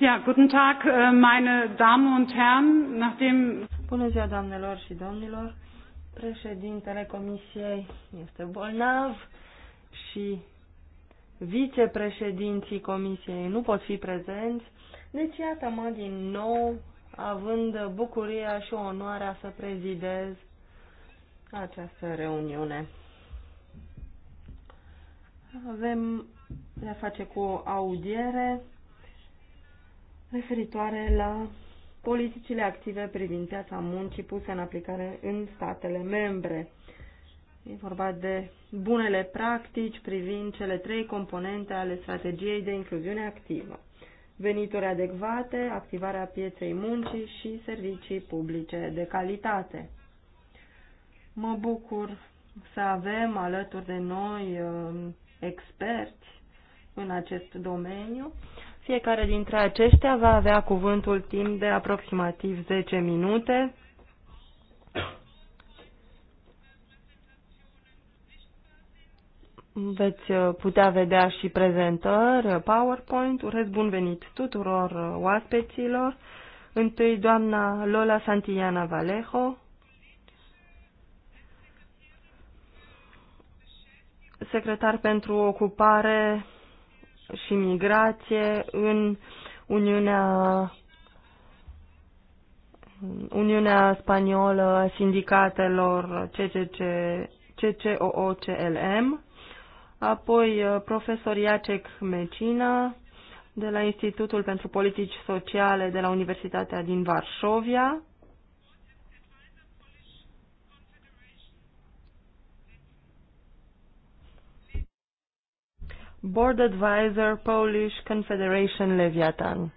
Ja, guten Tag, äh, meine Damen und Herren. Nachdem Bună ziua, doamnelor și domnilor. Președintele Comisiei este bolnav și vicepreședinții Comisiei nu pot fi prezenți. Deci, iată mă din nou, având bucuria și onoarea să prezidez această reuniune. Avem de a face cu o audiere referitoare la politicile active privind piața muncii puse în aplicare în statele membre. E vorba de bunele practici privind cele trei componente ale strategiei de incluziune activă. Venituri adecvate, activarea pieței muncii și servicii publice de calitate. Mă bucur să avem alături de noi uh, experți în acest domeniu fiecare dintre aceștia va avea cuvântul timp de aproximativ 10 minute. Veți putea vedea și prezentări, PowerPoint. Urez bun venit tuturor oaspeților. Întâi doamna Lola Santillana Valejo, secretar pentru ocupare și migrație în Uniunea Uniunea Spaniolă a Sindicatelor CCC, CCOOCLM, apoi uh, profesor Iacek Mecina de la Institutul pentru Politici Sociale de la Universitatea din Varșovia, Board Advisor Polish Confederation Leviathan.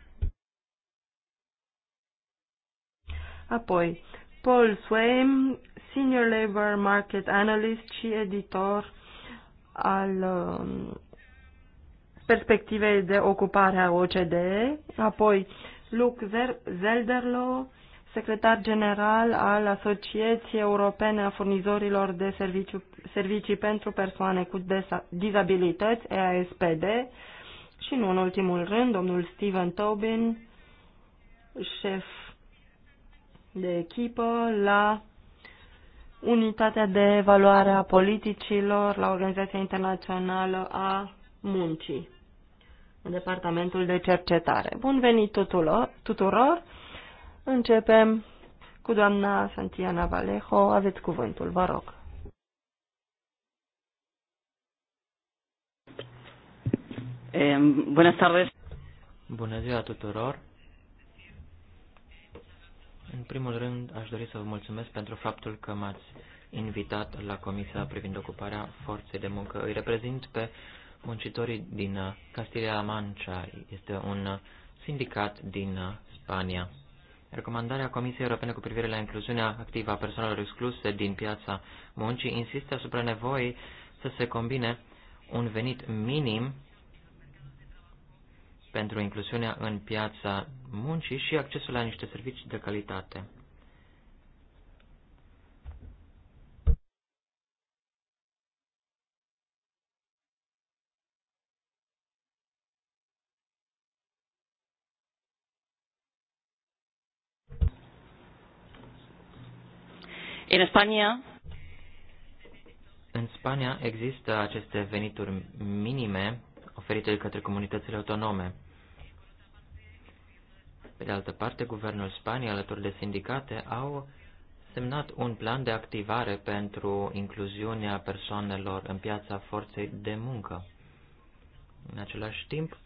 Apoi, Paul Swaim, Senior Labor Market Analyst și editor al um, perspectivei de ocupare a OCDE, apoi Luc Zelderlo, secretar general al Asociației Europene a Furnizorilor de Serviciu, Servicii pentru Persoane cu Dizabilități, EASPD, și nu în ultimul rând, domnul Steven Tobin, șef de echipă la Unitatea de Evaluare a Politicilor la Organizația Internațională a Muncii, în Departamentul de Cercetare. Bun venit tuturor! tuturor. Începem cu doamna Santiana Valejo. Aveți cuvântul, vă rog. Bună tarde. Bună ziua tuturor. În primul rând, aș dori să vă mulțumesc pentru faptul că m-ați invitat la Comisia privind ocuparea forței de muncă. Îi reprezint pe muncitorii din Castilla la Mancha. Este un sindicat din Spania. Recomandarea Comisiei Europene cu privire la incluziunea activă a persoanelor excluse din piața muncii insistă asupra nevoii să se combine un venit minim pentru incluziunea în piața muncii și accesul la niște servicii de calitate. In Spania, În Spania există aceste venituri minime oferite de către comunitățile autonome. Pe de altă parte, guvernul Spaniei, alături de sindicate, au semnat un plan de activare pentru incluziunea persoanelor în piața forței de muncă. În același timp,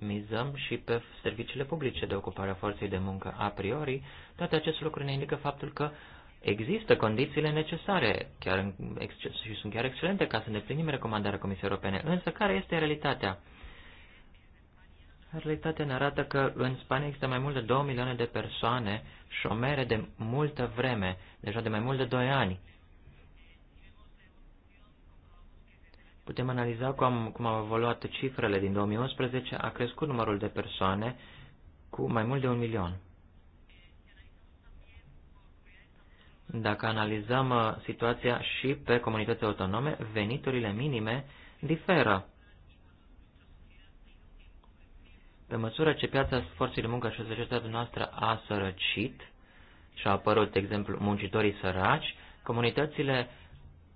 mizăm și pe serviciile publice de ocupare a forței de muncă. A priori, toate aceste lucruri ne indică faptul că există condițiile necesare chiar și sunt chiar excelente ca să plinim recomandarea Comisiei Europene. Însă, care este realitatea? Realitatea ne arată că în Spania există mai mult de 2 milioane de persoane șomere de multă vreme, deja de mai mult de 2 ani. Putem analiza cum, cum au evoluat cifrele din 2011, a crescut numărul de persoane cu mai mult de un milion. Dacă analizăm uh, situația și pe comunități autonome, veniturile minime diferă. Pe măsură ce piața forței de muncă și societatea noastră a sărăcit și au apărut, de exemplu, muncitorii săraci, comunitățile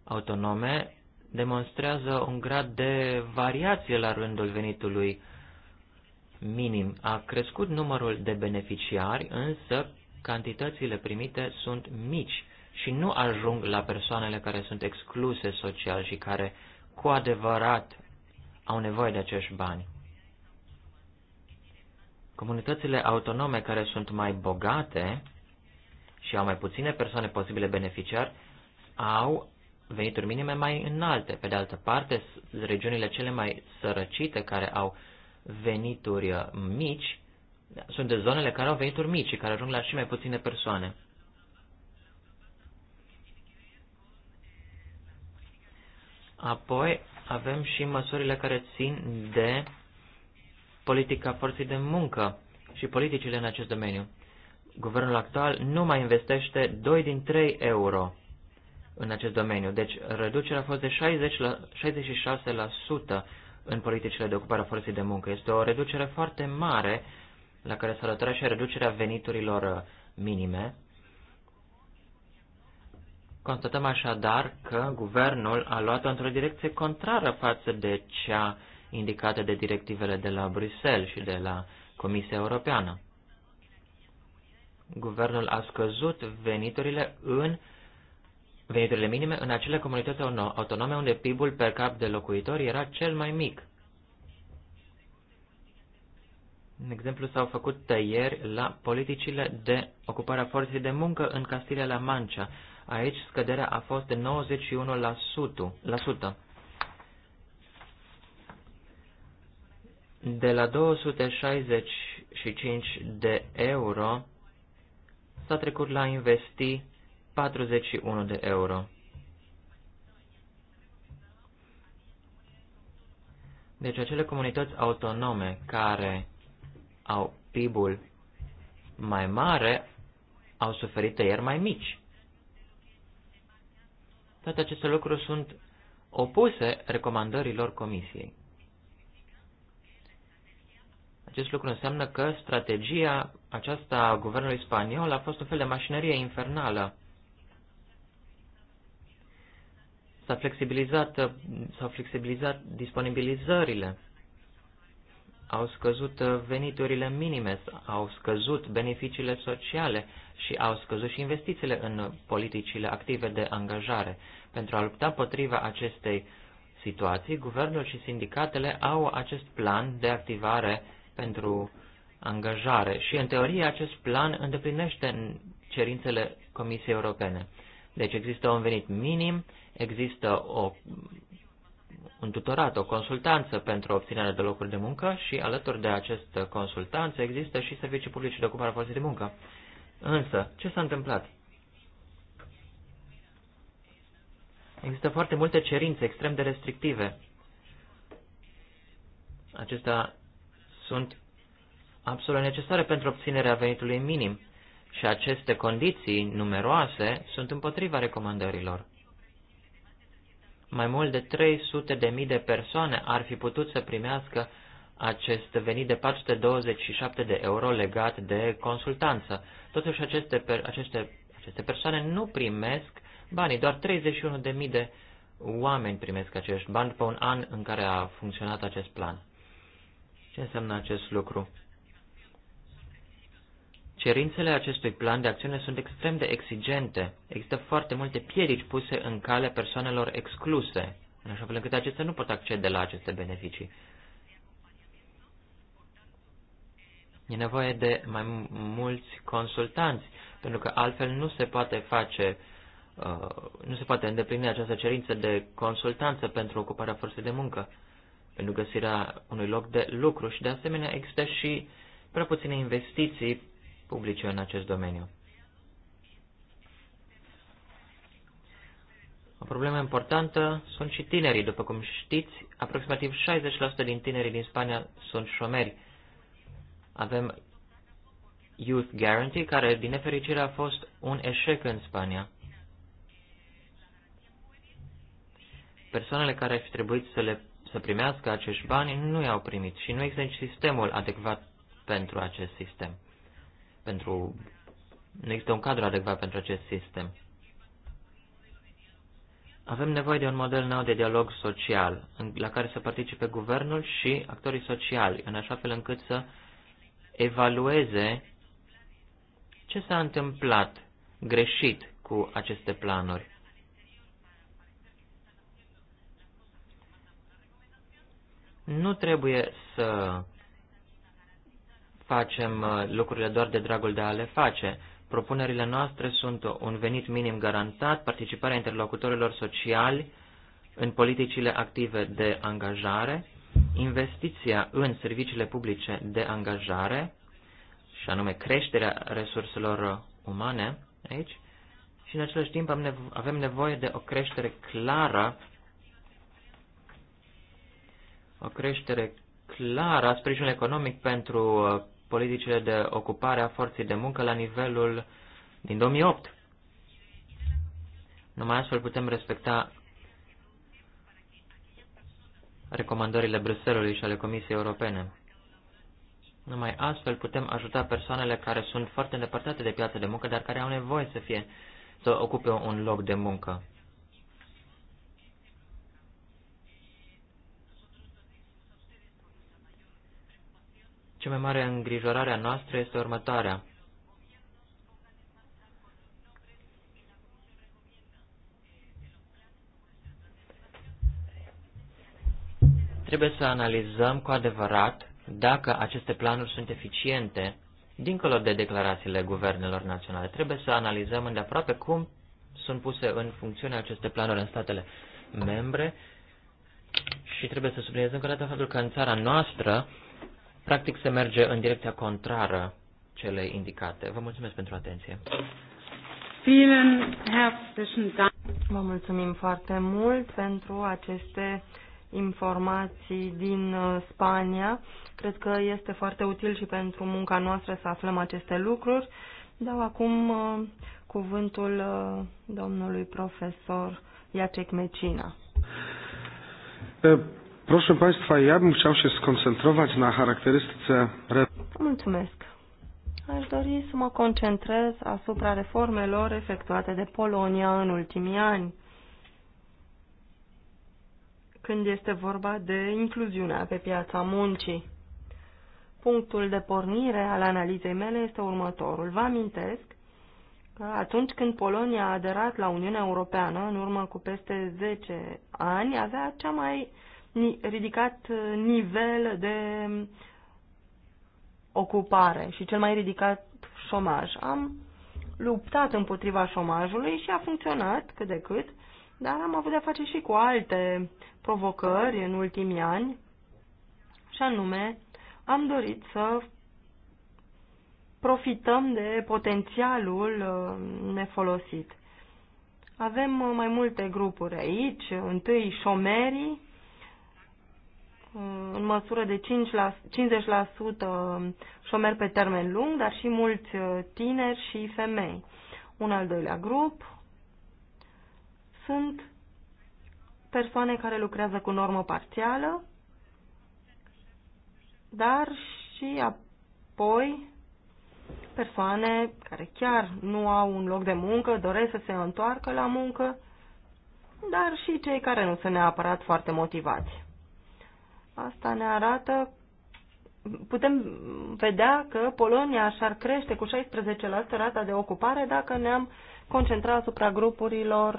autonome demonstrează un grad de variație la rândul venitului minim. A crescut numărul de beneficiari, însă cantitățile primite sunt mici și nu ajung la persoanele care sunt excluse social și care cu adevărat au nevoie de acești bani. Comunitățile autonome care sunt mai bogate și au mai puține persoane posibile beneficiari au venituri minime mai înalte. Pe de altă parte, regiunile cele mai sărăcite care au venituri uh, mici sunt de zonele care au venituri mici și care ajung la și mai puține persoane. Apoi avem și măsurile care țin de politica forței de muncă și politicile în acest domeniu. Guvernul actual nu mai investește 2 din 3 euro în acest domeniu, deci reducerea a fost de 60 la, 66% în politicile de ocupare a forței de muncă. Este o reducere foarte mare la care se alătura și reducerea veniturilor uh, minime. Constatăm așadar că guvernul a luat-o într-o direcție contrară față de cea indicată de directivele de la Bruxelles și de la Comisia Europeană. Guvernul a scăzut veniturile în veniturile minime în acele comunități autonome unde PIB-ul per cap de locuitor era cel mai mic. În exemplu, s-au făcut tăieri la politicile de ocupare a forței de muncă în Castilia-La Mancha. Aici scăderea a fost de 91%. De la 265 de euro s-a trecut la investi 41 de euro. Deci acele comunități autonome care au PIB-ul mai mare au suferit tăieri mai mici. Toate aceste lucruri sunt opuse recomandărilor Comisiei. Acest lucru înseamnă că strategia aceasta a guvernului spaniol a fost un fel de mașinărie infernală. S-a flexibilizat, s-au flexibilizat disponibilizările au scăzut uh, veniturile minime, au scăzut beneficiile sociale și au scăzut și investițiile în politicile active de angajare. Pentru a lupta potriva acestei situații, guvernul și sindicatele au acest plan de activare pentru angajare și, în teorie, acest plan îndeplinește cerințele Comisiei Europene. Deci există un venit minim, există o un tutorat o consultanță pentru obținerea de locuri de muncă și alături de acest consultanță există și servicii publice de ocupare a forței de muncă. Însă, ce s-a întâmplat? Există foarte multe cerințe extrem de restrictive. Acestea sunt absolut necesare pentru obținerea venitului minim și aceste condiții numeroase sunt împotriva recomandărilor. Mai mult de 300 de mii de persoane ar fi putut să primească acest venit de 427 de euro legat de consultanță. Totuși, aceste, aceste, aceste persoane nu primesc banii, doar 31 de mii de oameni primesc acești bani pe un an în care a funcționat acest plan. Ce înseamnă acest lucru? Cerințele acestui plan de acțiune sunt extrem de exigente. Există foarte multe piedici puse în cale persoanelor excluse, în așa fel încât acestea nu pot accede la aceste beneficii. E nevoie de mai mulți consultanți, pentru că altfel nu se poate face, uh, nu se poate îndeplini această cerință de consultanță pentru ocuparea forței de muncă, pentru găsirea unui loc de lucru și de asemenea există și prea puține investiții publice în acest domeniu. O problemă importantă sunt și tinerii. După cum știți, aproximativ 60% din tinerii din Spania sunt șomeri. Avem Youth Guarantee, care, din nefericire, a fost un eșec în Spania. Persoanele care ar fi trebuit să, le, să primească acești bani nu i-au primit și nu există sistemul adecvat pentru acest sistem pentru... Nu există un cadru adecvat pentru acest sistem. Avem nevoie de un model nou de dialog social, la care să participe guvernul și actorii sociali, în așa fel încât să evalueze ce s-a întâmplat greșit cu aceste planuri. Nu trebuie să facem uh, lucrurile doar de dragul de a le face. Propunerile noastre sunt un venit minim garantat, participarea interlocutorilor sociali în politicile active de angajare, investiția în serviciile publice de angajare, și anume creșterea resurselor umane aici, și în același timp am nevo- avem nevoie de o creștere clară, o creștere clară a sprijinului economic pentru uh, politicile de ocupare a forței de muncă la nivelul din 2008. Numai astfel putem respecta recomandările Bruselului și ale Comisiei Europene. Numai astfel putem ajuta persoanele care sunt foarte îndepărtate de piața de muncă, dar care au nevoie să fie să ocupe un loc de muncă. Cea mai mare îngrijorare a noastră este următoarea. Trebuie să analizăm cu adevărat dacă aceste planuri sunt eficiente, dincolo de declarațiile guvernelor naționale. Trebuie să analizăm îndeaproape cum sunt puse în funcțiune aceste planuri în statele membre și trebuie să subliniez încă o dată faptul că în țara noastră Practic se merge în direcția contrară cele indicate. Vă mulțumesc pentru atenție. Vă mulțumim foarte mult pentru aceste informații din uh, Spania. Cred că este foarte util și pentru munca noastră să aflăm aceste lucruri. Dau acum uh, cuvântul uh, domnului profesor Iacek Mecina. Proszę Państwa, ja bym chciał się skoncentrować na charakterystyce... Mulțumesc. Aș dori să mă concentrez asupra reformelor efectuate de Polonia în ultimii ani, când este vorba de incluziunea pe piața muncii. Punctul de pornire al analizei mele este următorul. Vă amintesc că atunci când Polonia a aderat la Uniunea Europeană, în urmă cu peste 10 ani, avea cea mai ridicat uh, nivel de ocupare și cel mai ridicat șomaj. Am luptat împotriva șomajului și a funcționat cât de cât, dar am avut de-a face și cu alte provocări în ultimii ani și anume am dorit să profităm de potențialul uh, nefolosit. Avem uh, mai multe grupuri aici, întâi șomerii, în măsură de 5 la, 50% șomeri pe termen lung, dar și mulți uh, tineri și femei. Un al doilea grup sunt persoane care lucrează cu normă parțială, dar și apoi persoane care chiar nu au un loc de muncă, doresc să se întoarcă la muncă, dar și cei care nu sunt neapărat foarte motivați. Asta ne arată, putem vedea că Polonia și-ar crește cu 16% rata de ocupare dacă ne-am concentrat asupra grupurilor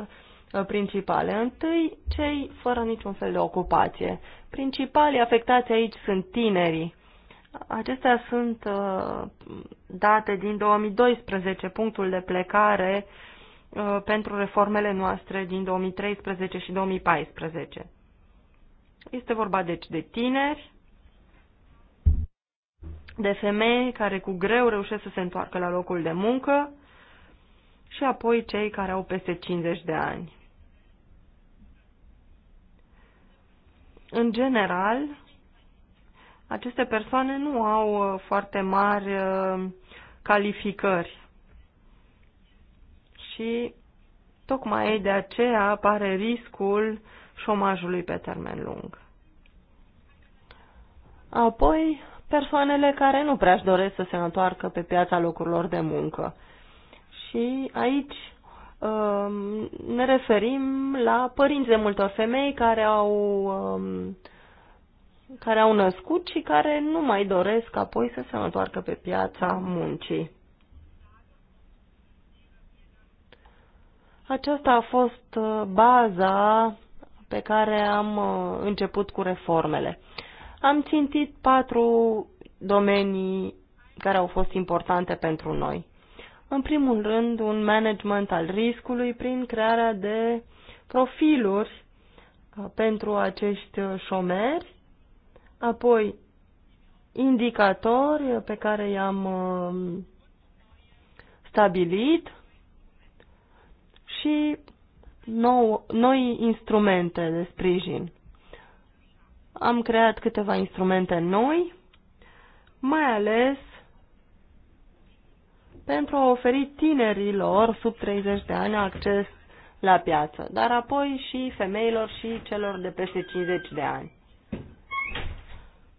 uh, principale. Întâi, cei fără niciun fel de ocupație. Principalii afectați aici sunt tinerii. Acestea sunt uh, date din 2012, punctul de plecare uh, pentru reformele noastre din 2013 și 2014. Este vorba deci de tineri, de femei care cu greu reușesc să se întoarcă la locul de muncă și apoi cei care au peste 50 de ani. În general, aceste persoane nu au uh, foarte mari uh, calificări și tocmai de aceea apare riscul uh, șomajului pe termen lung. Apoi, persoanele care nu prea și doresc să se întoarcă pe piața locurilor de muncă. Și aici um, ne referim la părinți de multor femei care au, um, care au născut și care nu mai doresc apoi să se întoarcă pe piața muncii. Aceasta a fost uh, baza pe care am uh, început cu reformele. Am țintit patru domenii care au fost importante pentru noi. În primul rând, un management al riscului prin crearea de profiluri uh, pentru acești șomeri, apoi indicatori pe care i-am uh, stabilit și nou, noi instrumente de sprijin. Am creat câteva instrumente noi, mai ales pentru a oferi tinerilor sub 30 de ani acces la piață, dar apoi și femeilor și celor de peste 50 de ani.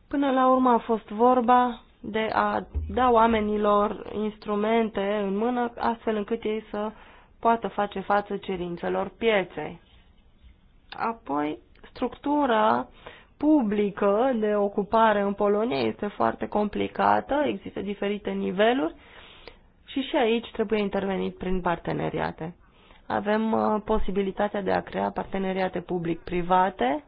Până la urmă a fost vorba de a da oamenilor instrumente în mână astfel încât ei să poată face față cerințelor pieței. Apoi, structura publică de ocupare în Polonia este foarte complicată, există diferite niveluri și și aici trebuie intervenit prin parteneriate. Avem uh, posibilitatea de a crea parteneriate public-private,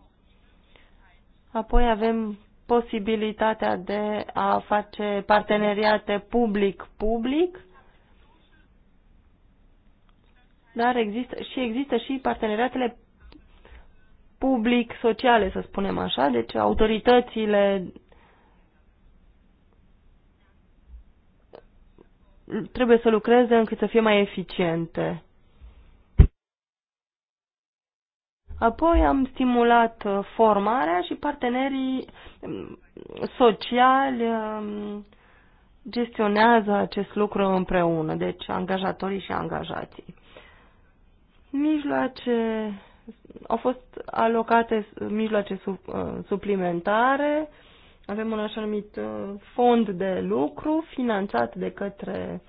apoi avem posibilitatea de a face parteneriate public-public, dar există și există și parteneriatele public-sociale, să spunem așa, deci autoritățile trebuie să lucreze încât să fie mai eficiente. Apoi am stimulat uh, formarea și partenerii um, sociali um, gestionează acest lucru împreună, deci angajatorii și angajații. Mijloace au fost alocate mijloace uh, suplimentare, avem un așa numit uh, fond de lucru finanțat de către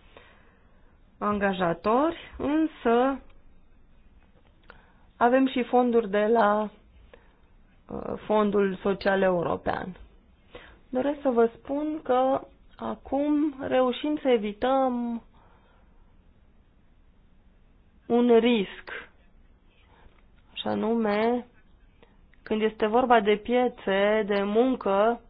angajatori, însă avem și fonduri de la uh, Fondul Social European. Doresc să vă spun că acum reușim să evităm un risc, și anume când este vorba de piețe, de muncă,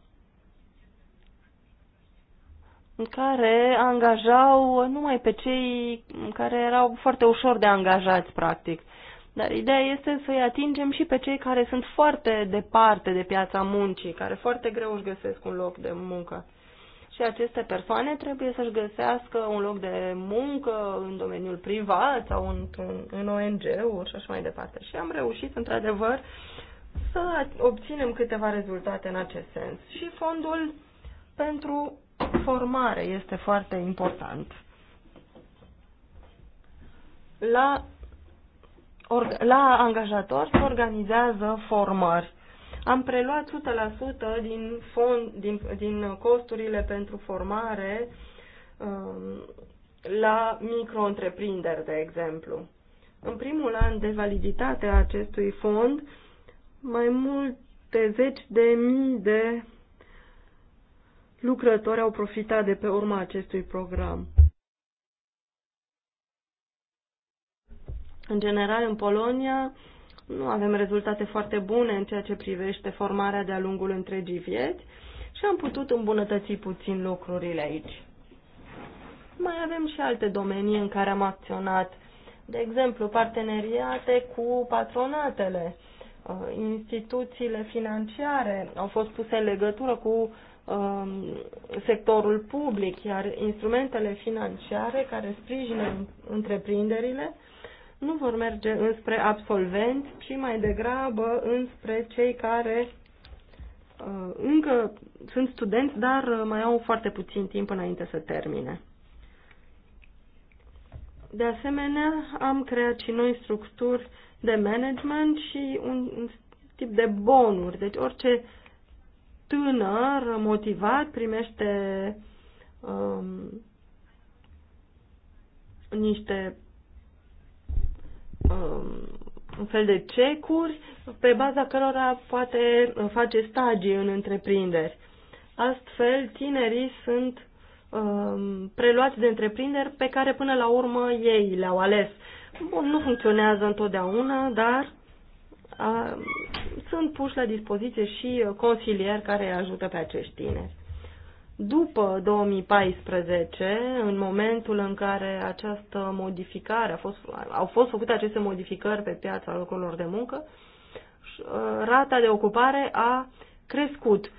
în care angajau numai pe cei care erau foarte ușor de angajați, practic. Dar ideea este să-i atingem și pe cei care sunt foarte departe de piața muncii, care foarte greu își găsesc un loc de muncă și aceste persoane trebuie să-și găsească un loc de muncă în domeniul privat sau în, în, în ONG-uri și așa mai departe. Și am reușit, într-adevăr, să obținem câteva rezultate în acest sens. Și fondul pentru formare este foarte important. La, or, la angajator se organizează formări am preluat 100% din, fond, din, din costurile pentru formare um, la micro-întreprinderi, de exemplu. În primul an de validitate a acestui fond, mai multe zeci de mii de lucrători au profitat de pe urma acestui program. În general, în Polonia, nu avem rezultate foarte bune în ceea ce privește formarea de-a lungul întregii vieți și am putut îmbunătăți puțin lucrurile aici. Mai avem și alte domenii în care am acționat, de exemplu, parteneriate cu patronatele. Uh, instituțiile financiare au fost puse în legătură cu um, sectorul public, iar instrumentele financiare care sprijină întreprinderile nu vor merge înspre absolvenți, ci mai degrabă înspre cei care uh, încă sunt studenți, dar uh, mai au foarte puțin timp înainte să termine. De asemenea, am creat și noi structuri de management și un tip de bonuri. Deci orice tânăr motivat primește um, niște Um, un fel de cecuri pe baza cărora poate uh, face stagii în întreprinderi. Astfel, tinerii sunt um, preluați de întreprinderi pe care până la urmă ei le-au ales. Bun, nu funcționează întotdeauna, dar uh, sunt puși la dispoziție și uh, consilieri care ajută pe acești tineri după 2014, în momentul în care această modificare a fost, au fost făcute aceste modificări pe piața locurilor de muncă, uh, rata de ocupare a crescut,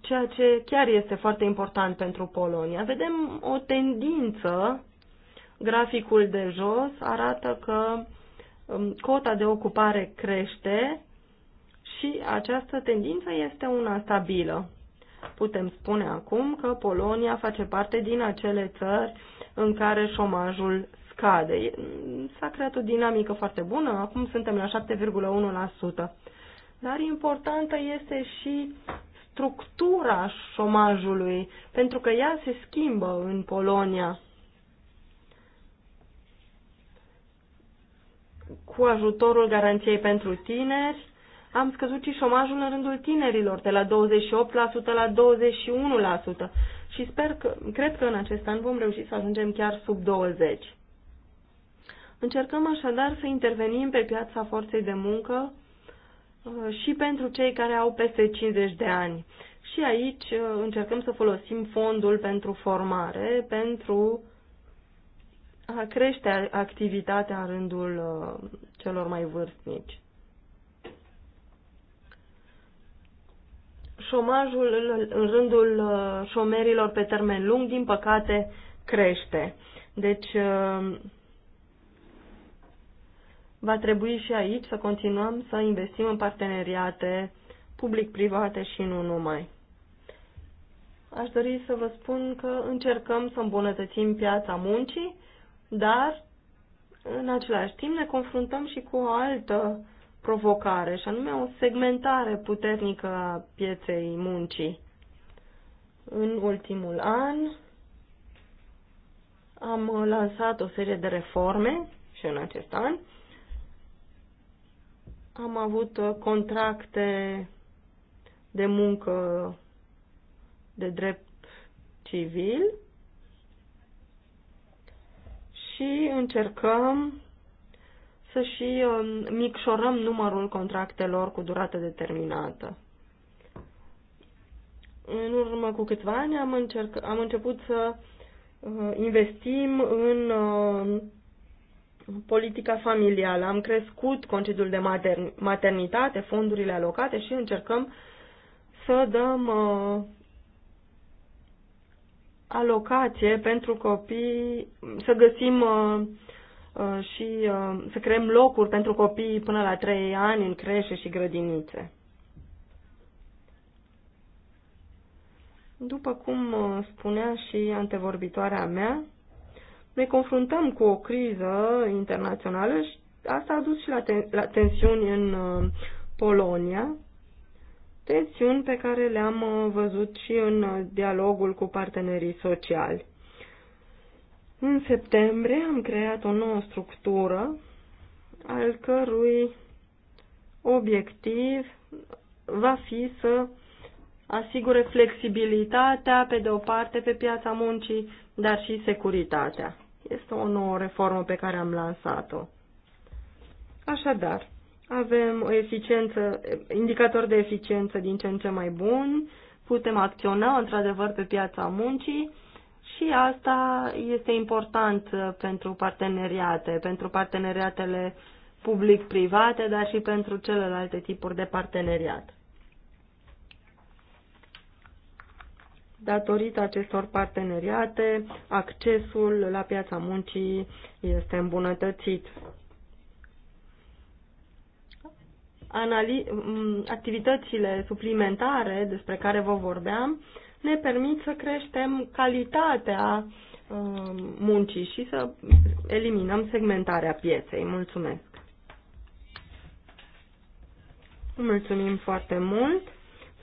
ceea ce chiar este foarte important pentru Polonia. Vedem o tendință, graficul de jos arată că um, cota de ocupare crește și această tendință este una stabilă. Putem spune acum că Polonia face parte din acele țări în care șomajul scade. S-a creat o dinamică foarte bună, acum suntem la 7,1%. Dar importantă este și structura șomajului, pentru că ea se schimbă în Polonia. Cu ajutorul garanției pentru tineri, am scăzut și șomajul în rândul tinerilor, de la 28% la 21%. Și sper că, cred că în acest an vom reuși să ajungem chiar sub 20. Încercăm așadar să intervenim pe piața forței de muncă uh, și pentru cei care au peste 50 de ani. Și aici uh, încercăm să folosim fondul pentru formare, pentru a crește activitatea în rândul uh, celor mai vârstnici. șomajul în rândul uh, șomerilor pe termen lung, din păcate, crește. Deci, uh, va trebui și aici să continuăm să investim în parteneriate public-private și nu numai. Aș dori să vă spun că încercăm să îmbunătățim piața muncii, dar în același timp ne confruntăm și cu o altă provocare, și anume o segmentare puternică a pieței muncii. În ultimul an am lansat o serie de reforme și în acest an am avut contracte de muncă de drept civil și încercăm să și um, micșorăm numărul contractelor cu durată determinată. În urmă cu câțiva ani am, încerc, am început să uh, investim în um, politica familială. Am crescut concediul de maternitate, fondurile alocate și încercăm să dăm uh, alocație pentru copii, să găsim uh, Uh, și uh, să creăm locuri pentru copii până la 3 ani în creșe și grădinițe. După cum uh, spunea și antevorbitoarea mea, ne confruntăm cu o criză internațională și asta a dus și la, ten- la tensiuni în Polonia, tensiuni pe care le-am văzut și în dialogul cu partenerii sociali. În septembrie am creat o nouă structură al cărui obiectiv va fi să asigure flexibilitatea, pe de o parte, pe piața muncii, dar și securitatea. Este o nouă reformă pe care am lansat-o. Așadar, avem o eficiență, indicator de eficiență din ce în ce mai bun, putem acționa într-adevăr pe piața muncii, și asta este important uh, pentru parteneriate, pentru parteneriatele public-private, dar și pentru celelalte tipuri de parteneriat. Datorită acestor parteneriate, accesul la piața muncii este îmbunătățit. Anali activitățile suplimentare despre care vă vorbeam ne permit să creștem calitatea um, muncii și să eliminăm segmentarea pieței. Mulțumesc! Mulțumim foarte mult!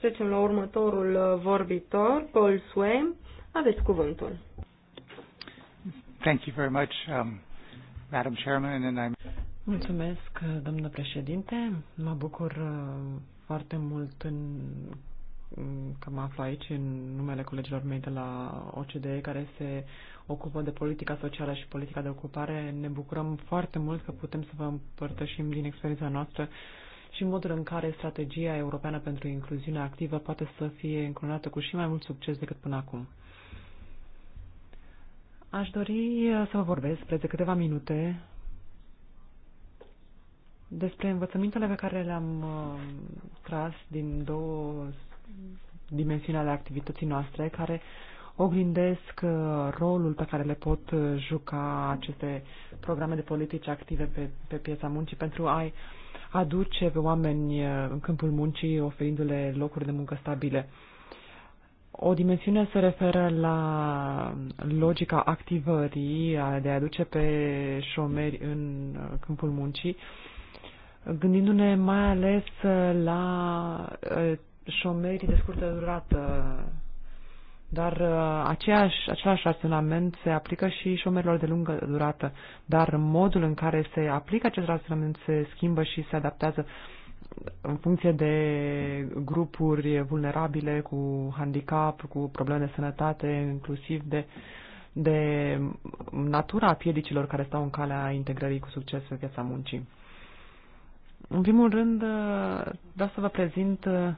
Trecem la următorul uh, vorbitor, Paul Swain. Aveți cuvântul. Thank you very much, um, Madam Chairman, and I'm... Mulțumesc, uh, domnule președinte. Mă bucur uh, foarte mult în că mă aflu aici în numele colegilor mei de la OCDE care se ocupă de politica socială și politica de ocupare. Ne bucurăm foarte mult că putem să vă împărtășim din experiența noastră și modul în care strategia europeană pentru incluziune activă poate să fie încununată cu și mai mult succes decât până acum. Aș dori să vă vorbesc spre de câteva minute despre învățămintele pe care le-am uh, tras din două dimensiunea ale activității noastre care oglindesc uh, rolul pe care le pot uh, juca aceste programe de politici active pe, pe piața muncii pentru a aduce pe oameni uh, în câmpul muncii, oferindu-le locuri de muncă stabile. O dimensiune se referă la logica activării, de a aduce pe șomeri în câmpul muncii, gândindu-ne mai ales la șomerii de scurtă durată. Dar uh, aceeași, același raționament se aplică și șomerilor de lungă durată. Dar modul în care se aplică acest raționament se schimbă și se adaptează în funcție de grupuri vulnerabile cu handicap, cu probleme de sănătate, inclusiv de, de natura piedicilor care stau în calea integrării cu succes pe piața muncii. În primul rând, uh, vreau să vă prezint uh,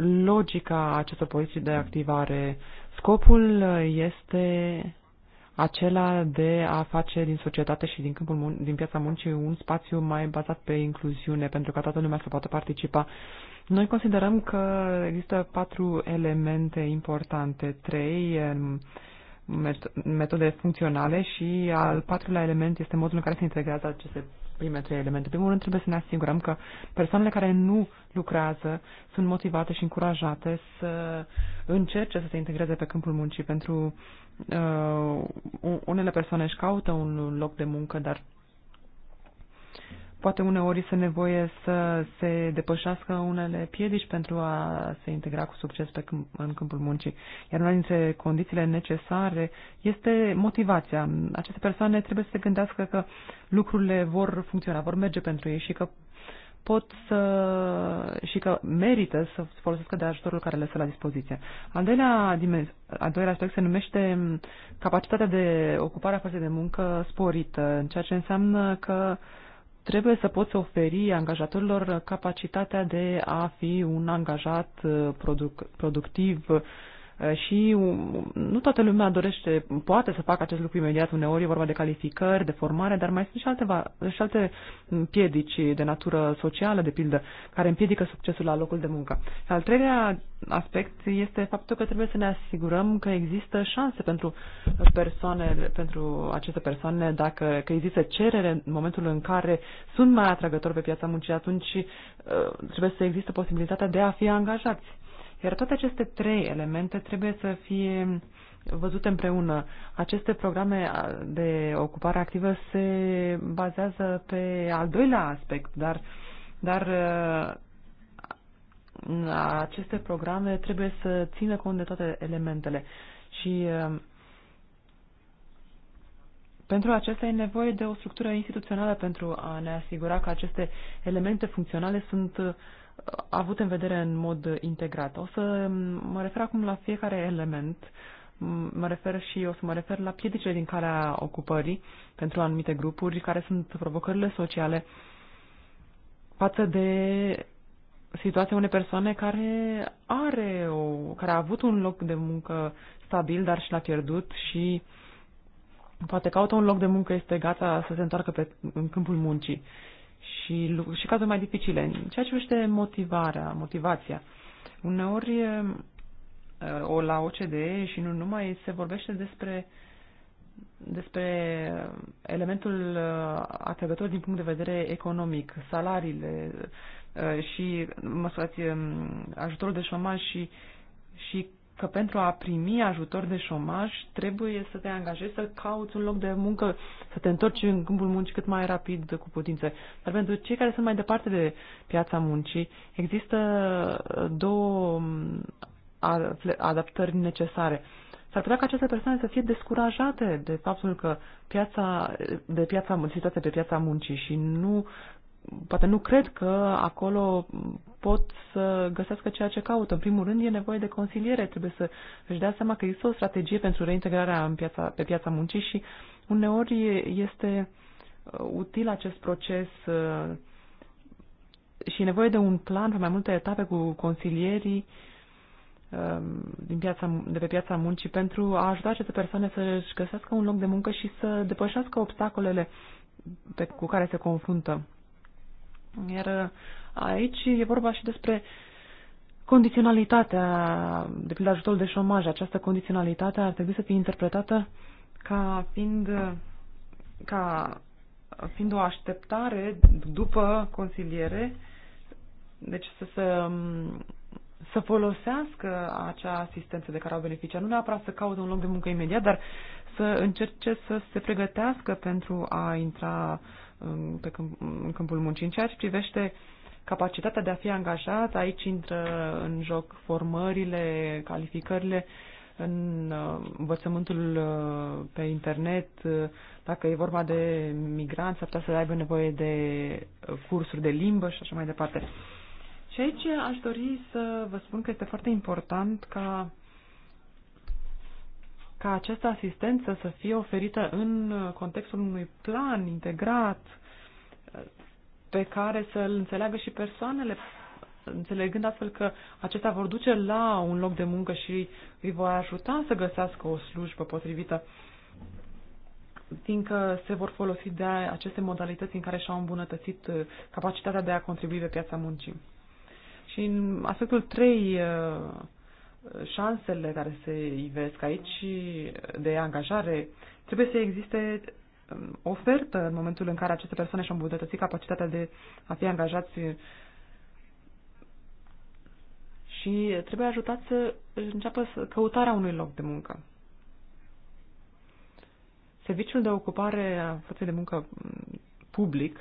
logica acestor poziții de activare. Scopul este acela de a face din societate și din câmpul din piața muncii un spațiu mai bazat pe incluziune, pentru ca toată lumea să poată participa. Noi considerăm că există patru elemente importante, trei metode funcționale și al patrulea element este modul în care se integrează aceste prime trei elemente. primul rând, trebuie să ne asigurăm că persoanele care nu lucrează sunt motivate și încurajate să încerce să se integreze pe câmpul muncii. Pentru uh, unele persoane își caută un loc de muncă, dar Poate uneori este nevoie să se depășească unele piedici pentru a se integra cu succes pe câmp, în câmpul muncii. Iar una dintre condițiile necesare este motivația. Aceste persoane trebuie să se gândească că lucrurile vor funcționa, vor merge pentru ei și că pot să și că merită să folosească de ajutorul care le stă la dispoziție. Al doilea, al doilea aspect se numește capacitatea de ocupare a forței de muncă sporită, ceea ce înseamnă că uh, trebuie să poți oferi angajatorilor capacitatea de a fi un angajat eh, produc- productiv Uh, și um, nu toată lumea dorește, poate să facă acest lucru imediat, uneori e vorba de calificări, de formare, dar mai sunt și alte, și alte piedici de natură socială, de pildă, care împiedică succesul la locul de muncă. Al treilea aspect este faptul că trebuie să ne asigurăm că există șanse pentru persoane, pentru aceste persoane, dacă că există cerere în momentul în care sunt mai atrăgători pe piața muncii, atunci uh, trebuie să există posibilitatea de a fi angajați. Iar toate aceste trei elemente trebuie să fie văzute împreună. Aceste programe de ocupare activă se bazează pe al doilea aspect, dar, dar uh, aceste programe trebuie să țină cont de toate elementele. Și uh, pentru acesta e nevoie de o structură instituțională pentru a ne asigura că aceste elemente funcționale sunt uh, Uh, avut în vedere în mod integrat. O să mă refer acum la fiecare element. Mă refer și o să mă refer la piedicile din calea ocupării pentru anumite grupuri, care sunt provocările sociale față de situația unei persoane care are o, care a avut un loc de muncă stabil, dar și l-a pierdut și poate caută un loc de muncă, este gata să se întoarcă pe, în câmpul muncii și, și cazuri mai dificile. ceea ce privește motivarea, motivația, uneori o, la OCD și nu numai se vorbește despre despre elementul atrăgător din punct de vedere economic, salariile și măsurați ajutorul de șomaj și, și că pentru a primi ajutor de șomaj trebuie să te angajezi, să cauți un loc de muncă, să te întorci în câmpul muncii cât mai rapid cu putință. Dar pentru cei care sunt mai departe de piața muncii, există două mm, adaptări necesare. S-ar putea ca aceste persoane să fie descurajate de faptul că piața, de piața, situația pe piața muncii și nu poate nu cred că acolo pot să găsească ceea ce caută. În primul rând, e nevoie de consiliere. Trebuie să își dea seama că există o strategie pentru reintegrarea în piața, pe piața muncii și uneori este uh, util acest proces uh, și e nevoie de un plan pe mai multe etape cu consilierii uh, din piața, de pe piața muncii pentru a ajuta aceste persoane să-și găsească un loc de muncă și să depășească obstacolele pe, cu care se confruntă. Iar aici e vorba și despre condiționalitatea, de pildă ajutorul de șomaj. Această condiționalitate ar trebui să fie interpretată ca fiind, ca fiind o așteptare după consiliere, deci să se să folosească acea asistență de care au beneficiat, nu neapărat să caute un loc de muncă imediat, dar să încerce să se pregătească pentru a intra pe câmp, în câmpul muncii. În ceea ce privește capacitatea de a fi angajat, aici intră în joc formările, calificările, în uh, învățământul uh, pe internet, dacă e vorba de migranți, ar putea să aibă nevoie de cursuri de limbă și așa mai departe. Și aici aș dori să vă spun că este foarte important ca ca această asistență să fie oferită în contextul unui plan integrat pe care să-l înțeleagă și persoanele, înțelegând astfel că acestea vor duce la un loc de muncă și îi vor ajuta să găsească o slujbă potrivită, fiindcă se vor folosi de aceste modalități în care și-au îmbunătățit uh, capacitatea de a contribui pe piața muncii. Și în aspectul 3 șansele care se ivesc aici de angajare, trebuie să existe um, ofertă în momentul în care aceste persoane și-au îmbunătățit capacitatea de a fi angajați și trebuie ajutat să înceapă căutarea unui loc de muncă. Serviciul de ocupare a forței de muncă mm, public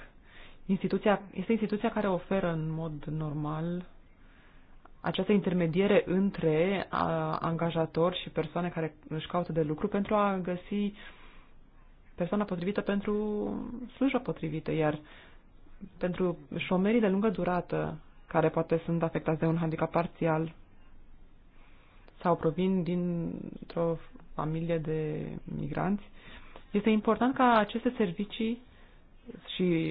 instituția, este instituția care oferă în mod normal această intermediere între angajator și persoane care își caută de lucru pentru a găsi persoana potrivită pentru slujba potrivită, iar pentru șomerii de lungă durată, care poate sunt afectați de un handicap parțial sau provin dintr-o familie de migranți, este important ca aceste servicii și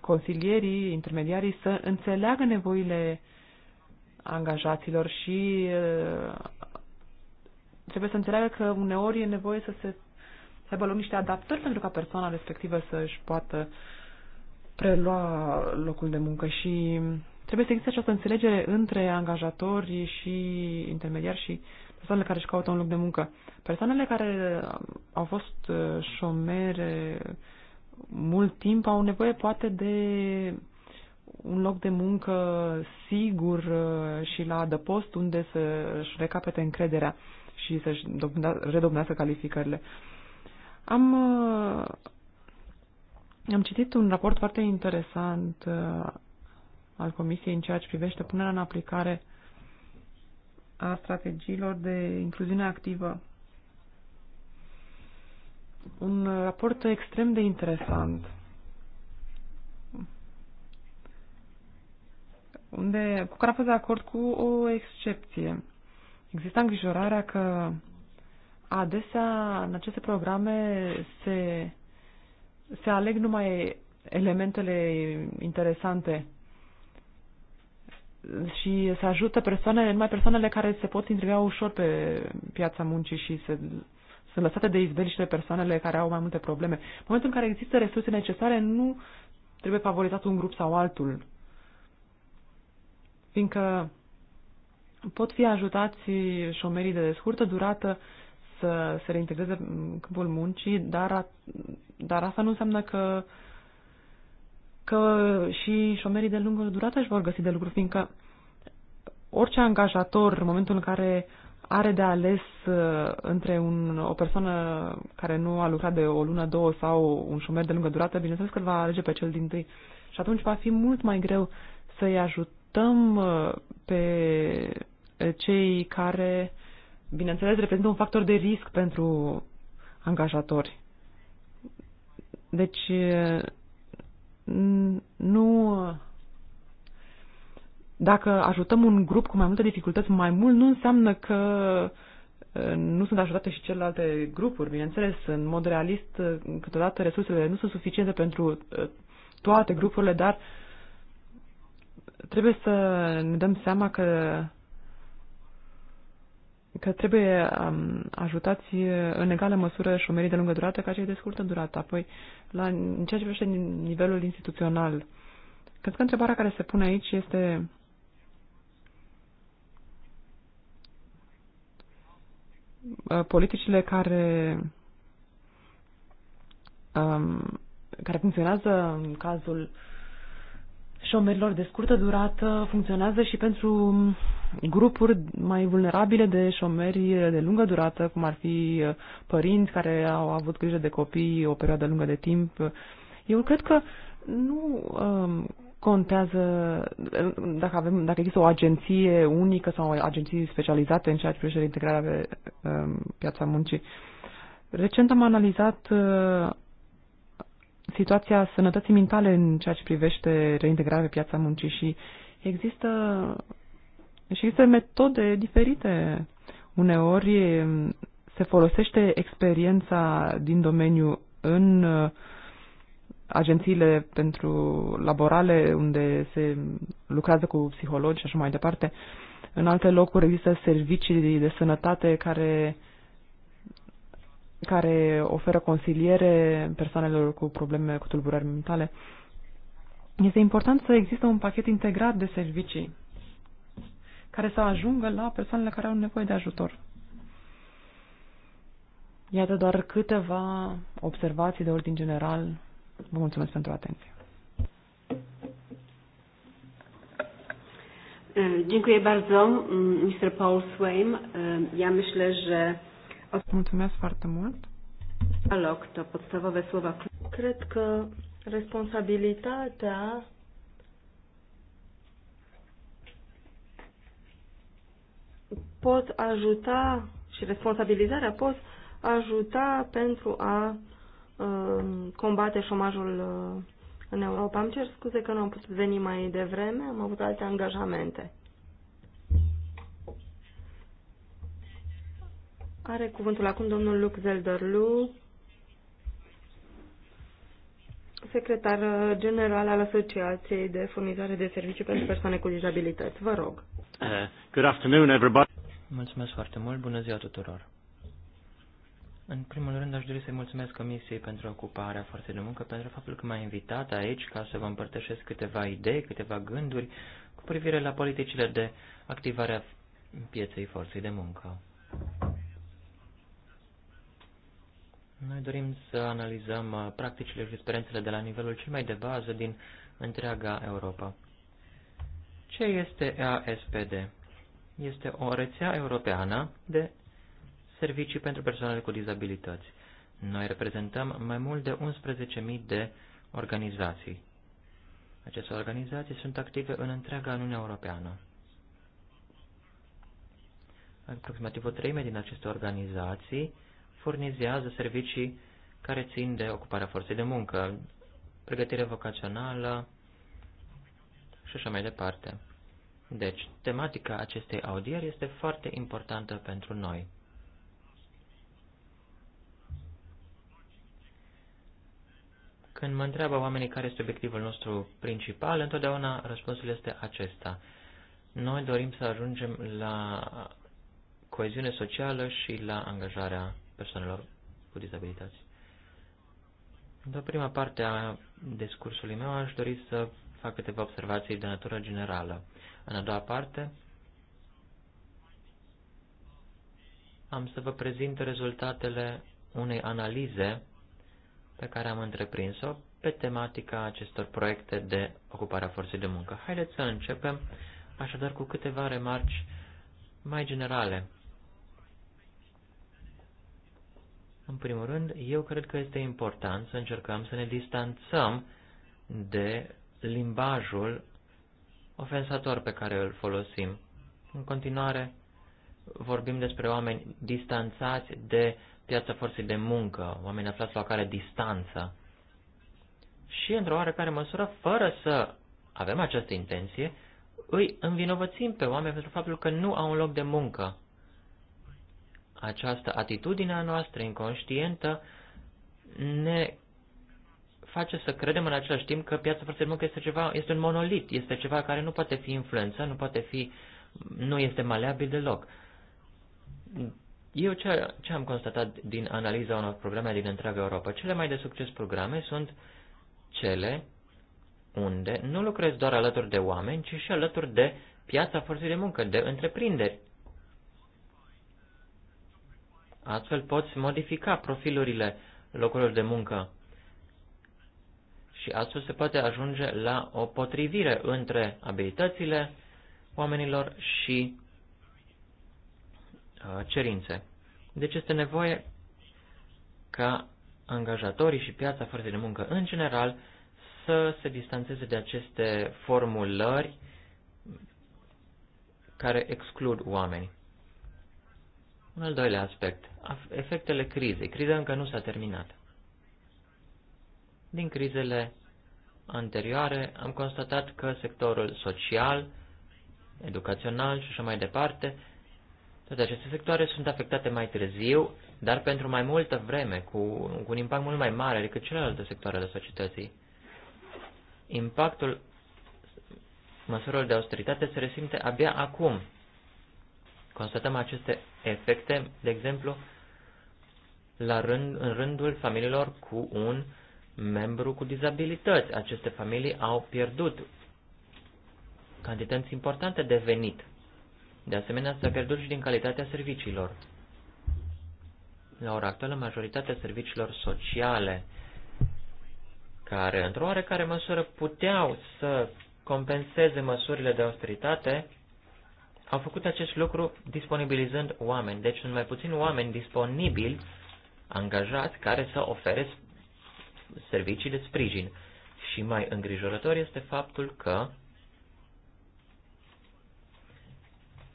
consilierii, intermediarii să înțeleagă nevoile angajaților și uh, trebuie să înțeleagă că uneori e nevoie să se să aibă loc niște adaptări pentru ca persoana respectivă să-și poată prelua locul de muncă și trebuie să existe această înțelegere între angajatori și intermediari și persoanele care își caută un loc de muncă. Persoanele care uh, au fost uh, șomere mult timp au nevoie poate de un loc de muncă sigur uh, și la adăpost unde să-și recapete încrederea și să-și redobnească calificările. Am, uh, am citit un raport foarte interesant uh, al Comisiei în ceea ce privește punerea în aplicare a strategiilor de incluziune activă. Un raport extrem de interesant unde, cu care a fost de acord cu o excepție. Există îngrijorarea că adesea în aceste programe se, se aleg numai elementele interesante și se ajută persoanele, numai persoanele care se pot intriga ușor pe piața muncii și se, sunt lăsate de izbeli și de persoanele care au mai multe probleme. În momentul în care există resurse necesare, nu trebuie favorizat un grup sau altul fiindcă pot fi ajutați șomerii de scurtă durată să se reintegreze în câmpul muncii, dar, a, dar asta nu înseamnă că, că și șomerii de lungă durată își vor găsi de lucru, fiindcă orice angajator, în momentul în care are de ales uh, între un, o persoană care nu a lucrat de o lună, două sau un șomer de lungă durată, bineînțeles că îl va alege pe cel din tâi. Și atunci va fi mult mai greu să-i ajut, ajutăm uh, pe cei care, bineînțeles, reprezintă un factor de risc pentru angajatori. Deci, uh, nu. Dacă ajutăm un grup cu mai multe dificultăți mai mult, nu înseamnă că uh, nu sunt ajutate și celelalte grupuri. Bineînțeles, în mod realist, câteodată resursele nu sunt suficiente pentru toate grupurile, dar uh, trebuie să ne dăm seama că că trebuie um, ajutați în egală măsură șomerii de lungă durată ca cei de scurtă durată. Apoi, la, în ceea ce privește nivelul instituțional, cred că întrebarea care se pune aici este uh, politicile care um, care funcționează în cazul uh, șomerilor de scurtă durată funcționează și pentru grupuri mai vulnerabile de șomeri de lungă durată, cum ar fi uh, părinți care au avut grijă de copii o perioadă lungă de timp. Eu cred că nu um, contează dacă, avem, dacă există o agenție unică sau agenții specializate în ceea ce privește integrarea pe um, piața muncii. Recent am analizat uh, situația sănătății mentale în ceea ce privește reintegrarea pe piața muncii și există și există metode diferite. Uneori mm, se folosește experiența din domeniu în uh, agențiile pentru laborale unde se lucrează cu psihologi și așa mai departe. În alte locuri există servicii de sănătate care care oferă consiliere persoanelor cu probleme cu tulburări mentale. Este important să există un pachet integrat de servicii care să ajungă la persoanele care au nevoie de ajutor. Iată doar câteva observații de ordin general. Vă mulțumesc pentru atenție. Dziękuję bardzo, Mr. Paul Swaim. Ja myślę, że Mulțumesc foarte mult. Aloc, să vă słowa. Cred că responsabilitatea pot ajuta și responsabilizarea pot ajuta pentru a uh, combate șomajul uh, în Europa. Am cer scuze că nu am putut veni mai devreme, am avut alte angajamente. Are cuvântul acum domnul Luc Zelderlu, secretar general al Asociației de Furnizare de Servicii pentru Persoane cu Dizabilități. Vă rog. Uh, good afternoon, everybody. Mulțumesc foarte mult. Bună ziua tuturor. În primul rând aș dori să-i mulțumesc Comisiei pentru ocuparea forței de muncă, pentru faptul că m-a invitat aici ca să vă împărtășesc câteva idei, câteva gânduri cu privire la politicile de activare a pieței forței de muncă. Noi dorim să analizăm uh, practicile și experiențele de la nivelul cel mai de bază din întreaga Europa. Ce este EASPD? Este o rețea europeană de servicii pentru persoanele cu dizabilități. Noi reprezentăm mai mult de 11.000 de organizații. Aceste organizații sunt active în întreaga Uniune Europeană. Aproximativ o treime din aceste organizații furnizează servicii care țin de ocuparea forței de muncă, pregătire vocațională și așa mai departe. Deci, tematica acestei audieri este foarte importantă pentru noi. Când mă întreabă oamenii care este obiectivul nostru principal, întotdeauna răspunsul este acesta. Noi dorim să ajungem la coeziune socială și la angajarea persoanelor cu dizabilități. În o prima parte a discursului meu aș dori să fac câteva observații de natură generală. În a doua parte am să vă prezint rezultatele unei analize pe care am întreprins-o pe tematica acestor proiecte de ocupare a forței de muncă. Haideți să începem așadar cu câteva remarci mai generale În primul rând, eu cred că este important să încercăm să ne distanțăm de limbajul ofensator pe care îl folosim. În continuare, vorbim despre oameni distanțați de piața forței de muncă, oameni aflați la care distanță. Și, într-o oarecare măsură, fără să avem această intenție, îi învinovățim pe oameni pentru faptul că nu au un loc de muncă. Această atitudine a noastră inconștientă ne face să credem în același timp că piața forței de muncă este, ceva, este un monolit, este ceva care nu poate fi influențat, nu poate fi, nu este maleabil deloc. Eu ce, ce am constatat din analiza unor programe din întreaga Europa? Cele mai de succes programe sunt cele unde nu lucrez doar alături de oameni, ci și alături de piața forței de muncă, de întreprinderi. Astfel poți modifica profilurile locurilor de muncă și astfel se poate ajunge la o potrivire între abilitățile oamenilor și uh, cerințe. Deci este nevoie ca angajatorii și piața forței de muncă în general să se distanțeze de aceste formulări care exclud oameni. Un al doilea aspect, efectele crizei. Criza încă nu s-a terminat. Din crizele anterioare am constatat că sectorul social, educațional și așa mai departe, toate aceste sectoare sunt afectate mai târziu, dar pentru mai multă vreme, cu, cu un impact mult mai mare decât celelalte sectoare ale societății. Impactul măsurilor de austeritate se resimte abia acum, constatăm aceste efecte, de exemplu, la rând, în rândul familiilor cu un membru cu dizabilități. Aceste familii au pierdut cantități importante de venit. De asemenea, s-a pierdut și din calitatea serviciilor. La ora actuală, majoritatea serviciilor sociale, care într-o oarecare măsură puteau să compenseze măsurile de austeritate, au făcut acest lucru disponibilizând oameni. Deci sunt mai puțini oameni disponibili, angajați, care să ofere servicii de sprijin. Și mai îngrijorător este faptul că,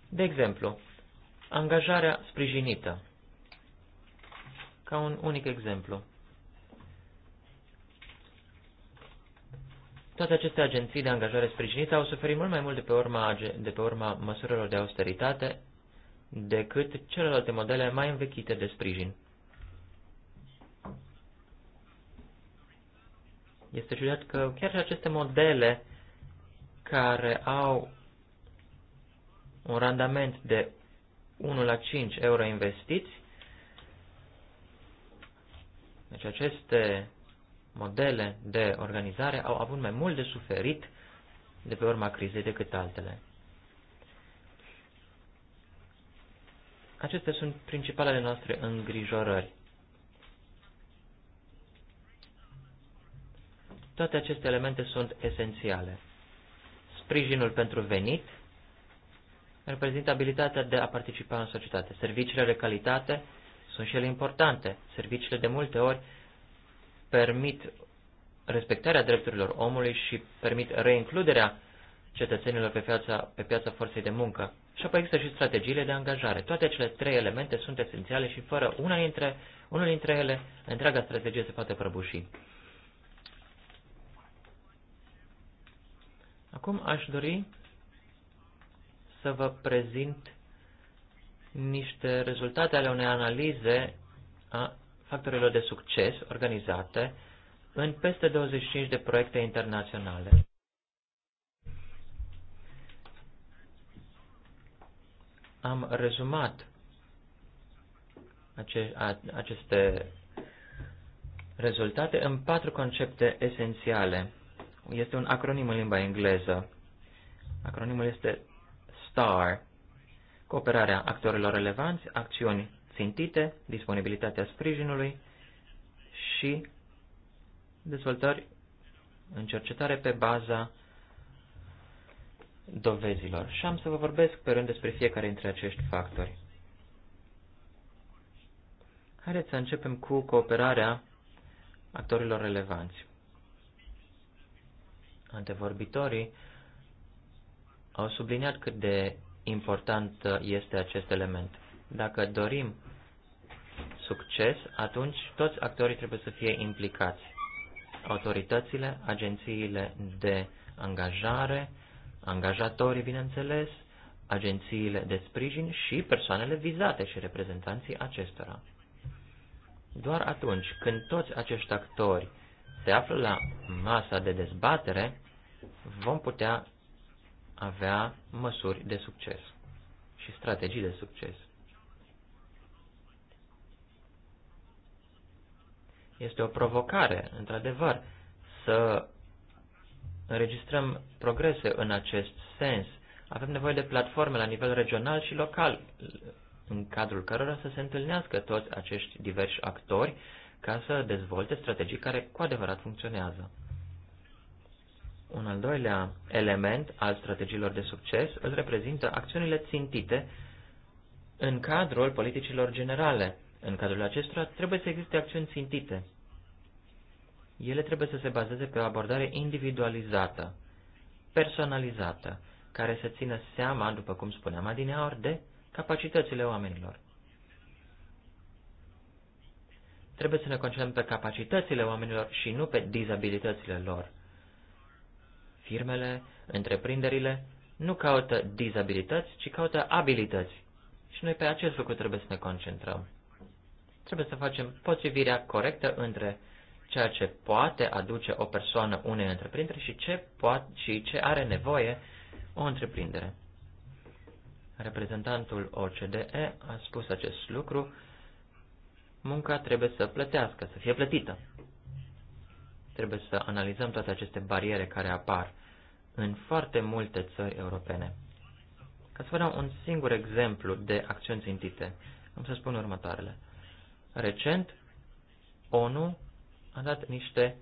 de exemplu, angajarea sprijinită. Ca un unic exemplu. Toate aceste agenții de angajare sprijinită au suferit mult mai mult de pe urma, de pe urma măsurilor de austeritate decât celelalte modele mai învechite de sprijin. Este ciudat că chiar și aceste modele care au un randament de 1 la 5 euro investiți, deci aceste modele de organizare au avut mai mult de suferit de pe urma crizei decât altele. Acestea sunt principalele noastre îngrijorări. Toate aceste elemente sunt esențiale. Sprijinul pentru venit reprezintă abilitatea de a participa în societate. Serviciile de calitate sunt și ele importante. Serviciile de multe ori permit respectarea drepturilor omului și permit reincluderea cetățenilor pe piața, pe piața forței de muncă. Și apoi există și strategiile de angajare. Toate cele trei elemente sunt esențiale și fără una dintre, unul dintre ele, întreaga strategie se poate prăbuși. Acum aș dori să vă prezint niște rezultate ale unei analize a factorilor de succes organizate în peste 25 de proiecte internaționale. Am rezumat ace aceste rezultate în patru concepte esențiale. Este un acronim în limba engleză. Acronimul este STAR, cooperarea actorilor relevanți, acțiuni țintite, disponibilitatea sprijinului și dezvoltări în cercetare pe baza dovezilor. Și am să vă vorbesc pe rând despre fiecare dintre acești factori. Haideți să începem cu cooperarea actorilor relevanți. Antevorbitorii au subliniat cât de important este acest element. Dacă dorim succes, atunci toți actorii trebuie să fie implicați. Autoritățile, agențiile de angajare, angajatorii, bineînțeles, agențiile de sprijin și persoanele vizate și reprezentanții acestora. Doar atunci când toți acești actori se află la masa de dezbatere, vom putea avea măsuri de succes și strategii de succes. Este o provocare, într-adevăr, să înregistrăm progrese în acest sens. Avem nevoie de platforme la nivel regional și local, în cadrul cărora să se întâlnească toți acești diversi actori ca să dezvolte strategii care cu adevărat funcționează. Un al doilea element al strategiilor de succes îl reprezintă acțiunile țintite în cadrul politicilor generale în cadrul acestora trebuie să existe acțiuni țintite. Ele trebuie să se bazeze pe o abordare individualizată, personalizată, care să țină seama, după cum spuneam adineaori, de capacitățile oamenilor. Trebuie să ne concentrăm pe capacitățile oamenilor și nu pe dizabilitățile lor. Firmele, întreprinderile, nu caută dizabilități, ci caută abilități. Și noi pe acest lucru trebuie să ne concentrăm. Trebuie să facem potrivirea corectă între ceea ce poate aduce o persoană unei întreprinderi și ce, poate, și ce are nevoie o întreprindere. Reprezentantul OCDE a spus acest lucru. Munca trebuie să plătească, să fie plătită. Trebuie să analizăm toate aceste bariere care apar în foarte multe țări europene. Ca să vă dau un singur exemplu de acțiuni țintite, am să spun următoarele. Recent, ONU a dat niște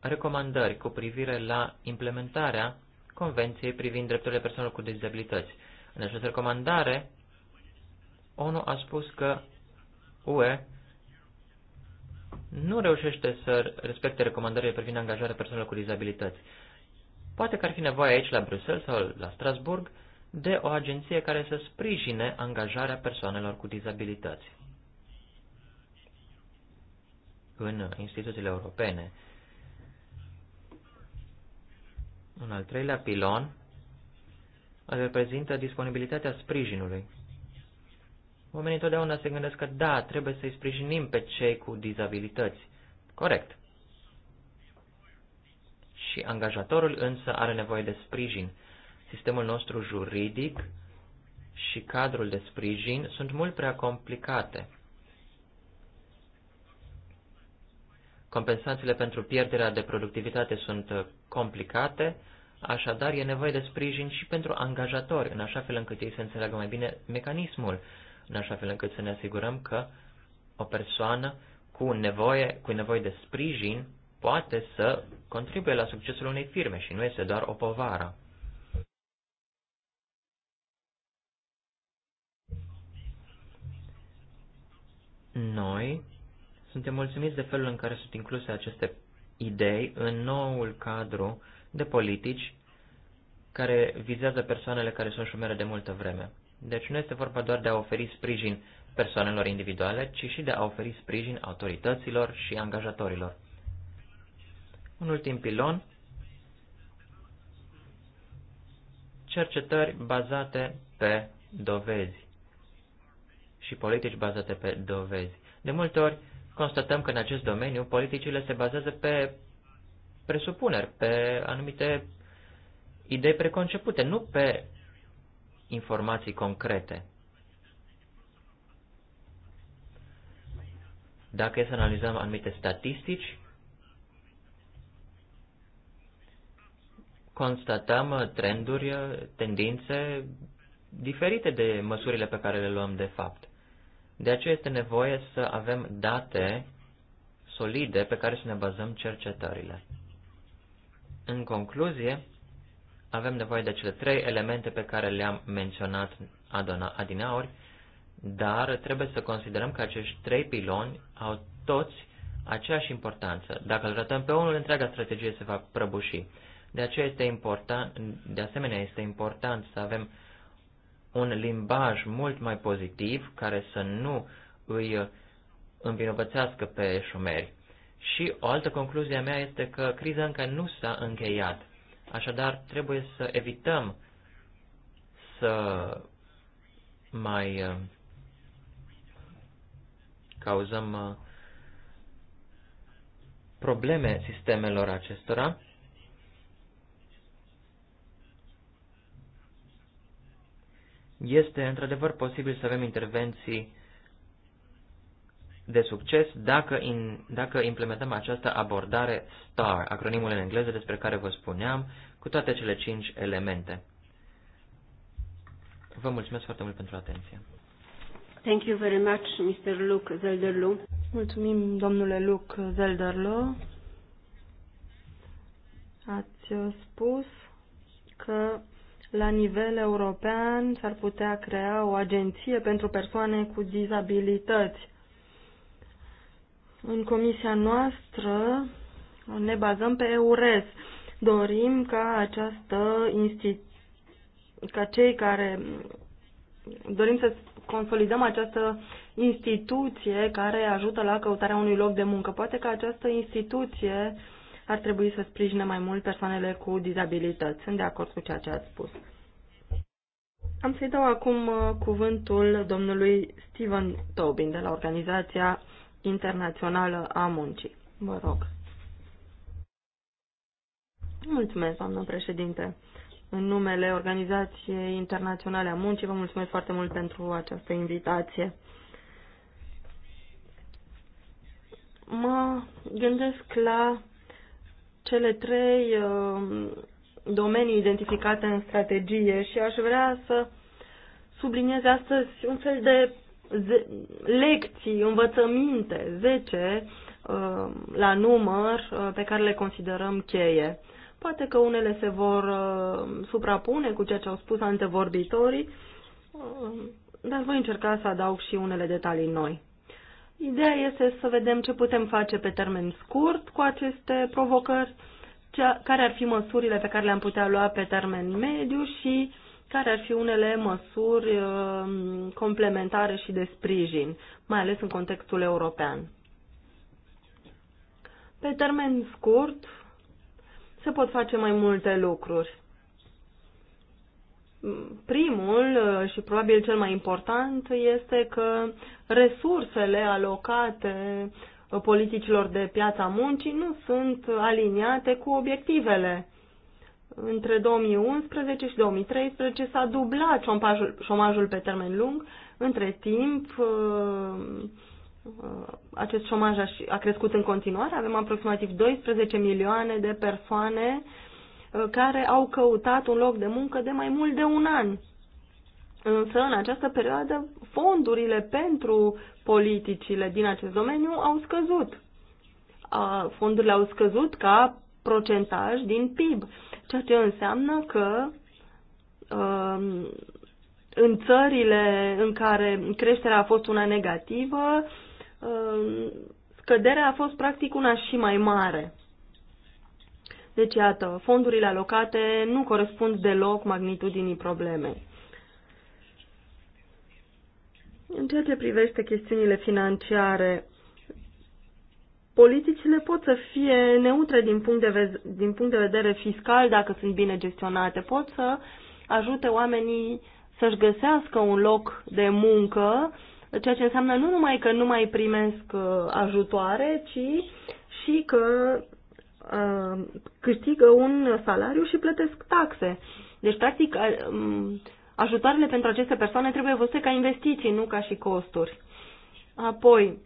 recomandări cu privire la implementarea Convenției privind drepturile persoanelor cu dizabilități. În această recomandare, ONU a spus că UE nu reușește să respecte recomandările privind angajarea persoanelor cu dizabilități. Poate că ar fi nevoie aici, la Bruxelles sau la Strasburg, de o agenție care să sprijine angajarea persoanelor cu dizabilități în instituțiile europene. Un al treilea pilon reprezintă disponibilitatea sprijinului. Oamenii totdeauna se gândesc că da, trebuie să-i sprijinim pe cei cu dizabilități. Corect. Și angajatorul însă are nevoie de sprijin. Sistemul nostru juridic și cadrul de sprijin sunt mult prea complicate. Compensațiile pentru pierderea de productivitate sunt uh, complicate, așadar e nevoie de sprijin și pentru angajatori, în așa fel încât ei să înțeleagă mai bine mecanismul, în așa fel încât să ne asigurăm că o persoană cu nevoie, cu nevoie de sprijin poate să contribuie la succesul unei firme și nu este doar o povară. Noi suntem mulțumiți de felul în care sunt incluse aceste idei în noul cadru de politici care vizează persoanele care sunt șumere de multă vreme. Deci nu este vorba doar de a oferi sprijin persoanelor individuale, ci și de a oferi sprijin autorităților și angajatorilor. Un ultim pilon, cercetări bazate pe dovezi și politici bazate pe dovezi. De multe ori, constatăm că în acest domeniu politicile se bazează pe presupuneri, pe anumite idei preconcepute, nu pe informații concrete. Dacă e să analizăm anumite statistici, constatăm trenduri, tendințe diferite de măsurile pe care le luăm de fapt. De aceea este nevoie să avem date solide pe care să ne bazăm cercetările. În concluzie, avem nevoie de cele trei elemente pe care le-am menționat adinaori, dar trebuie să considerăm că acești trei piloni au toți aceeași importanță. Dacă îl ratăm pe unul, întreaga strategie se va prăbuși. De aceea este important, de asemenea este important să avem un limbaj mult mai pozitiv care să nu îi învinovățească pe șomeri. Și o altă concluzie a mea este că criza încă nu s-a încheiat. Așadar, trebuie să evităm să mai uh, cauzăm uh, probleme sistemelor acestora Este într-adevăr posibil să avem intervenții de succes dacă, in, dacă implementăm această abordare STAR, acronimul în engleză despre care vă spuneam, cu toate cele cinci elemente. Vă mulțumesc foarte mult pentru atenție. Thank you very much, Mr. Luke Zelderlu. Mulțumim, domnule Luke Zelderlu. Ați spus că la nivel european s-ar putea crea o agenție pentru persoane cu dizabilități. În comisia noastră ne bazăm pe EURES. Dorim ca această instituție ca cei care dorim să consolidăm această instituție care ajută la căutarea unui loc de muncă. Poate că această instituție ar trebui să sprijine mai mult persoanele cu dizabilități. Sunt de acord cu ceea ce ați spus. Am să-i dau acum uh, cuvântul domnului Steven Tobin de la Organizația Internațională a Muncii. Vă rog. Mulțumesc, doamnă președinte. În numele Organizației Internaționale a Muncii, vă mulțumesc foarte mult pentru această invitație. Mă gândesc la cele trei um, domenii identificate în strategie și aș vrea să subliniez astăzi un fel de lecții, învățăminte, 10 um, la număr uh, pe care le considerăm cheie. Poate că unele se vor uh, suprapune cu ceea ce au spus antevorbitorii, um, dar voi încerca să adaug și unele detalii noi. Ideea este să vedem ce putem face pe termen scurt cu aceste provocări, ce, care ar fi măsurile pe care le-am putea lua pe termen mediu și care ar fi unele măsuri um, complementare și de sprijin, mai ales în contextul european. Pe termen scurt, se pot face mai multe lucruri. Primul uh, și probabil cel mai important este că resursele alocate uh, politicilor de piața muncii nu sunt aliniate cu obiectivele. Între 2011 și 2013 s-a dublat șomajul, șomajul pe termen lung. Între timp, uh, acest șomaj a crescut în continuare. Avem aproximativ 12 milioane de persoane care au căutat un loc de muncă de mai mult de un an. Însă, în această perioadă, fondurile pentru politicile din acest domeniu au scăzut. Fondurile au scăzut ca procentaj din PIB, ceea ce înseamnă că um, în țările în care creșterea a fost una negativă, um, scăderea a fost practic una și mai mare. Deci, iată, fondurile alocate nu corespund deloc magnitudinii problemei. În ceea ce privește chestiunile financiare, politicile pot să fie neutre din punct de, din punct de vedere fiscal dacă sunt bine gestionate. Pot să ajute oamenii să-și găsească un loc de muncă, ceea ce înseamnă nu numai că nu mai primesc uh, ajutoare, ci și că Uh, câștigă un salariu și plătesc taxe. Deci, practic, uh, um, ajutoarele pentru aceste persoane trebuie văzute ca investiții, nu ca și costuri. Apoi,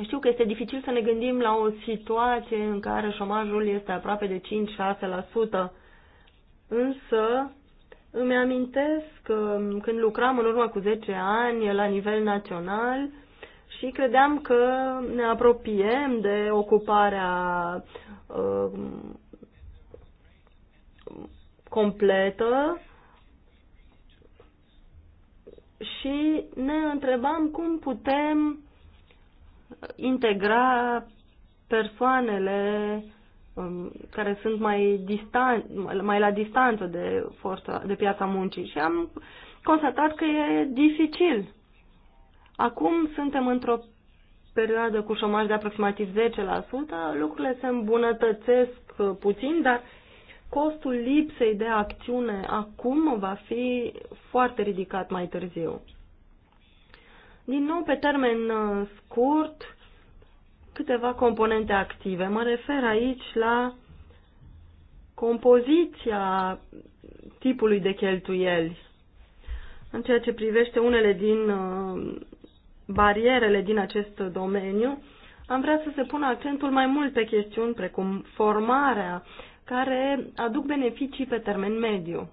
știu că este dificil să ne gândim la o situație în care șomajul este aproape de 5-6%, însă îmi amintesc că um, când lucram în urmă cu 10 ani la nivel național, și credeam că ne apropiem de ocuparea uh, completă și ne întrebam cum putem integra persoanele um, care sunt mai, distan- mai la distanță de, forța, de piața muncii și am constatat că e dificil Acum suntem într-o perioadă cu șomaj de aproximativ 10%, lucrurile se îmbunătățesc uh, puțin, dar costul lipsei de acțiune acum va fi foarte ridicat mai târziu. Din nou, pe termen uh, scurt, câteva componente active. Mă refer aici la compoziția tipului de cheltuieli. În ceea ce privește unele din uh, barierele din acest domeniu, am vrea să se pună accentul mai mult pe chestiuni precum formarea, care aduc beneficii pe termen mediu.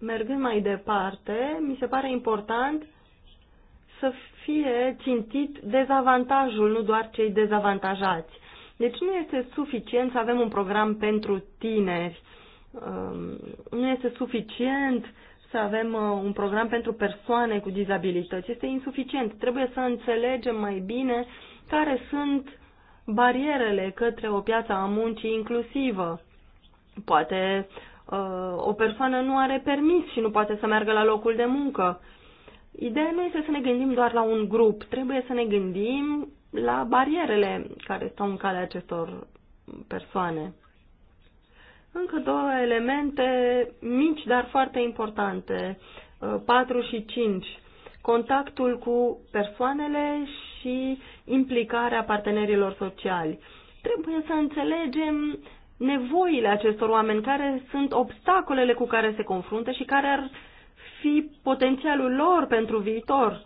Mergând mai departe, mi se pare important să fie țintit dezavantajul, nu doar cei dezavantajați. Deci nu este suficient să avem un program pentru tineri. Um, nu este suficient să avem uh, un program pentru persoane cu dizabilități. Este insuficient. Trebuie să înțelegem mai bine care sunt barierele către o piață a muncii inclusivă. Poate uh, o persoană nu are permis și nu poate să meargă la locul de muncă. Ideea nu este să ne gândim doar la un grup, trebuie să ne gândim la barierele care stau în calea acestor persoane. Încă două elemente mici, dar foarte importante, 4 uh, și 5. Contactul cu persoanele și implicarea partenerilor sociali. Trebuie să înțelegem nevoile acestor oameni, care sunt obstacolele cu care se confruntă și care ar fi potențialul lor pentru viitor.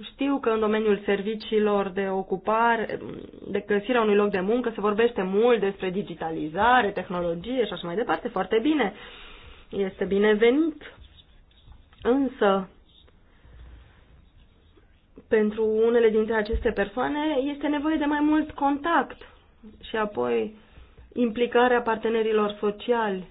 Știu că în domeniul serviciilor de ocupare, de găsirea unui loc de muncă, se vorbește mult despre digitalizare, tehnologie și așa mai departe, foarte bine. Este binevenit. Însă, pentru unele dintre aceste persoane este nevoie de mai mult contact și apoi implicarea partenerilor sociali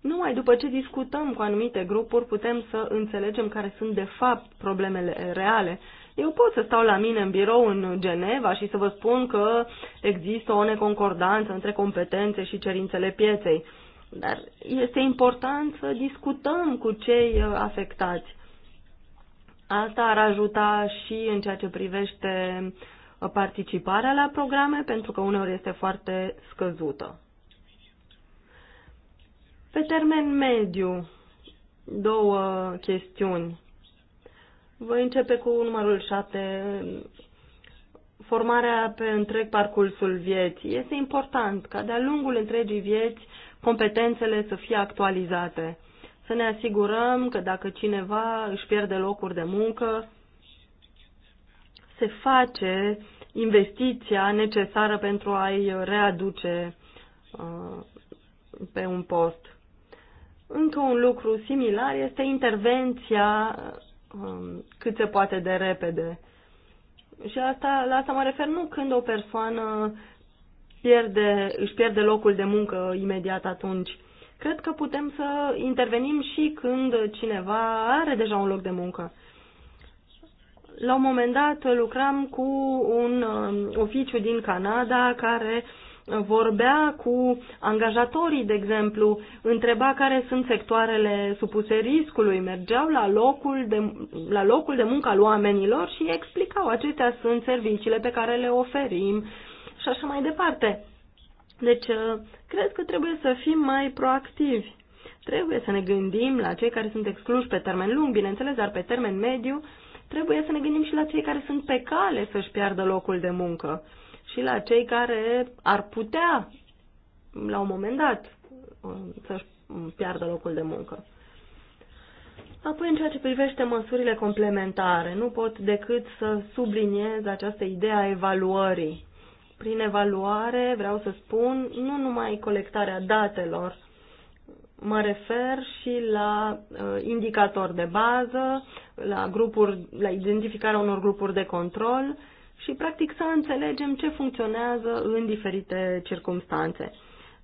numai după ce discutăm cu anumite grupuri putem să înțelegem care sunt de fapt problemele reale. Eu pot să stau la mine în birou în Geneva și să vă spun că există o neconcordanță între competențe și cerințele pieței, dar este important să discutăm cu cei uh, afectați. Asta ar ajuta și în ceea ce privește uh, participarea la programe, pentru că uneori este foarte scăzută. Pe termen mediu, două chestiuni. Voi începe cu numărul 7. Formarea pe întreg parcursul vieții. Este important ca de-a lungul întregii vieți competențele să fie actualizate. Să ne asigurăm că dacă cineva își pierde locuri de muncă, se face investiția necesară pentru a-i readuce uh, pe un post. Încă un lucru similar este intervenția um, cât se poate de repede. Și asta, la asta mă refer nu când o persoană pierde, își pierde locul de muncă imediat atunci. Cred că putem să intervenim și când cineva are deja un loc de muncă. La un moment dat lucram cu un um, oficiu din Canada care vorbea cu angajatorii, de exemplu, întreba care sunt sectoarele supuse riscului, mergeau la locul de, la locul de muncă al oamenilor și explicau acestea sunt serviciile pe care le oferim și așa mai departe. Deci, uh, cred că trebuie să fim mai proactivi. Trebuie să ne gândim la cei care sunt excluși pe termen lung, bineînțeles, dar pe termen mediu, trebuie să ne gândim și la cei care sunt pe cale să-și piardă locul de muncă și la cei care ar putea, la un moment dat, um, să-și piardă locul de muncă. Apoi, în ceea ce privește măsurile complementare, nu pot decât să subliniez această idee a evaluării. Prin evaluare, vreau să spun, nu numai colectarea datelor, mă refer și la uh, indicatori de bază, la, grupuri, la identificarea unor grupuri de control și practic să înțelegem ce funcționează în diferite circunstanțe.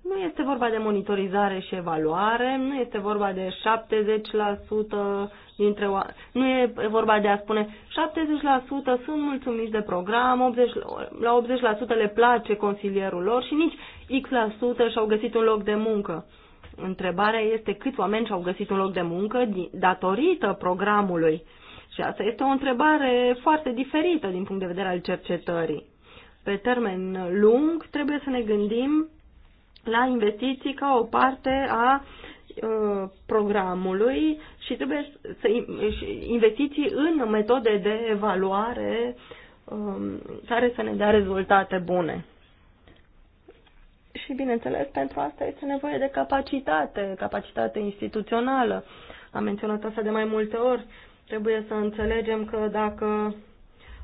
Nu este vorba de monitorizare și evaluare, nu este vorba de 70% dintre nu e vorba de a spune 70% sunt mulțumiți de program, 80, la 80% le place consilierul lor și nici X% și-au găsit un loc de muncă. Întrebarea este câți oameni și-au găsit un loc de muncă datorită programului. Uh, și asta este o întrebare foarte diferită din punct de vedere al cercetării. Pe termen lung trebuie să ne gândim la investiții ca o parte a uh, programului și trebuie să investiții în metode de evaluare um, care să ne dea rezultate bune. Și bineînțeles, pentru asta este nevoie de capacitate, capacitate instituțională. Am menționat asta de mai multe ori. Trebuie să înțelegem că dacă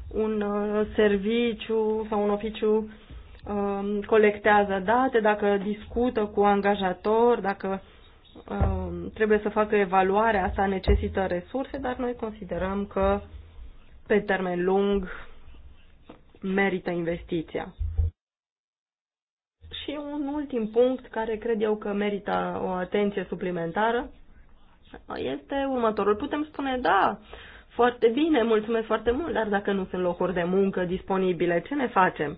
un uh, serviciu sau un oficiu um, colectează date, dacă discută cu angajator, dacă um, trebuie să facă evaluare, asta necesită resurse, dar noi considerăm că pe termen lung merită investiția. Și un ultim punct care cred eu că merită o atenție suplimentară este următorul. Putem spune, da, foarte bine, mulțumesc foarte mult, dar dacă nu sunt locuri de muncă disponibile, ce ne facem?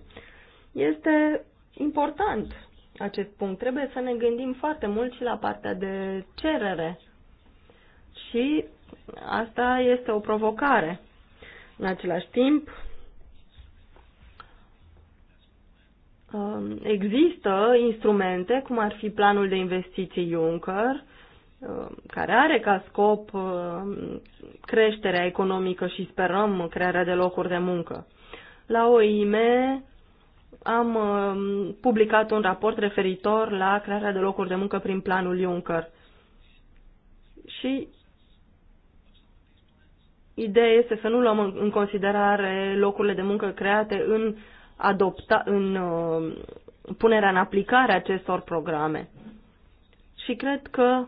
Este important acest punct. Trebuie să ne gândim foarte mult și la partea de cerere. Și asta este o provocare. În același timp, um, există instrumente, cum ar fi planul de investiții Juncker, Uh, care are ca scop uh, creșterea economică și sperăm crearea de locuri de muncă. La OIM am uh, publicat un raport referitor la crearea de locuri de muncă prin planul Juncker. Și ideea este să nu luăm în considerare locurile de muncă create în, adopta, în punerea în aplicare acestor programe. Și cred că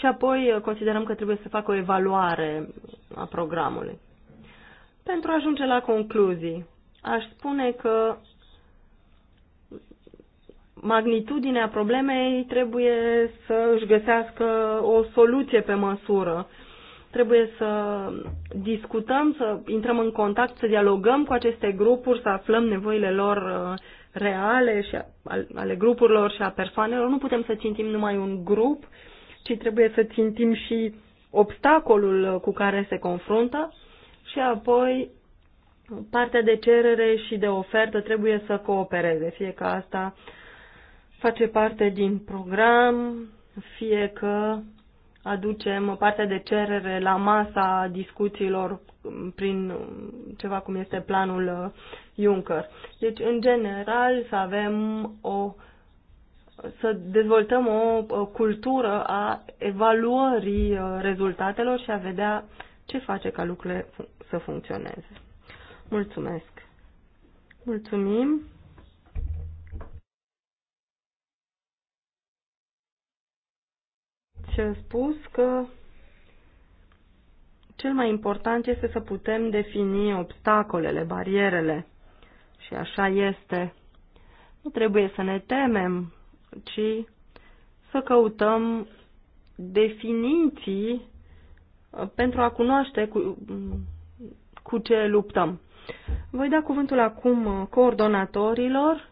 și apoi uh, considerăm că trebuie să facă o evaluare a programului. Pentru a ajunge la concluzii, aș spune că magnitudinea problemei trebuie să își găsească o soluție pe măsură. Trebuie să discutăm, să intrăm în contact, să dialogăm cu aceste grupuri, să aflăm nevoile lor uh, reale și ale grupurilor și a persoanelor. Nu putem să țintim numai un grup, ci trebuie să țintim și obstacolul cu care se confruntă și apoi partea de cerere și de ofertă trebuie să coopereze, fie că asta face parte din program, fie că aducem partea de cerere la masa discuțiilor prin ceva cum este planul Juncker. Deci, în general, să avem o să dezvoltăm o cultură a evaluării uh, rezultatelor și a vedea ce face ca lucrurile să funcționeze. Mulțumesc! Mulțumim! Și a spus că cel mai important este să putem defini obstacolele, barierele. Și așa este. Nu trebuie să ne temem ci să căutăm definiții uh, pentru a cunoaște cu, mm, cu ce luptăm. Voi da cuvântul acum uh, coordonatorilor.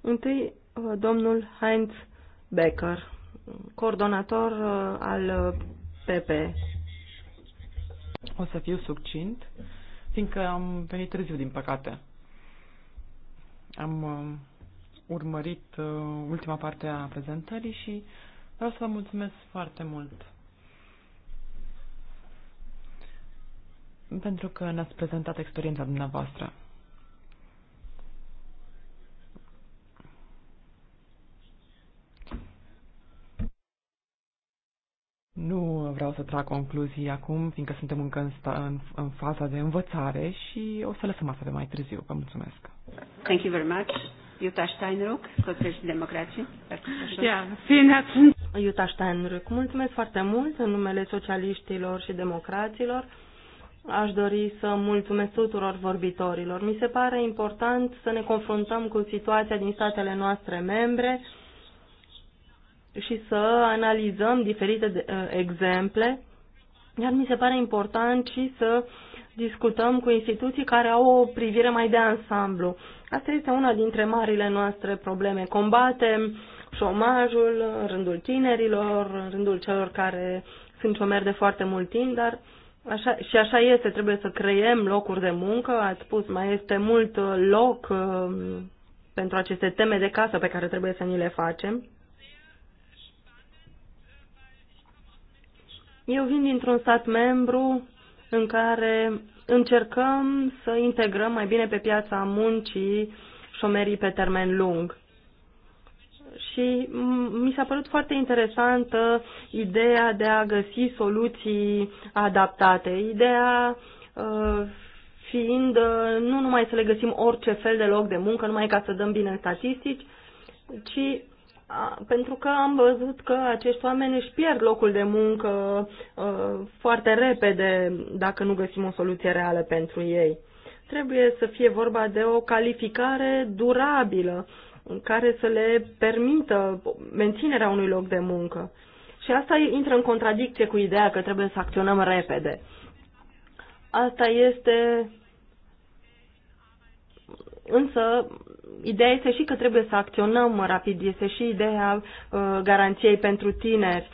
Întâi, uh, domnul Heinz Becker, coordonator al PP. O să fiu succint, fiindcă am venit târziu, din păcate. Am urmărit uh, ultima parte a prezentării și vreau să vă mulțumesc foarte mult pentru că ne-ați prezentat experiența dumneavoastră. Nu vreau să trag concluzii acum, fiindcă suntem încă în, sta, în, în faza de învățare și o să lăsăm asta pe mai târziu. Vă mulțumesc. Thank you very much. Jutta Steinruck, Socialiști-Democrații. Yeah, Jutta Steinruck, mulțumesc foarte mult în numele socialiștilor și democraților. Aș dori să mulțumesc tuturor vorbitorilor. Mi se pare important să ne confruntăm cu situația din statele noastre membre și să analizăm diferite eh, exemple, iar mi se pare important și să uh, discutăm cu instituții care au o privire mai de ansamblu. Asta este una dintre marile noastre probleme. Combatem șomajul în rândul tinerilor, în rândul celor care sunt șomeri de foarte mult timp, dar așa, și așa este, trebuie să creem locuri de muncă. Ați spus, mai este mult loc uh, pentru aceste teme de casă pe care trebuie să ni le facem. Eu vin dintr-un stat membru în care încercăm să integrăm mai bine pe piața muncii șomerii pe termen lung. Și mi s-a părut foarte interesantă ideea de a găsi soluții adaptate. Ideea uh, fiind uh, nu numai să le găsim orice fel de loc de muncă, numai ca să dăm bine statistici, ci pentru că am văzut că acești oameni își pierd locul de muncă foarte repede dacă nu găsim o soluție reală pentru ei. Trebuie să fie vorba de o calificare durabilă care să le permită menținerea unui loc de muncă. Și asta intră în contradicție cu ideea că trebuie să acționăm repede. Asta este însă ideea este și că trebuie să acționăm rapid. Este și ideea uh, garanției pentru tineri,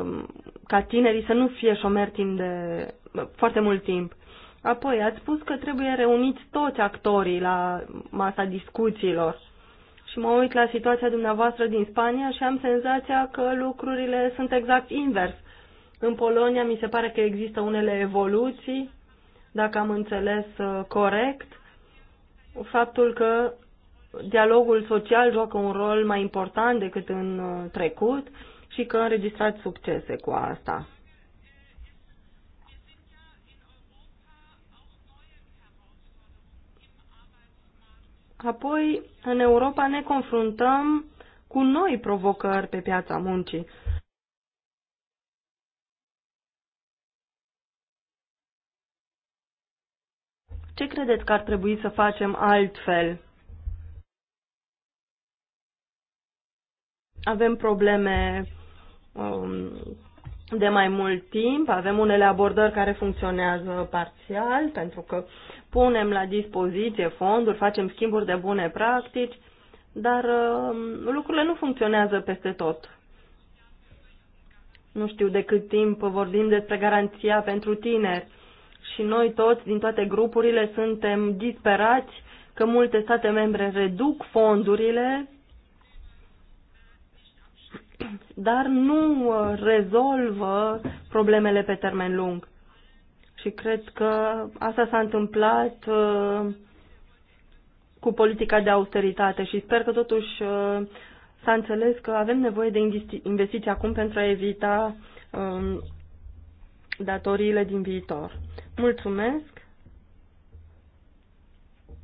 um, ca tinerii să nu fie șomeri timp de uh, foarte mult timp. Apoi, ați spus că trebuie reuniți toți actorii la masa discuțiilor. Și mă uit la situația dumneavoastră din Spania și am senzația că lucrurile sunt exact invers. În Polonia mi se pare că există unele evoluții, dacă am înțeles uh, corect, faptul că dialogul social joacă un rol mai important decât în uh, trecut și că înregistrați succese cu asta. Apoi, în Europa ne confruntăm cu noi provocări pe piața muncii. Ce credeți că ar trebui să facem altfel? Avem probleme um, de mai mult timp, avem unele abordări care funcționează parțial, pentru că punem la dispoziție fonduri, facem schimburi de bune practici, dar um, lucrurile nu funcționează peste tot. Nu știu de cât timp vorbim despre garanția pentru tineri și noi toți din toate grupurile suntem disperați că multe state membre reduc fondurile, dar nu uh, rezolvă problemele pe termen lung. Și cred că asta s-a întâmplat uh, cu politica de austeritate și sper că totuși uh, s-a înțeles că avem nevoie de investiții acum pentru a evita um, datoriile din viitor. Mulțumesc.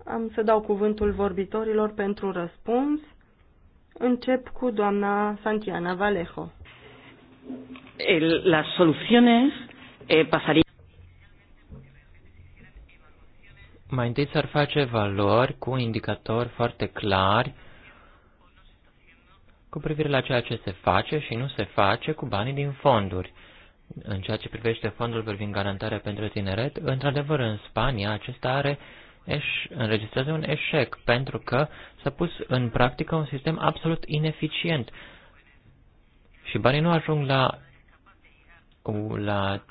Am să dau cuvântul vorbitorilor pentru răspuns. Încep cu doamna Santiana Valejo. La eh, las soluciones eh, Mai întâi s-ar face valori cu indicatori foarte clari cu privire la ceea ce se face și nu se face cu banii din fonduri. În ceea ce privește fondul privind garantarea pentru tineret, într-adevăr, în Spania acesta are eș- înregistrează un eșec, pentru că s-a pus în practică un sistem absolut ineficient. Și banii nu ajung la, la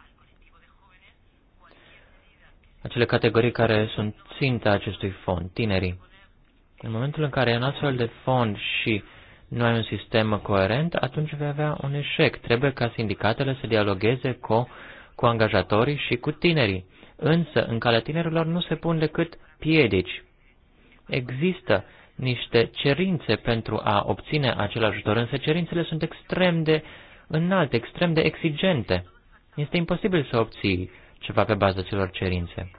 acele categorii care sunt ținta acestui fond, tinerii. În momentul în care e un astfel de fond și nu ai un sistem coerent, atunci vei avea un eșec. Trebuie ca sindicatele să dialogueze cu, cu angajatorii și cu tinerii. Însă, în calea tinerilor nu se pun decât piedici. Există niște cerințe pentru a obține acel ajutor, însă cerințele sunt extrem de înalte, extrem de exigente. Este imposibil să obții ceva pe baza celor cerințe.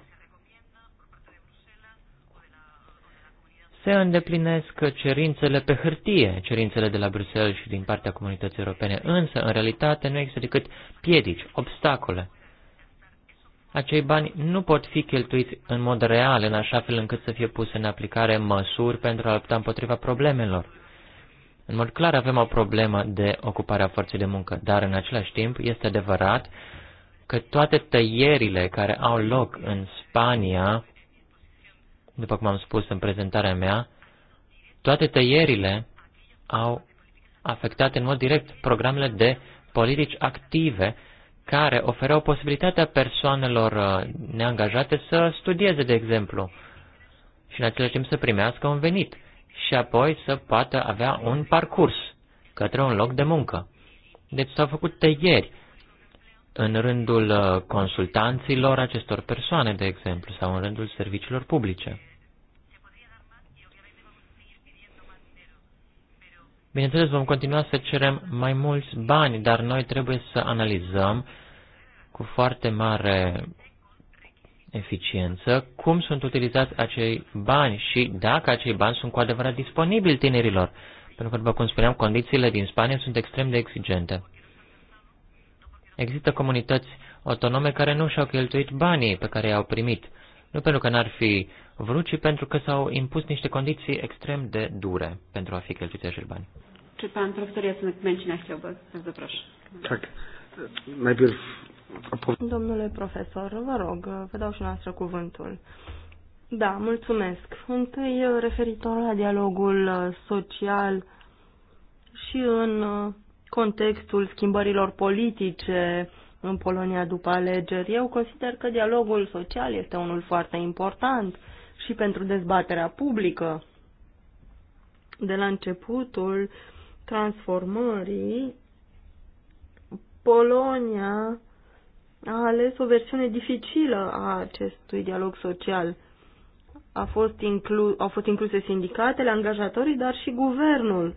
se îndeplinesc cerințele pe hârtie, cerințele de la Bruxelles și din partea comunității europene, însă, în realitate, nu există decât piedici, obstacole. Acei bani nu pot fi cheltuiți în mod real, în așa fel încât să fie puse în aplicare măsuri pentru a lupta împotriva problemelor. În mod clar avem o problemă de ocupare a forței de muncă, dar în același timp este adevărat că toate tăierile care au loc în Spania după cum am spus în prezentarea mea, toate tăierile au afectat în mod direct programele de politici active care oferau posibilitatea persoanelor uh, neangajate să studieze, de exemplu, și în același timp să primească un venit și apoi să poată avea un parcurs către un loc de muncă. Deci s-au făcut tăieri în rândul uh, consultanților acestor persoane, de exemplu, sau în rândul serviciilor publice. Bineînțeles, vom continua să cerem mai mulți bani, dar noi trebuie să analizăm cu foarte mare eficiență cum sunt utilizați acei bani și dacă acei bani sunt cu adevărat disponibili tinerilor. Pentru că, după cum spuneam, condițiile din Spania sunt extrem de exigente. Există comunități autonome care nu și-au cheltuit banii pe care i-au primit, nu pentru că n-ar fi vrut, ci pentru că s-au impus niște condiții extrem de dure pentru a fi cheltuiți acești bani. Czy pan profesor Jacenek Męcina chciałby? Bardzo proszę. Tak. Najpierw... Domnule profesor, vă rog, vă dau și noastră cuvântul. Da, mulțumesc. Întâi referitor la dialogul social și în contextul schimbărilor politice în Polonia după alegeri. Eu consider că dialogul social este unul foarte important și pentru dezbaterea publică. De la începutul transformării, Polonia a ales o versiune dificilă a acestui dialog social. A fost inclu- au fost incluse sindicatele, angajatorii, dar și guvernul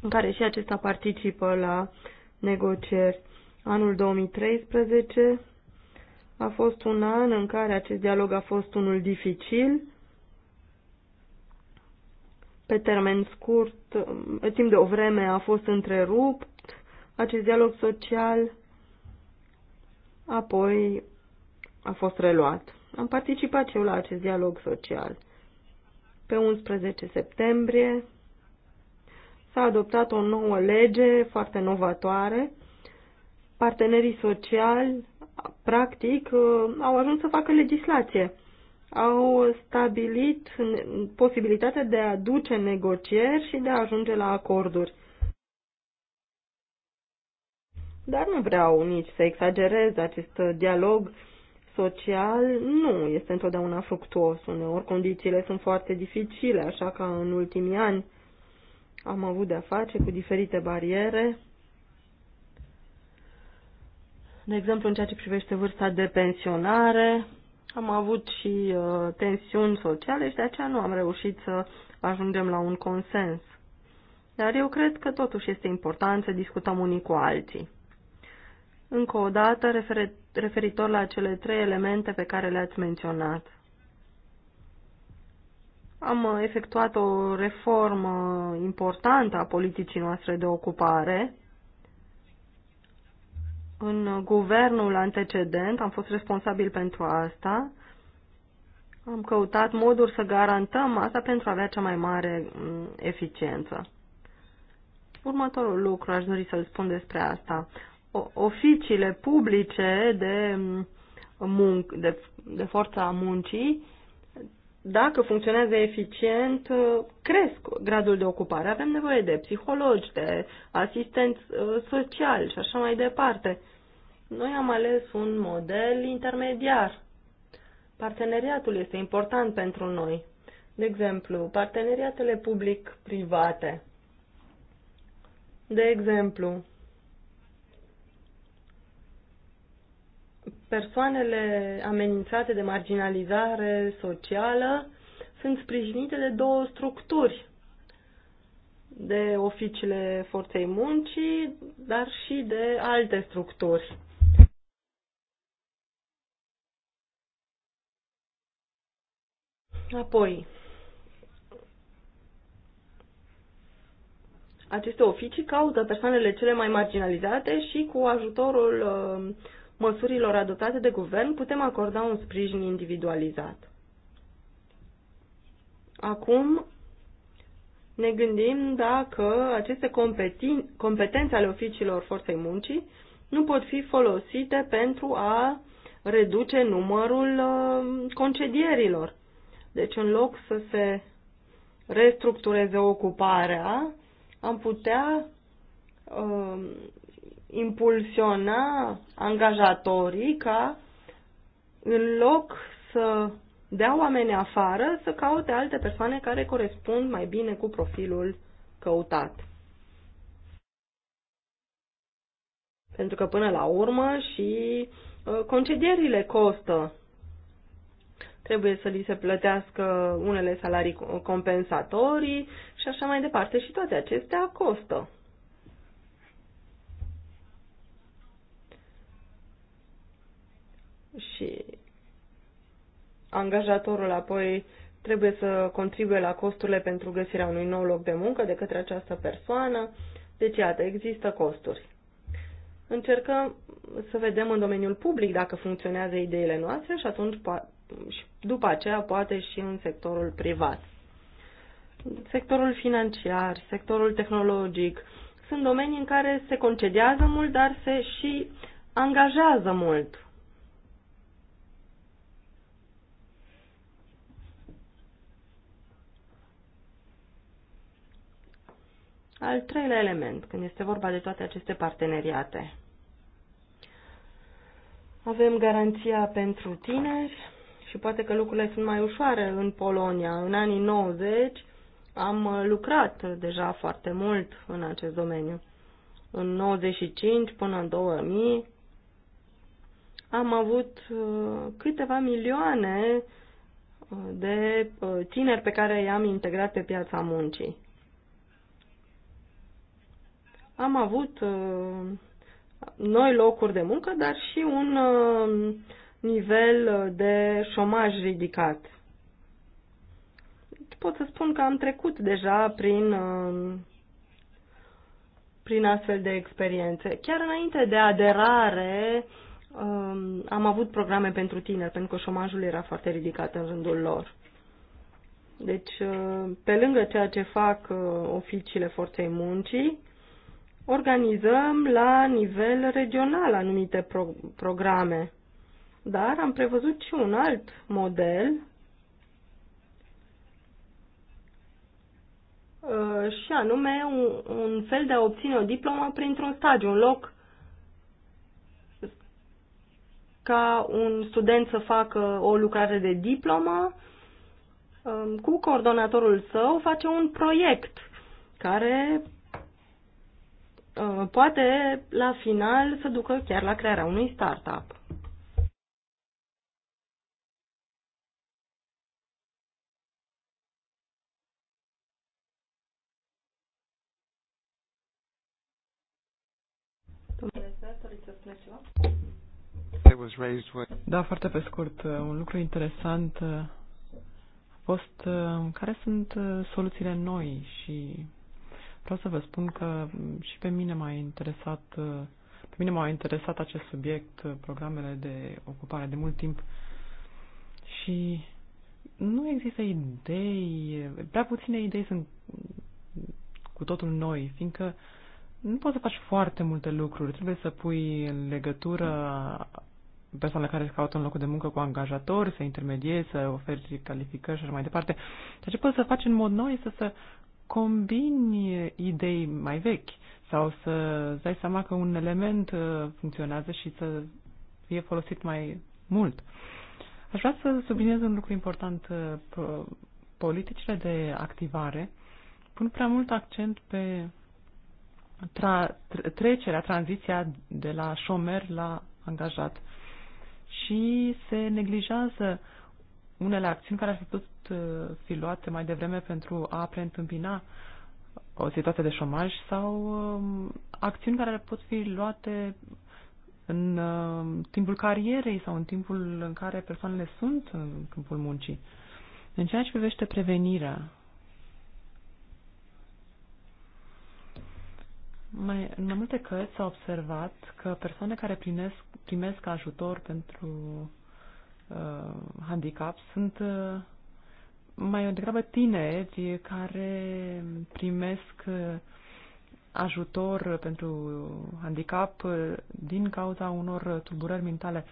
în care și acesta participă la negocieri. Anul 2013 a fost un an în care acest dialog a fost unul dificil. Pe termen scurt, timp de o vreme a fost întrerupt acest dialog social, apoi a fost reluat. Am participat și eu la acest dialog social. Pe 11 septembrie S-a adoptat o nouă lege foarte novatoare. Partenerii sociali, practic, uh, au ajuns să facă legislație. Au stabilit posibilitatea de a duce negocieri și de a ajunge la acorduri. Dar nu vreau nici să exagerez acest dialog social nu este întotdeauna fructuos. Uneori condițiile sunt foarte dificile, așa ca în ultimii ani. Am avut de-a face cu diferite bariere, de exemplu, în ceea ce privește vârsta de pensionare, am avut și uh, tensiuni sociale și de aceea nu am reușit să ajungem la un consens. Dar eu cred că totuși este important să discutăm unii cu alții. Încă o dată, referitor la cele trei elemente pe care le-ați menționat. Am uh, efectuat o reformă importantă a politicii noastre de ocupare. În guvernul antecedent am fost responsabil pentru asta. Am căutat moduri să garantăm asta pentru a avea cea mai mare mm, eficiență. Următorul lucru aș dori să-l spun despre asta. Oficiile publice de, mm, munc, de, de forța muncii dacă funcționează eficient, cresc gradul de ocupare. Avem nevoie de psihologi, de asistenți uh, sociali și așa mai departe. Noi am ales un model intermediar. Parteneriatul este important pentru noi. De exemplu, parteneriatele public-private. De exemplu, persoanele amenințate de marginalizare socială sunt sprijinite de două structuri, de oficiile forței muncii, dar și de alte structuri. Apoi, aceste oficii caută persoanele cele mai marginalizate și cu ajutorul uh, măsurilor adoptate de guvern, putem acorda un sprijin individualizat. Acum ne gândim dacă aceste competențe ale oficiilor forței muncii nu pot fi folosite pentru a reduce numărul uh, concedierilor. Deci, în loc să se restructureze ocuparea, am putea uh, impulsiona angajatorii ca în loc să dea oameni afară, să caute alte persoane care corespund mai bine cu profilul căutat. Pentru că până la urmă și ă, concedierile costă. Trebuie să li se plătească unele salarii compensatorii și așa mai departe. Și toate acestea costă. și angajatorul apoi trebuie să contribuie la costurile pentru găsirea unui nou loc de muncă de către această persoană. Deci, iată, există costuri. Încercăm să vedem în domeniul public dacă funcționează ideile noastre și atunci, și după aceea, poate și în sectorul privat. Sectorul financiar, sectorul tehnologic, sunt domenii în care se concedează mult, dar se și angajează mult Al treilea element, când este vorba de toate aceste parteneriate. Avem garanția pentru tineri și poate că lucrurile sunt mai ușoare în Polonia. În anii 90 am uh, lucrat deja foarte mult în acest domeniu. În 95 până în 2000 am avut uh, câteva milioane uh, de tineri pe care i-am integrat pe piața muncii am avut uh, noi locuri de muncă, dar și un uh, nivel de șomaj ridicat. Pot să spun că am trecut deja prin, uh, prin astfel de experiențe. Chiar înainte de aderare um, am avut programe pentru tineri, pentru că șomajul era foarte ridicat în rândul lor. Deci, pe lângă ceea ce fac oficiile forței muncii, organizăm la nivel regional anumite pro- programe. Dar am prevăzut și un alt model uh, și anume un, un fel de a obține o diplomă printr-un stagiu, un loc ca un student să facă o lucrare de diplomă, um, cu coordonatorul său face un proiect care Uh, poate la final să ducă chiar la crearea unui startup. Da, foarte pe scurt, uh, un lucru interesant uh, a fost care sunt soluțiile noi și Vreau să vă spun că mm, și pe mine m-a interesat, pe mine m-a interesat acest subiect, programele de ocupare de mult timp și nu există idei, prea puține idei sunt cu totul noi, fiindcă nu poți să faci foarte multe lucruri, trebuie să pui în legătură persoanele care își caută un loc de muncă cu angajatori, să intermediezi, să oferi calificări și așa mai departe. Ceea deci ce poți să faci în mod nou este să combini idei mai vechi sau să îți dai seama că un element uh, funcționează și să fie folosit mai mult. Aș vrea să subliniez un lucru important. Uh, politicile de activare pun prea mult accent pe tra- trecerea, tranziția de la șomer la angajat și se neglijează unele acțiuni care ar fi putut Uh, fi luate mai devreme pentru a preîntâmpina o situație de șomaj sau um, acțiuni care pot fi luate în um, timpul carierei sau în timpul în care persoanele sunt în câmpul muncii. În ceea ce privește prevenirea, mai, în mai multe cărți s-a observat că persoane care primesc, primesc ajutor pentru uh, handicap sunt uh, mai degrabă tineri care primesc uh, ajutor pentru handicap uh, din cauza unor tulburări mentale.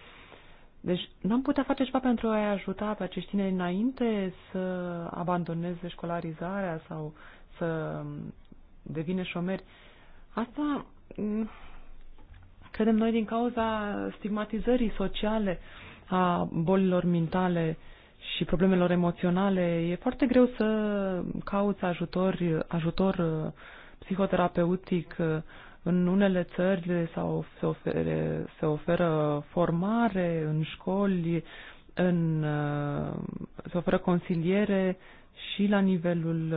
Deci nu am putea face ceva pentru a-i ajuta pe acești tineri înainte să abandoneze școlarizarea sau să devină șomeri. Asta mm, credem noi din cauza stigmatizării sociale a bolilor mentale uh, și problemelor emoționale, e foarte greu să cauți ajutor, ajutor uh, psihoterapeutic. Uh, în unele țări sau se, ofere, se oferă formare în școli, în, uh, se oferă consiliere și la nivelul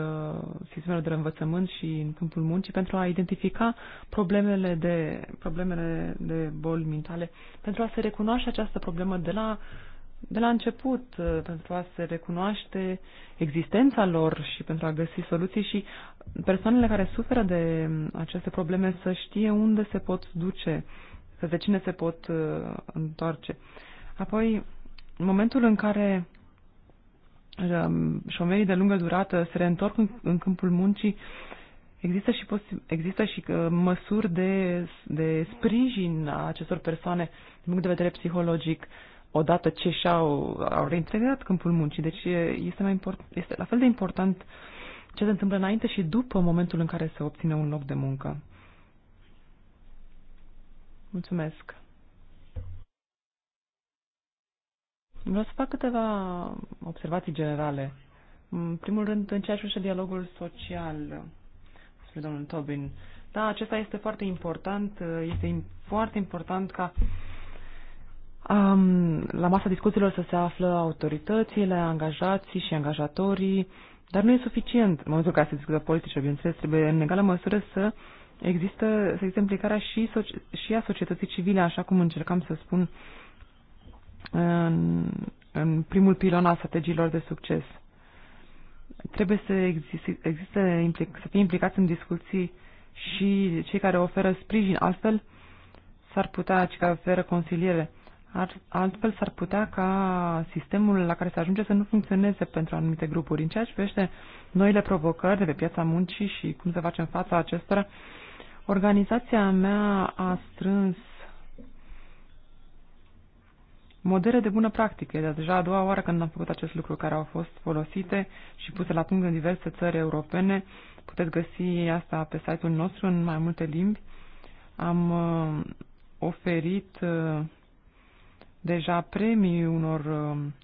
sistemelor de învățământ și în câmpul muncii pentru a identifica problemele de, problemele de boli mentale, pentru a se recunoaște această problemă de la uh, de la început uh, pentru a se recunoaște existența lor și pentru a găsi soluții și persoanele care suferă de mm, aceste probleme să știe unde se pot duce, să de cine se pot uh, întoarce. Apoi, în momentul în care um, șomerii de lungă durată se reîntorc în, în câmpul muncii, Există și, există și uh, măsuri de, de sprijin a acestor persoane din punct de vedere psihologic. Uh, odată ce și-au au reintegrat câmpul muncii. Deci este, mai import, este la fel de important ce se întâmplă înainte și după momentul în care se obține un loc de muncă. Mulțumesc. Vreau să fac câteva observații generale. În primul rând, în ceea ce privește dialogul social, spre domnul Tobin, da, acesta este foarte important, este foarte important ca Um, la masa discuțiilor să se află autoritățile, angajații și angajatorii, dar nu e suficient. În momentul în care se discută politice, bineînțeles, trebuie în egală măsură să există, să există implicarea și, și a societății civile, așa cum încercam să spun în, în primul pilon al strategiilor de succes. Trebuie să, existe, existe implic, să fie implicați în discuții și cei care oferă sprijin, astfel s-ar putea, cei care oferă consiliere, ar, altfel s-ar putea ca sistemul la care se ajunge să nu funcționeze pentru anumite grupuri. În ceea ce privește noile provocări de pe piața muncii și cum să facem fața acestora, organizația mea a strâns modele de bună practică. E deja a doua oară când am făcut acest lucru, care au fost folosite și puse la punct în diverse țări europene. Puteți găsi asta pe site-ul nostru în mai multe limbi. Am uh, oferit uh, deja premii unor um,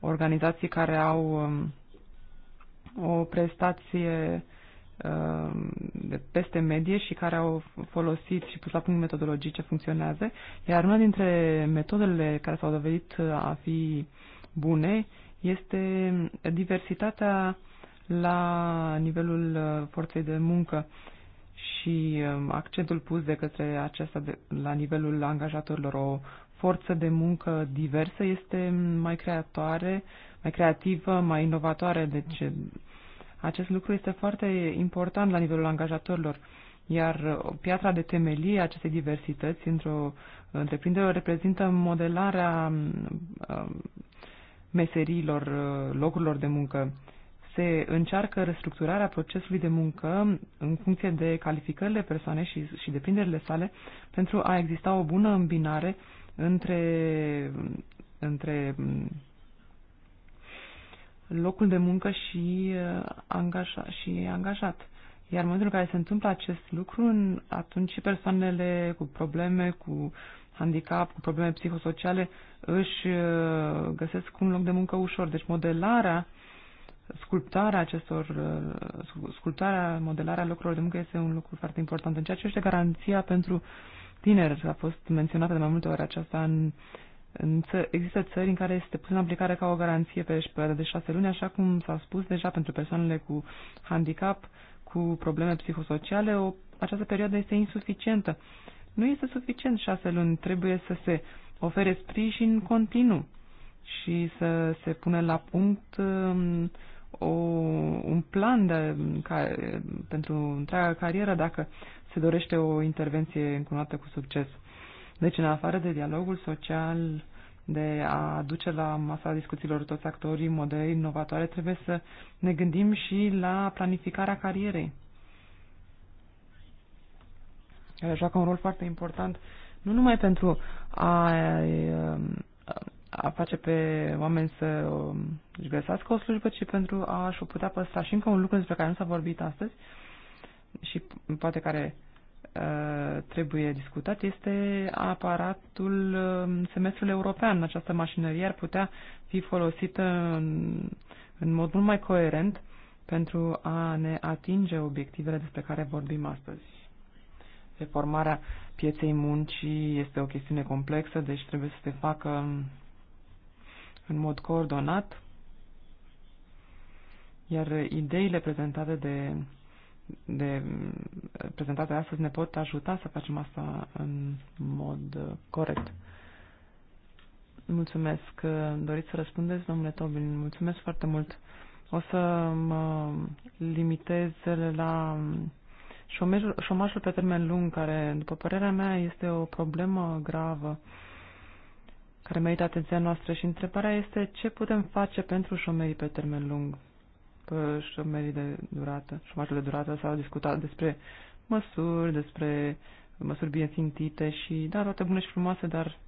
organizații care au um, o prestație um, de peste medie și care au folosit și pus la punct metodologii ce funcționează, iar una dintre metodele care s-au dovedit uh, a fi bune este diversitatea la nivelul uh, forței de muncă și accentul pus de către acesta de, la nivelul angajatorilor o forță de muncă diversă este mai creatoare, mai creativă, mai inovatoare. Deci acest lucru este foarte important la nivelul angajatorilor. Iar piatra de temelie a acestei diversități într-o întreprindere reprezintă modelarea um, meserilor, locurilor de muncă. Se încearcă restructurarea procesului de muncă în funcție de calificările persoanei și, și deprinderile sale pentru a exista o bună îmbinare între, între locul de muncă și, uh, angaja, și angajat. Iar în momentul în care se întâmplă acest lucru, atunci persoanele cu probleme, cu handicap, cu probleme psihosociale, își uh, găsesc un loc de muncă ușor. Deci modelarea, sculptarea acestor, uh, sculptarea, modelarea locurilor de muncă este un lucru foarte important. În ceea ce este garanția pentru uh, tineri. A fost menționată de mai multe ori aceasta în, în ță, există țări în care este pusă în aplicare ca o garanție pe perioada de șase luni, așa cum s-a spus deja pentru persoanele cu handicap, cu probleme psihosociale, o, această perioadă este insuficientă. Nu este suficient șase luni, trebuie să se ofere sprijin continuu și să se pune la punct um, o, un plan de, ca, pentru întreaga carieră. Dacă se dorește o intervenție încunată cu succes. Deci, în afară de dialogul social, de a aduce la masa discuțiilor toți actorii, modele inovatoare, trebuie să ne gândim și la planificarea carierei, care joacă un rol foarte important, nu numai pentru a, um, a face pe oameni să um, își găsească o slujbă, ci pentru a-și o putea păstra. Și încă un lucru despre care nu s-a vorbit astăzi, și poate care uh, trebuie discutat este aparatul um, semestrul european. Această mașinărie ar putea fi folosită în, în mod mult mai coerent pentru a ne atinge obiectivele despre care vorbim astăzi. Reformarea pieței muncii este o chestiune complexă, deci trebuie să se facă în mod coordonat, iar ideile prezentate de de mm, prezentate astăzi ne pot ajuta să facem asta în mod uh, corect. Mulțumesc. Doriți să răspundeți, domnule Tobin? Mulțumesc foarte mult. O să mă limitez la mm, șomajul, șomajul pe termen lung, care, după părerea mea, este o problemă gravă care merită atenția noastră și întrebarea este ce putem face pentru șomerii pe termen lung. Uh, șomerii de durată, șomajul de durată, s-au discutat despre măsuri, despre măsuri bine țintite și, da, toate bune și frumoase, dar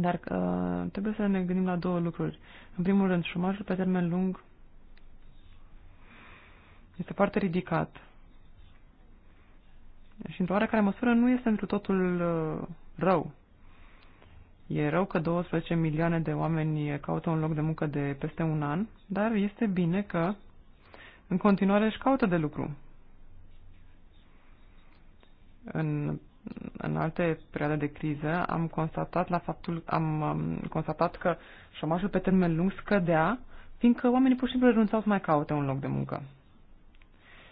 dar uh, trebuie să ne gândim la două lucruri. În primul rând, șomajul pe termen lung este foarte ridicat. Și într-o oarecare măsură nu este întru totul uh, rău. E rău că 12 milioane de oameni caută un loc de muncă de peste un an, dar este bine că în continuare își caută de lucru. În, în alte perioade de criză am constatat, la faptul, am, am constatat că șomajul pe termen lung scădea, fiindcă oamenii pur și simplu renunțau să mai caute un loc de muncă.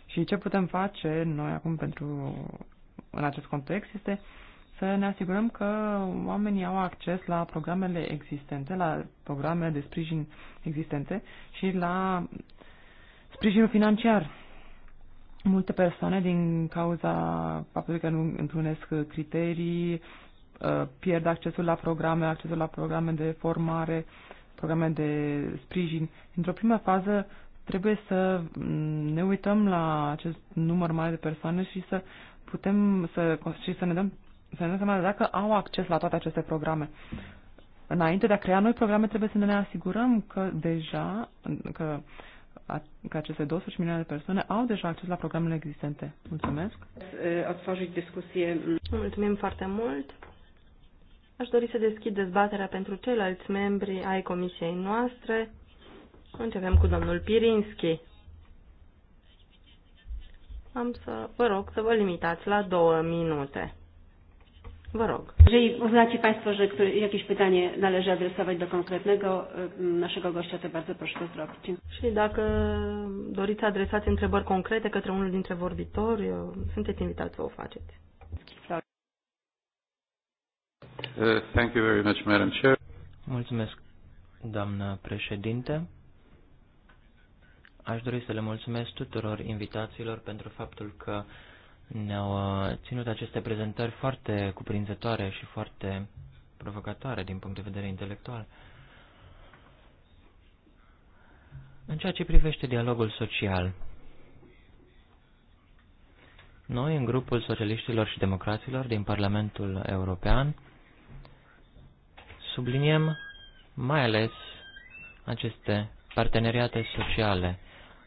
Și ce putem face noi acum pentru în acest context este uh, să ne asigurăm că oamenii au acces la programele existente, la programele de sprijin existente și la sprijinul financiar. Multe persoane, din cauza faptului că nu întrunesc criterii, uh, pierd accesul la programe, accesul la programe de formare, programe de sprijin. Într-o primă fază trebuie să mm, ne uităm la acest număr mare de persoane și să putem să, și să ne dăm să ne dăm seama dacă au acces la toate aceste programe. Înainte de a crea noi programe, trebuie să ne asigurăm că deja, că, că aceste 200 milioane de persoane au deja acces la programele existente. Mulțumesc! Ați făcut discuție. Mulțumim foarte mult! Aș dori să deschid dezbaterea pentru ceilalți membri ai comisiei noastre. Începem cu domnul Pirinski. Am să vă rog să vă limitați la două minute. Vă rog. Jeżeli uznacie Państwo, że jakieś pytanie należy adresować do konkretnego naszego gościa, to bardzo proszę to zrobić. Și dacă doriți să adresați întrebări concrete către unul dintre vorbitori, sunteți invitați să o faceți. Uh, thank you very much, Madam Chair. Mulțumesc, doamnă președinte. Aș dori să le mulțumesc tuturor invitațiilor pentru faptul că ne-au uh, ținut aceste prezentări foarte cuprinzătoare și foarte provocatoare din punct de vedere intelectual. În ceea ce privește dialogul social, noi, în grupul socialiștilor și democraților din Parlamentul European, subliniem mai ales aceste parteneriate sociale.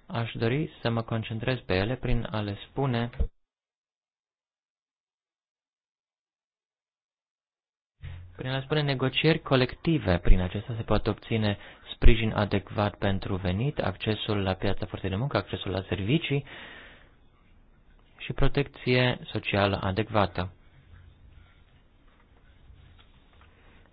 Aș dori să mă concentrez pe ele prin a le spune Prin a spune negocieri colective, prin acestea se poate obține sprijin adecvat pentru venit, accesul la piața forței de muncă, accesul la servicii și protecție socială adecvată.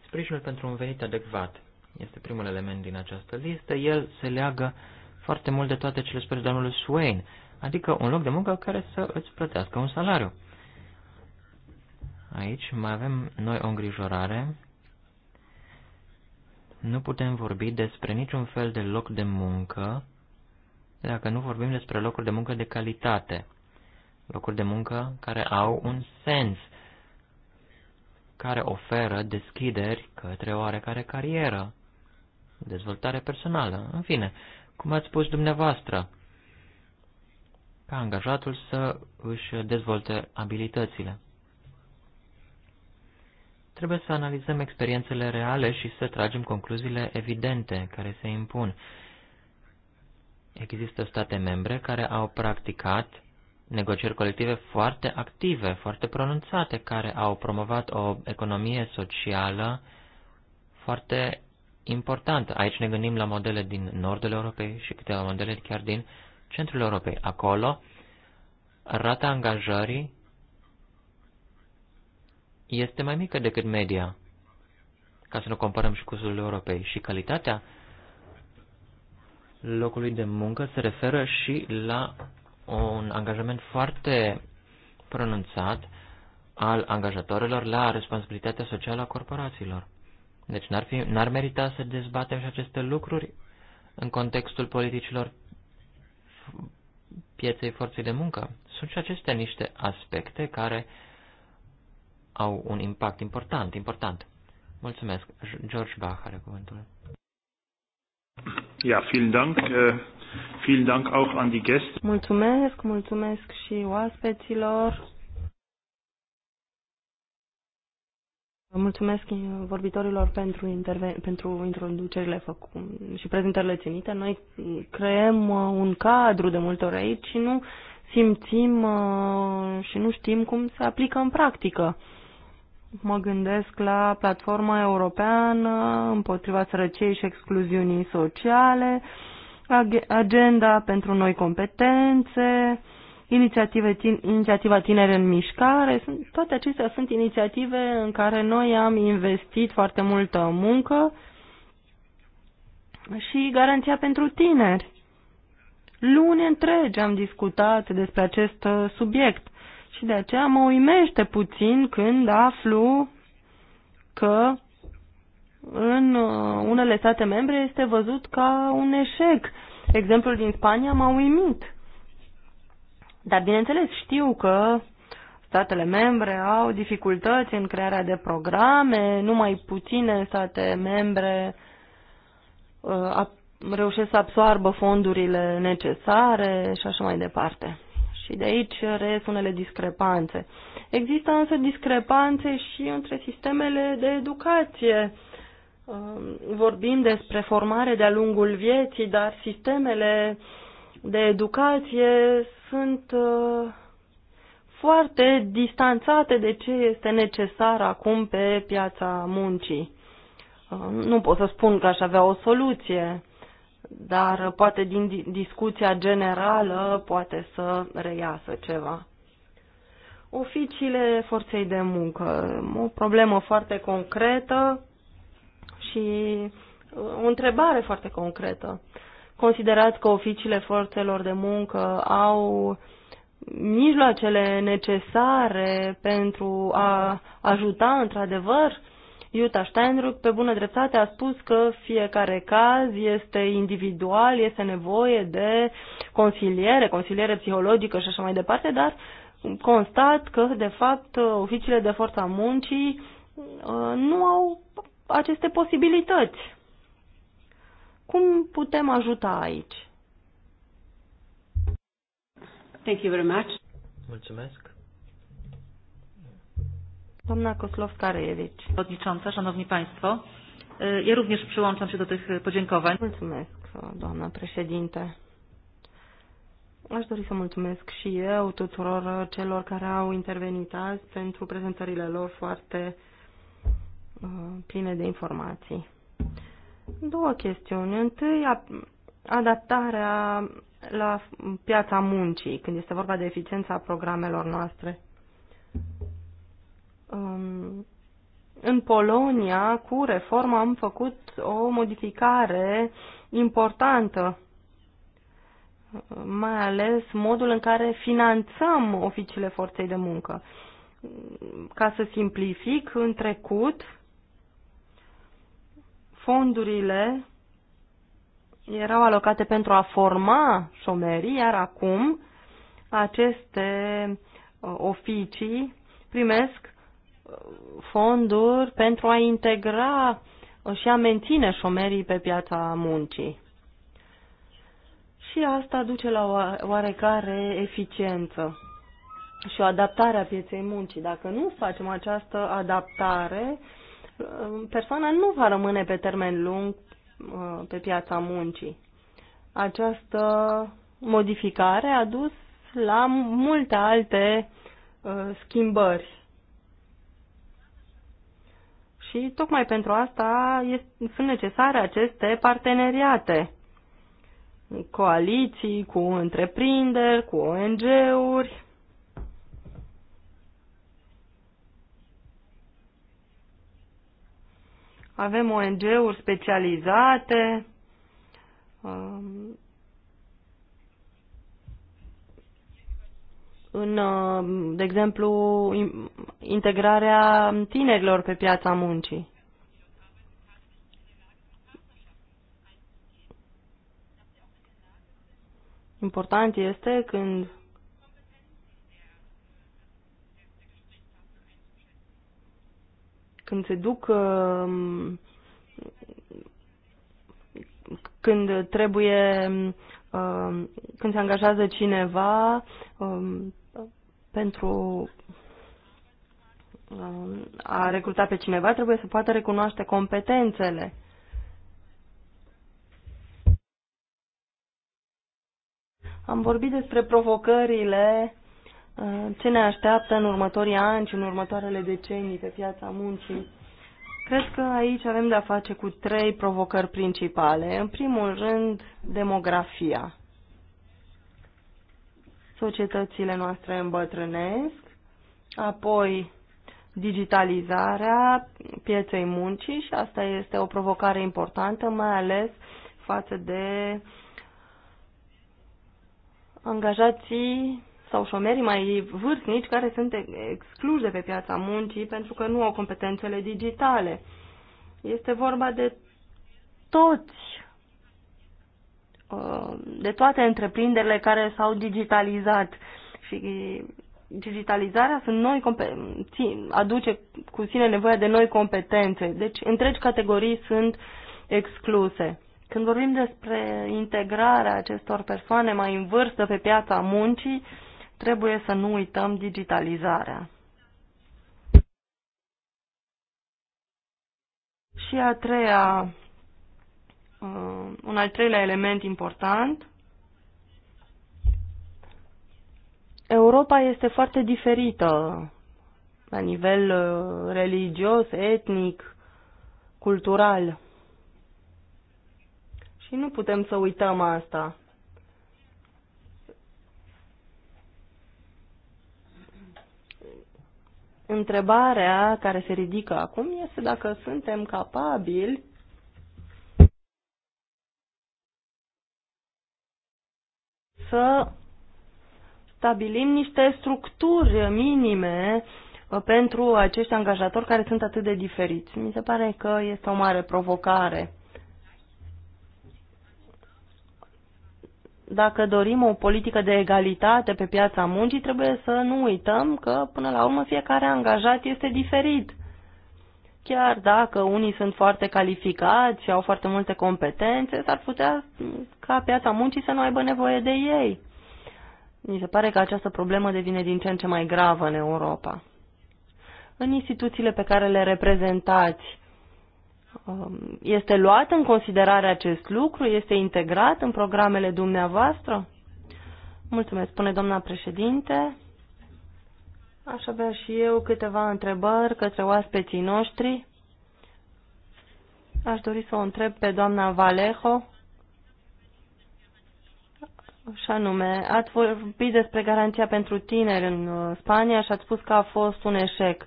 Sprijinul pentru un venit adecvat este primul element din această listă. El se leagă foarte mult de toate cele spre domnul Swain, adică un loc de muncă care să îți plătească un salariu aici mai avem noi o îngrijorare. Nu putem vorbi despre niciun fel de loc de muncă dacă nu vorbim despre locuri de muncă de calitate. Locuri de muncă care au un sens, care oferă deschideri către oarecare carieră, dezvoltare personală, în fine, cum ați spus dumneavoastră, ca angajatul să își dezvolte abilitățile. Trebuie să analizăm experiențele reale și să tragem concluziile evidente care se impun. Există state membre care au practicat negocieri colective foarte active, foarte pronunțate, care au promovat o economie socială foarte importantă. Aici ne gândim la modele din nordul Europei și câteva modele chiar din centrul Europei. Acolo, rata angajării este mai mică decât media, ca să ne comparăm și cu sudul Europei. Și calitatea locului de muncă se referă și la un angajament foarte pronunțat al angajatorilor la responsabilitatea socială a corporațiilor. Deci n-ar, fi, n-ar merita să dezbatem și aceste lucruri în contextul politicilor pieței forței de muncă. Sunt și acestea niște aspecte care uh, au un impact important, important. Mulțumesc. George Bach are cuvântul. Ja, vielen Dank. Äh, vielen Dank auch an die Gäste. Mulțumesc, mulțumesc și oaspeților. Mulțumesc vorbitorilor pentru, interven- pentru introducerile făcute și prezentările ținite. Noi creăm uh, un cadru de multe ori aici și nu simțim uh, și nu știm cum să aplică în practică mă gândesc la platforma europeană împotriva sărăciei și excluziunii sociale, agenda pentru noi competențe, inițiative, inițiativa Tineri în Mișcare. Sunt, toate acestea sunt inițiative în care noi am investit foarte multă muncă și garanția pentru tineri. Luni întregi am discutat despre acest uh, subiect și de aceea mă uimește puțin când aflu că în uh, unele state membre este văzut ca un eșec. Exemplul din Spania m-a uimit. Dar, bineînțeles, știu că statele membre au dificultăți în crearea de programe, numai puține state membre uh, reușesc să absoarbă fondurile necesare și așa mai departe. Și de aici reies unele discrepanțe. Există însă discrepanțe și între sistemele de educație. Um, vorbim despre formare de-a lungul vieții, dar sistemele de educație sunt uh, foarte distanțate de ce este necesar acum pe piața muncii. Um, nu pot să spun că aș avea o soluție dar poate din discuția generală poate să reiasă ceva. Oficiile forței de muncă, o problemă foarte concretă și uh, o întrebare foarte concretă. Considerați că oficiile forțelor de muncă au mijloacele necesare pentru a ajuta într-adevăr uh, Iuta Steinruck, pe bună dreptate, a spus că fiecare caz este individual, este nevoie de consiliere, consiliere psihologică și așa mai departe, dar constat că, de fapt, oficiile de forța muncii uh, nu au aceste posibilități. Cum putem ajuta aici? Thank you very much. Mulțumesc. Doamna koslowska rejewicz Przewodnicząca, Szanowni Państwo, ja również przyłączam się do tych podziękowań. Mulțumesc, doamna președinte. Aș dori să mulțumesc și eu tuturor celor care au intervenit azi pentru prezentările lor foarte uh, pline de informații. Două chestiuni. Întâi, adaptarea la piața muncii, când este vorba de eficiența programelor noastre um, în Polonia, cu reforma, am făcut o modificare importantă, mai ales modul în care finanțăm oficiile forței de muncă. Ca să simplific, în trecut, fondurile erau alocate pentru a forma șomerii, iar acum aceste uh, oficii primesc fonduri pentru a integra și a menține șomerii pe piața muncii. Și asta duce la o oarecare eficiență și o adaptare a pieței muncii. Dacă nu facem această adaptare, persoana nu va rămâne pe termen lung uh, pe piața muncii. Această modificare a dus la multe alte uh, schimbări și tocmai pentru asta sunt necesare aceste parteneriate, coaliții cu întreprinderi, cu ONG-uri. Avem ONG-uri specializate, um, în, uh, de exemplu, integrarea tinerilor pe piața muncii. Important este când când se duc um, când trebuie um, când se angajează cineva um, pentru um, a recruta pe cineva trebuie să poată recunoaște competențele. Am vorbit despre provocările uh, ce ne așteaptă în următorii ani și în următoarele decenii pe piața muncii. Cred că aici avem de-a face cu trei provocări principale. În primul rând, demografia societățile noastre îmbătrânesc, apoi digitalizarea pieței muncii și asta este o provocare importantă, mai ales față de angajații sau șomerii mai vârstnici care sunt excluși de pe piața muncii pentru că nu au competențele digitale. Este vorba de toți Uh, de toate întreprinderile care s-au digitalizat și digitalizarea sunt noi aduce cu sine nevoia de noi competențe. Deci întregi categorii sunt excluse. Când vorbim despre integrarea acestor persoane mai în vârstă pe piața muncii, trebuie să nu uităm digitalizarea. Și a treia uh, un al treilea element important. Europa este foarte diferită la nivel uh, religios, etnic, cultural. Și nu putem să uităm asta. Întrebarea care se ridică acum este dacă suntem capabili să stabilim niște structuri minime uh, pentru acești angajatori care sunt atât de diferiți. Mi se pare că este o mare provocare. Dacă dorim o politică de egalitate pe piața muncii, trebuie să nu uităm că, până la urmă, fiecare angajat este diferit chiar dacă unii sunt foarte calificați și au foarte multe competențe, s-ar putea ca piața muncii să nu aibă nevoie de ei. Mi se pare că această problemă devine din ce în ce mai gravă în Europa. În instituțiile pe care le reprezentați, um, este luat în considerare acest lucru? Este integrat în programele dumneavoastră? Mulțumesc, spune doamna președinte. Aș avea și eu câteva întrebări către oaspeții noștri. Aș dori să o întreb pe doamna Valejo, și anume, ați vorbit despre garanția pentru tineri în uh, Spania și ați spus că a fost un eșec.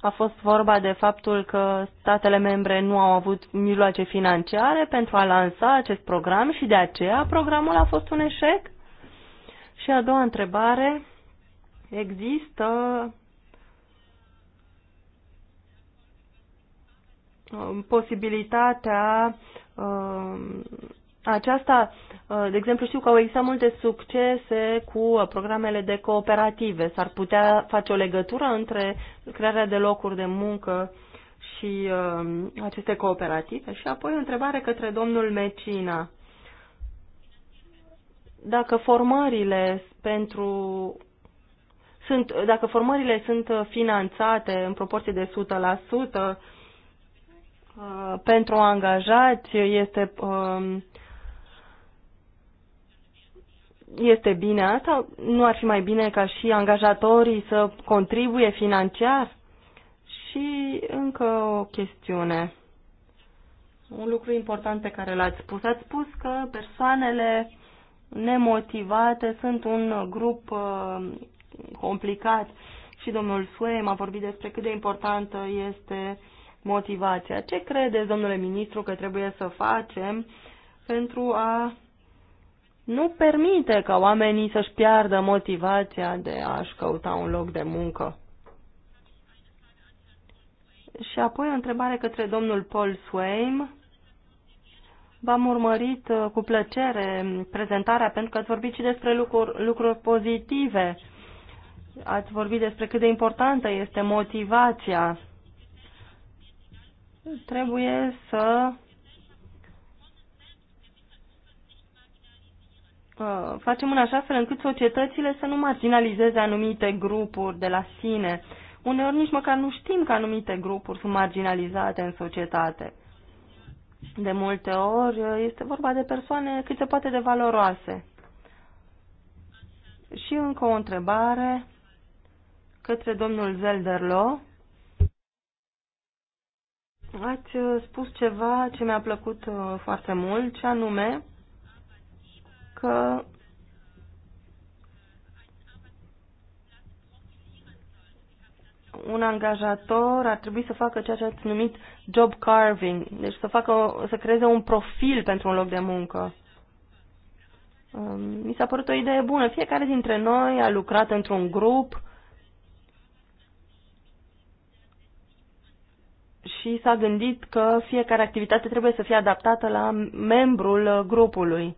A fost vorba de faptul că statele membre nu au avut mijloace financiare pentru a lansa acest program și de aceea programul a fost un eșec? Și a doua întrebare, Există um, posibilitatea um, aceasta, uh, de exemplu, știu că au existat multe succese cu uh, programele de cooperative. S-ar putea face o legătură între crearea de locuri de muncă și um, aceste cooperative? Și apoi o întrebare către domnul Mecina. Dacă formările pentru sunt, dacă formările sunt uh, finanțate în proporție de 100% uh, pentru angajați, este, um, este bine asta? Nu ar fi mai bine ca și angajatorii să contribuie financiar? Și încă o chestiune. Un lucru important pe care l-ați spus. Ați spus că persoanele nemotivate sunt un grup uh, complicat și domnul Suem a vorbit despre cât de importantă este motivația. Ce credeți, domnule ministru, că trebuie să facem pentru a nu permite ca oamenii să-și piardă motivația de a-și căuta un loc de muncă? Și apoi o întrebare către domnul Paul Swaim. V-am urmărit uh, cu plăcere prezentarea pentru că ați vorbit și despre lucruri, lucruri pozitive Ați vorbit despre cât de importantă este motivația. Trebuie să uh, facem în așa fel încât societățile să nu marginalizeze anumite grupuri de la sine. Uneori nici măcar nu știm că anumite grupuri sunt marginalizate în societate. De multe ori uh, este vorba de persoane cât se poate de valoroase. Și încă o întrebare către domnul Zelderlo. Ați uh, spus ceva ce mi-a plăcut uh, foarte mult, ce anume că un angajator ar trebui să facă ceea ce ați numit job carving, deci să, facă, să creeze un profil pentru un loc de muncă. Um, mi s-a părut o idee bună. Fiecare dintre noi a lucrat într-un grup și s-a gândit că fiecare activitate trebuie să fie adaptată la membrul grupului.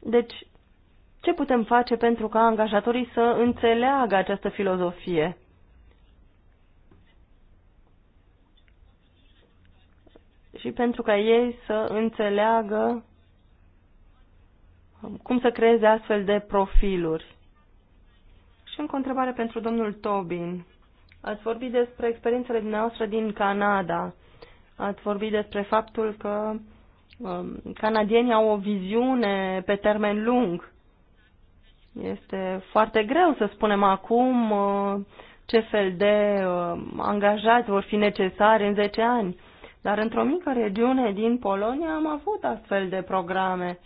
Deci, ce putem face pentru ca angajatorii să înțeleagă această filozofie? Și pentru ca ei să înțeleagă cum să creeze astfel de profiluri. Și încă o întrebare pentru domnul Tobin. Ați vorbit despre experiențele dumneavoastră din Canada. Ați vorbit despre faptul că um, canadienii au o viziune pe termen lung. Este foarte greu să spunem acum uh, ce fel de uh, angajați vor fi necesari în 10 ani. Dar într-o mică regiune din Polonia am avut astfel de programe.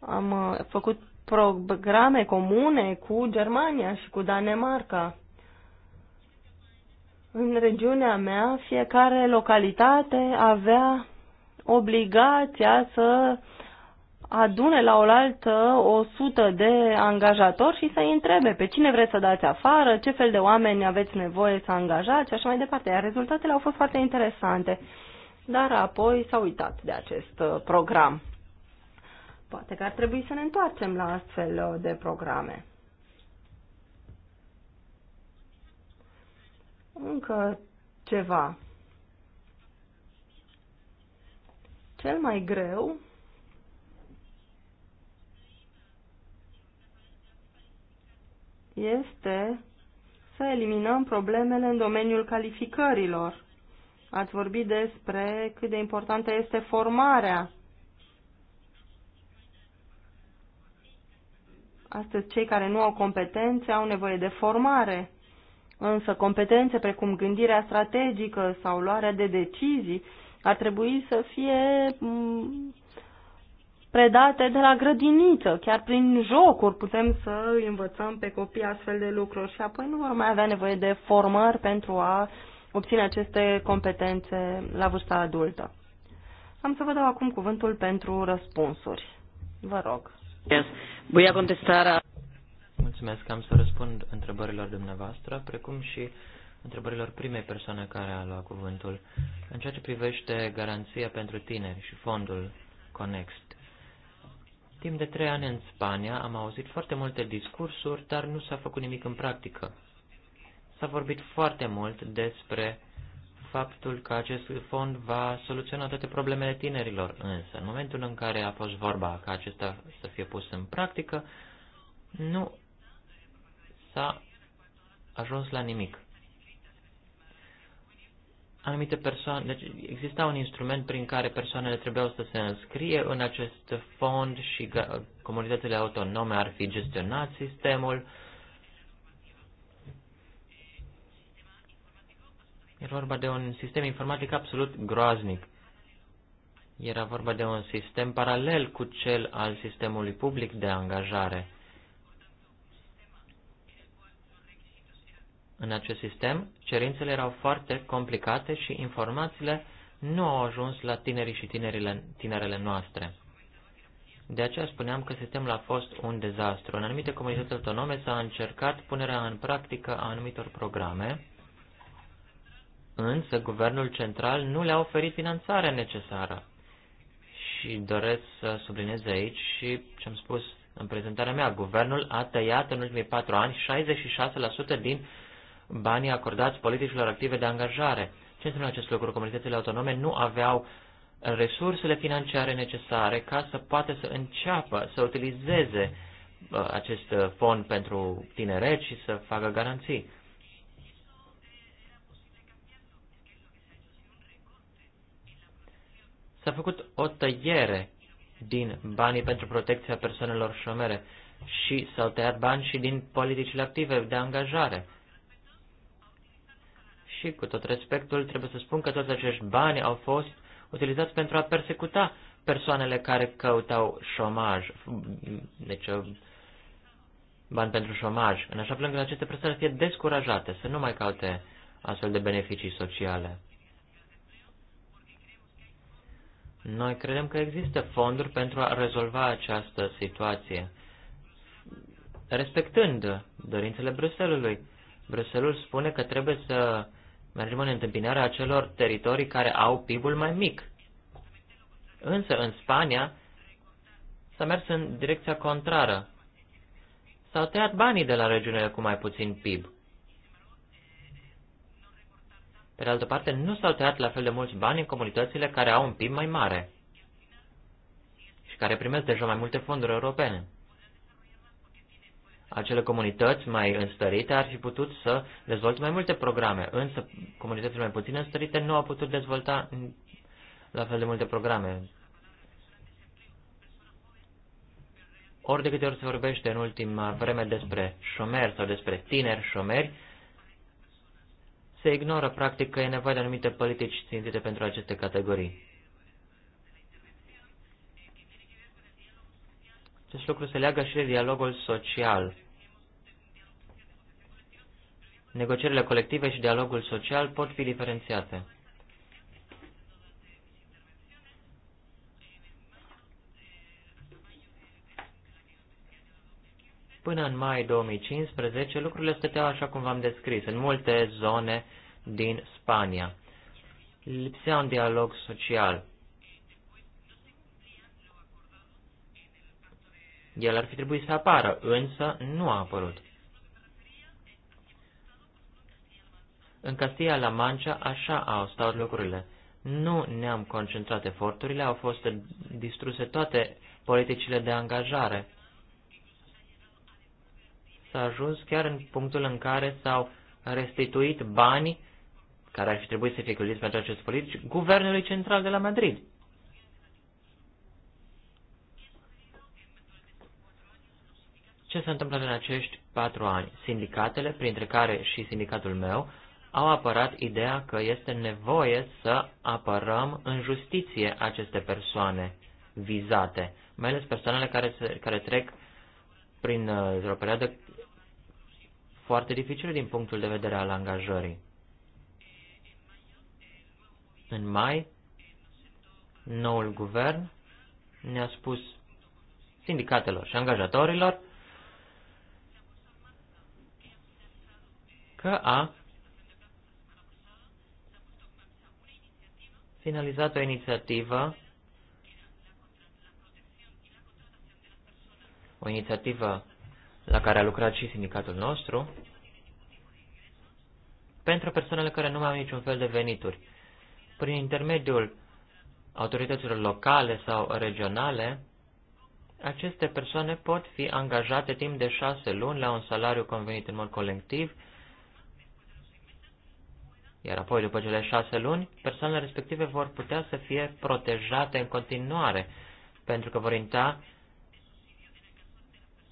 Am uh, făcut programe comune cu Germania și cu Danemarca. În regiunea mea, fiecare localitate avea obligația să adune la oaltă 100 de angajatori și să-i întrebe pe cine vreți să dați afară, ce fel de oameni aveți nevoie să angajați și așa mai departe. Iar rezultatele au fost foarte interesante, dar apoi s-au uitat de acest uh, program. Poate că ar trebui să ne întoarcem la astfel uh, de programe. Încă ceva. Cel mai greu este să eliminăm problemele în domeniul calificărilor. Ați vorbit despre cât de importantă este formarea. Astăzi, cei care nu au competențe au nevoie de formare. Însă competențe precum gândirea strategică sau luarea de decizii ar trebui să fie mm, predate de la grădiniță. Chiar prin jocuri putem să învățăm pe copii astfel de lucruri și apoi nu vor mai avea nevoie de formări pentru a obține aceste competențe la vârsta adultă. Am să vă dau acum cuvântul pentru răspunsuri. Vă rog. Yes. Voi contesta mulțumesc. Am să răspund întrebărilor dumneavoastră, precum și întrebărilor primei persoane care a luat cuvântul. În ceea ce privește garanția pentru tineri și fondul Conext, timp de trei ani în Spania am auzit foarte multe discursuri, dar nu s-a făcut nimic în practică. S-a vorbit foarte mult despre faptul că acest fond va soluționa toate problemele tinerilor, însă în momentul în care a fost vorba ca acesta să fie pus în practică, nu s-a ajuns la nimic. Anumite persoane, deci exista un instrument prin care persoanele trebuiau să se înscrie în acest fond și comunitățile autonome ar fi gestionat sistemul. E vorba de un sistem informatic absolut groaznic. Era vorba de un sistem paralel cu cel al sistemului public de angajare. În acest sistem, cerințele erau foarte complicate și informațiile nu au ajuns la tinerii și tinerile, tinerele noastre. De aceea spuneam că sistemul a fost un dezastru. În anumite comunități autonome s-a încercat punerea în practică a anumitor programe, însă guvernul central nu le-a oferit finanțarea necesară. Și doresc să subliniez aici și ce am spus în prezentarea mea. Guvernul a tăiat în ultimii patru ani 66% din banii acordați politicilor active de angajare. Ce înseamnă acest lucru? Comunitățile autonome nu aveau resursele financiare necesare ca să poată să înceapă să utilizeze uh, acest fond pentru tineret și să facă garanții. S-a făcut o tăiere din banii pentru protecția persoanelor șomere și s-au tăiat bani și din politicile active de angajare. Și cu tot respectul, trebuie să spun că toți acești bani au fost utilizați pentru a persecuta persoanele care căutau șomaj, deci uh, bani pentru șomaj, în așa fel încât aceste persoane să fie descurajate, să nu mai caute astfel de beneficii sociale. Noi credem că există fonduri pentru a rezolva această situație, respectând dorințele Bruselului. Bruselul spune că trebuie să mergem în întâmpinarea acelor teritorii care au PIB-ul mai mic. Însă, în Spania, s-a mers în direcția contrară. S-au tăiat banii de la regiunile cu mai puțin PIB. Pe de altă parte, nu s-au tăiat la fel de mulți bani în comunitățile care au un PIB mai mare și care primesc deja mai multe fonduri europene acele comunități mai înstărite ar fi putut să dezvolte mai multe programe, însă comunitățile mai puțin înstărite nu au putut dezvolta la fel de multe programe. Ori de câte ori se vorbește în ultima vreme despre șomeri sau despre tineri șomeri, se ignoră practic că e nevoie de anumite politici țintite pentru aceste categorii. Acest lucru se leagă și de dialogul social Negocierile colective și dialogul social pot fi diferențiate. Până în mai 2015, lucrurile stăteau așa cum v-am descris, în multe zone din Spania. Lipsea un dialog social. El ar fi trebuit să apară, însă nu a apărut. În Castilla-La Mancha așa au stat lucrurile. Nu ne-am concentrat eforturile, au fost distruse toate politicile de angajare. S-a ajuns chiar în punctul în care s-au restituit banii care ar fi trebuit să fie cheltuiți pentru acest politici guvernului central de la Madrid. Ce s-a întâmplat în acești patru ani? Sindicatele, printre care și sindicatul meu, au apărat ideea că este nevoie să apărăm în justiție aceste persoane vizate, mai ales persoanele care, se, care trec prin uh, o perioadă foarte dificilă din punctul de vedere al angajării. În mai, noul guvern ne-a spus sindicatelor și angajatorilor că a finalizat o inițiativă, o inițiativă la care a lucrat și sindicatul nostru, pentru persoanele care nu mai au niciun fel de venituri. Prin intermediul autorităților locale sau regionale, aceste persoane pot fi angajate timp de șase luni la un salariu convenit în mod colectiv iar apoi, după cele șase luni, persoanele respective vor putea să fie protejate în continuare, pentru că vor intra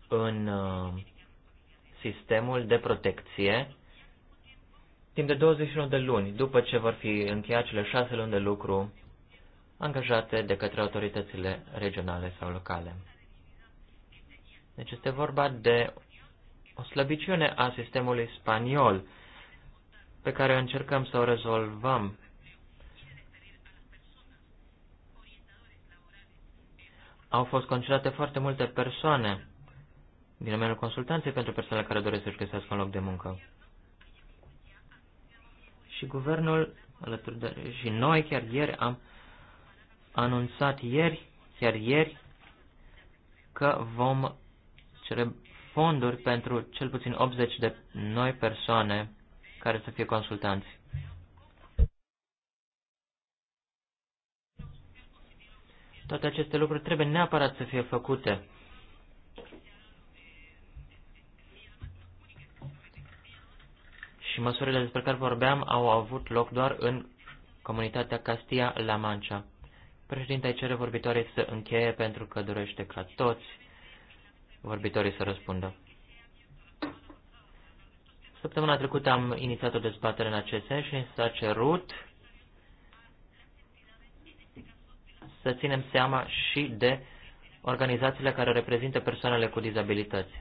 în uh, sistemul de protecție timp de 21 de luni, după ce vor fi încheiat cele șase luni de lucru angajate de către autoritățile regionale sau locale. Deci este vorba de o slăbiciune a sistemului spaniol pe care încercăm să o rezolvăm. Au fost concediate foarte multe persoane din numele consultanței pentru persoanele care doresc să-și găsească un loc de muncă. Și guvernul, alături de, și noi chiar ieri am anunțat ieri, chiar ieri, că vom cere fonduri pentru cel puțin 80 de noi persoane care să fie consultanți. Toate aceste lucruri trebuie neapărat să fie făcute. Și măsurile despre care vorbeam au avut loc doar în comunitatea Castilla-La Mancha. Președinta îi cere vorbitoare să încheie pentru că dorește ca toți vorbitorii să răspundă. Săptămâna trecută am inițiat o dezbatere în acest sens și s-a cerut să ținem seama și de organizațiile care reprezintă persoanele cu dizabilități,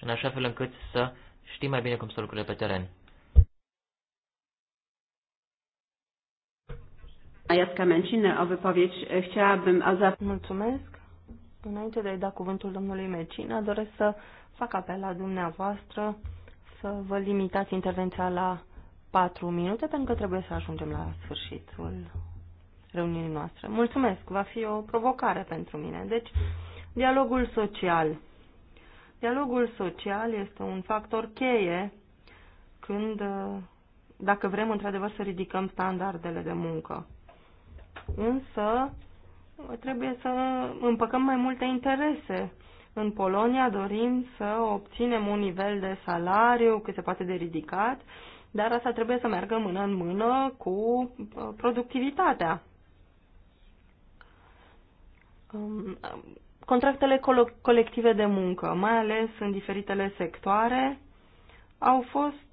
în așa fel încât să știm mai bine cum să lucrurile pe teren. Jacka Mencinę o wypowiedź chciałabym... Mulțumesc. Înainte de a-i da cuvântul domnului Mecina, doresc să fac apel la dumneavoastră să vă limitați intervenția la 4 minute, pentru că trebuie să ajungem la sfârșitul reuniunii noastre. Mulțumesc, va fi o provocare pentru mine. Deci, dialogul social. Dialogul social este un factor cheie când, dacă vrem într-adevăr să ridicăm standardele de muncă. Însă, trebuie să împăcăm mai multe interese în Polonia dorim să obținem un nivel de salariu cât se poate de ridicat, dar asta trebuie să meargă mână în mână cu uh, productivitatea. Um, contractele colective de muncă, mai ales în diferitele sectoare, au fost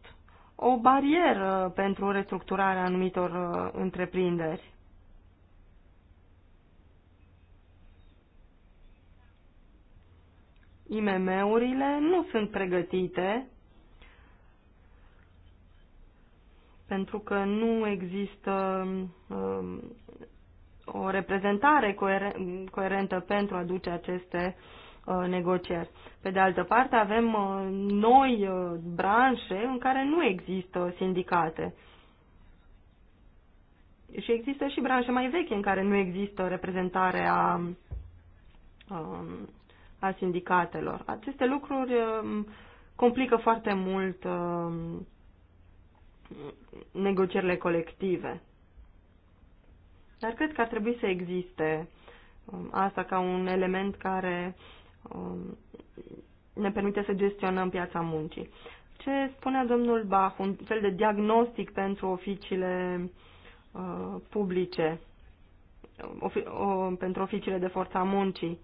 o barieră pentru restructurarea anumitor uh, întreprinderi. IMM-urile nu sunt pregătite pentru că nu există um, o reprezentare coerentă pentru a duce aceste uh, negocieri. Pe de altă parte, avem uh, noi uh, branșe în care nu există sindicate. Și există și branșe mai vechi în care nu există reprezentare a um, al sindicatelor. Aceste lucruri um, complică foarte mult um, negocierile colective. Dar cred că ar trebui să existe um, asta ca un element care ne permite să gestionăm piața muncii. Ce spunea domnul Bach, un fel de diagnostic pentru oficiile uh, publice, pentru oficiile de forța muncii.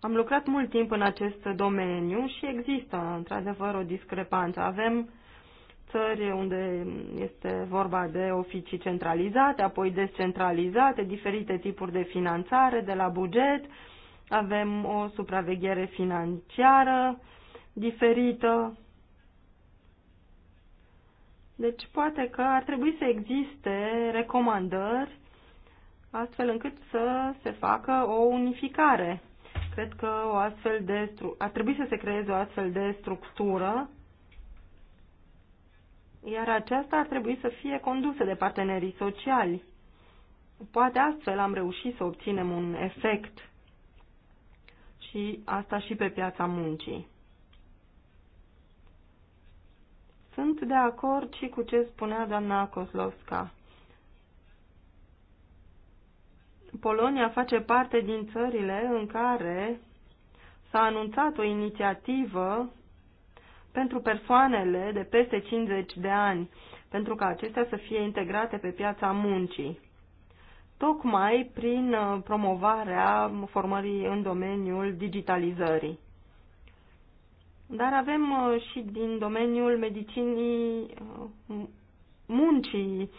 Am lucrat mult timp în acest domeniu și există, într-adevăr, o discrepanță. Avem țări unde este vorba de oficii centralizate, apoi descentralizate, diferite tipuri de finanțare de la buget, avem o supraveghere financiară diferită. Deci poate că ar trebui să existe recomandări astfel încât să se facă o unificare Cred că o astfel de ar trebui să se creeze o astfel de structură, iar aceasta ar trebui să fie condusă de partenerii sociali. Poate astfel am reușit să obținem un efect și asta și pe piața muncii. Sunt de acord și cu ce spunea doamna Koslovska. Polonia face parte din țările în care s-a anunțat o inițiativă pentru persoanele de peste 50 de ani, pentru ca acestea să fie integrate pe piața muncii, tocmai prin uh, promovarea formării în domeniul digitalizării. Dar avem uh, și din domeniul medicinii uh, muncii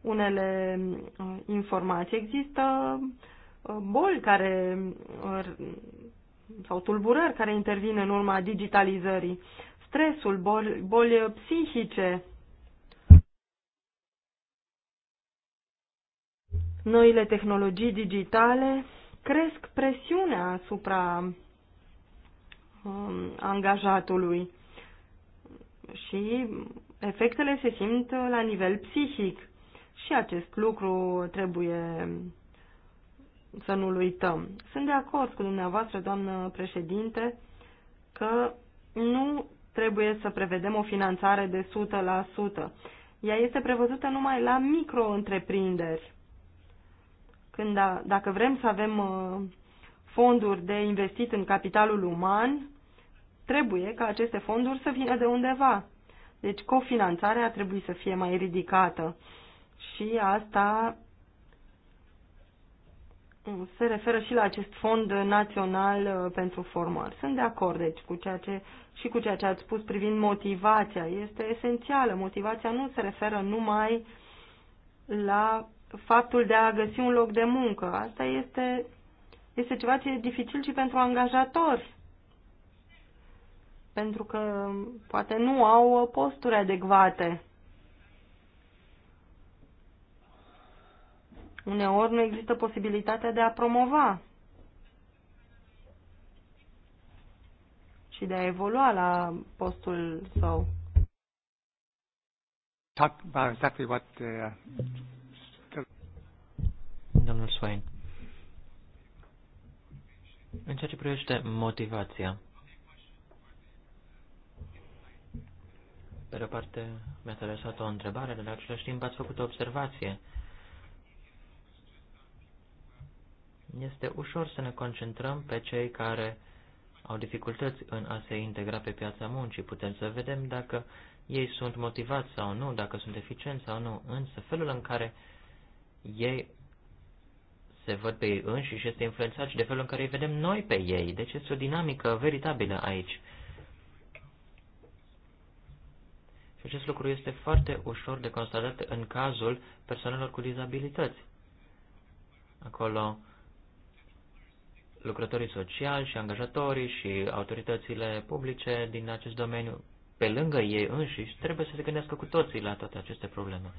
unele uh, informații. Există uh, boli care uh, sau tulburări care intervin în urma digitalizării, stresul, boli, boli psihice, noile tehnologii digitale cresc presiunea asupra um, angajatului și efectele se simt la nivel psihic. Și acest lucru trebuie să nu-l uităm. Sunt de acord cu dumneavoastră, doamnă președinte, că nu trebuie să prevedem o finanțare de 100%. Ea este prevăzută numai la micro-întreprinderi. Când dacă vrem să avem uh, fonduri de investit în capitalul uman, trebuie ca aceste fonduri să vină de undeva. Deci cofinanțarea trebuie să fie mai ridicată și asta se referă și la acest fond național uh, pentru formări. Sunt de acord, deci, cu ceea ce, și cu ceea ce ați spus privind motivația. Este esențială. Motivația nu se referă numai la faptul de a găsi un loc de muncă. Asta este, este ceva ce e dificil și pentru angajatori. Pentru că poate nu au posturi adecvate. Uneori nu există posibilitatea de a promova și de a evolua la postul său. Talk about exactly what uh, Domnul Swain. În ceea ce privește motivația, pe de o parte mi-a adresat o întrebare, dar în același timp ați făcut o observație este ușor să ne concentrăm pe cei care au dificultăți în a se integra pe piața muncii. Putem să vedem dacă ei sunt motivați sau nu, dacă sunt eficienți sau nu, însă felul în care ei se văd pe ei înșiși este influențat și de felul în care îi vedem noi pe ei. Deci este o dinamică veritabilă aici. Și acest lucru este foarte ușor de constatat în cazul persoanelor cu dizabilități. Acolo lucrătorii sociali și angajatorii și autoritățile publice din acest domeniu, pe lângă ei înșiși, trebuie să se gândească cu toții la toate aceste probleme.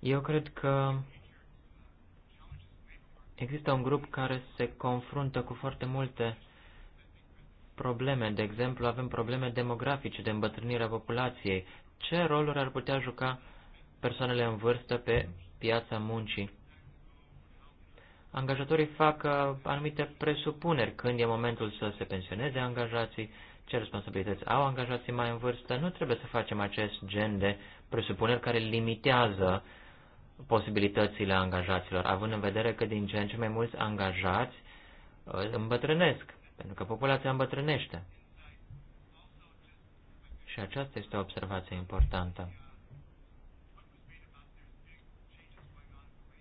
Eu cred că există un grup care se confruntă cu foarte multe probleme. De exemplu, avem probleme demografice de îmbătrânire a populației. Ce roluri ar putea juca persoanele în vârstă pe piața muncii? Angajatorii fac uh, anumite presupuneri când e momentul să se pensioneze angajații, ce responsabilități au angajații mai în vârstă. Nu trebuie să facem acest gen de presupuneri care limitează posibilitățile angajaților, având în vedere că din ce în ce mai mulți angajați uh, îmbătrânesc pentru că populația îmbătrânește. Și aceasta este o observație importantă.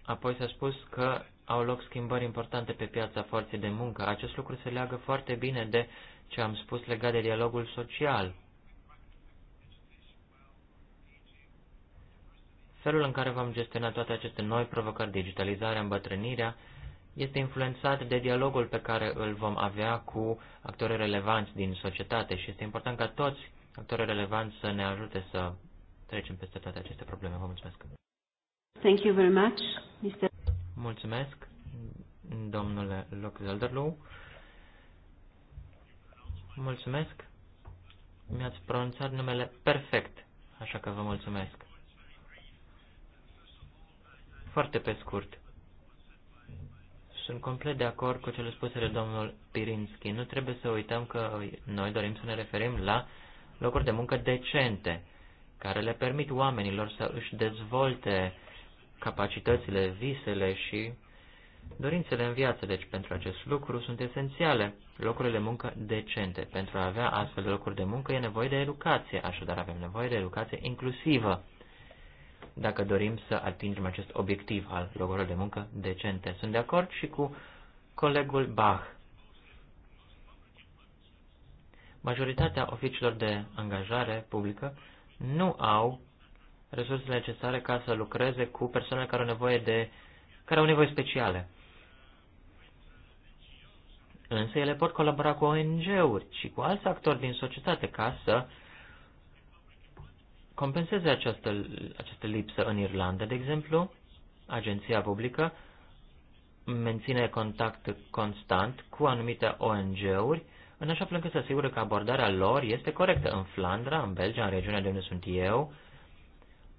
Apoi s-a spus că au loc schimbări importante pe piața forței de muncă. Acest lucru se leagă foarte bine de ce am spus legat de dialogul social. Felul în care vom gestiona toate aceste noi provocări, digitalizarea, îmbătrânirea, este influențat de dialogul pe care îl vom avea cu actorii relevanți din societate și este important ca toți actorii relevanți să ne ajute să trecem peste toate aceste probleme. Vă mulțumesc. Thank you very much, Mr. Mulțumesc, domnule Zelderlu. Mulțumesc. Mi-ați pronunțat numele perfect, așa că vă mulțumesc. Foarte pe scurt. Sunt complet de acord cu cele spuse de domnul Pirinski. Nu trebuie să uităm că noi dorim să ne referim la locuri de muncă decente, care le permit oamenilor să își dezvolte capacitățile, visele și dorințele în viață. Deci, pentru acest lucru sunt esențiale locurile de muncă decente. Pentru a avea astfel de locuri de muncă e nevoie de educație, așadar avem nevoie de educație inclusivă dacă dorim să atingem acest obiectiv al locurilor de muncă decente. Sunt de acord și cu colegul Bach. Majoritatea oficiilor de angajare publică nu au resursele necesare ca să lucreze cu persoane care au nevoie de care au nevoie speciale. Însă ele pot colabora cu ONG-uri și cu alți actori din societate ca să uh, compenseze această, această lipsă în Irlanda, de exemplu, agenția publică menține contact constant cu anumite ONG-uri, în așa fel încât să asigură că abordarea lor este corectă. În Flandra, în Belgia, în regiunea de unde sunt eu,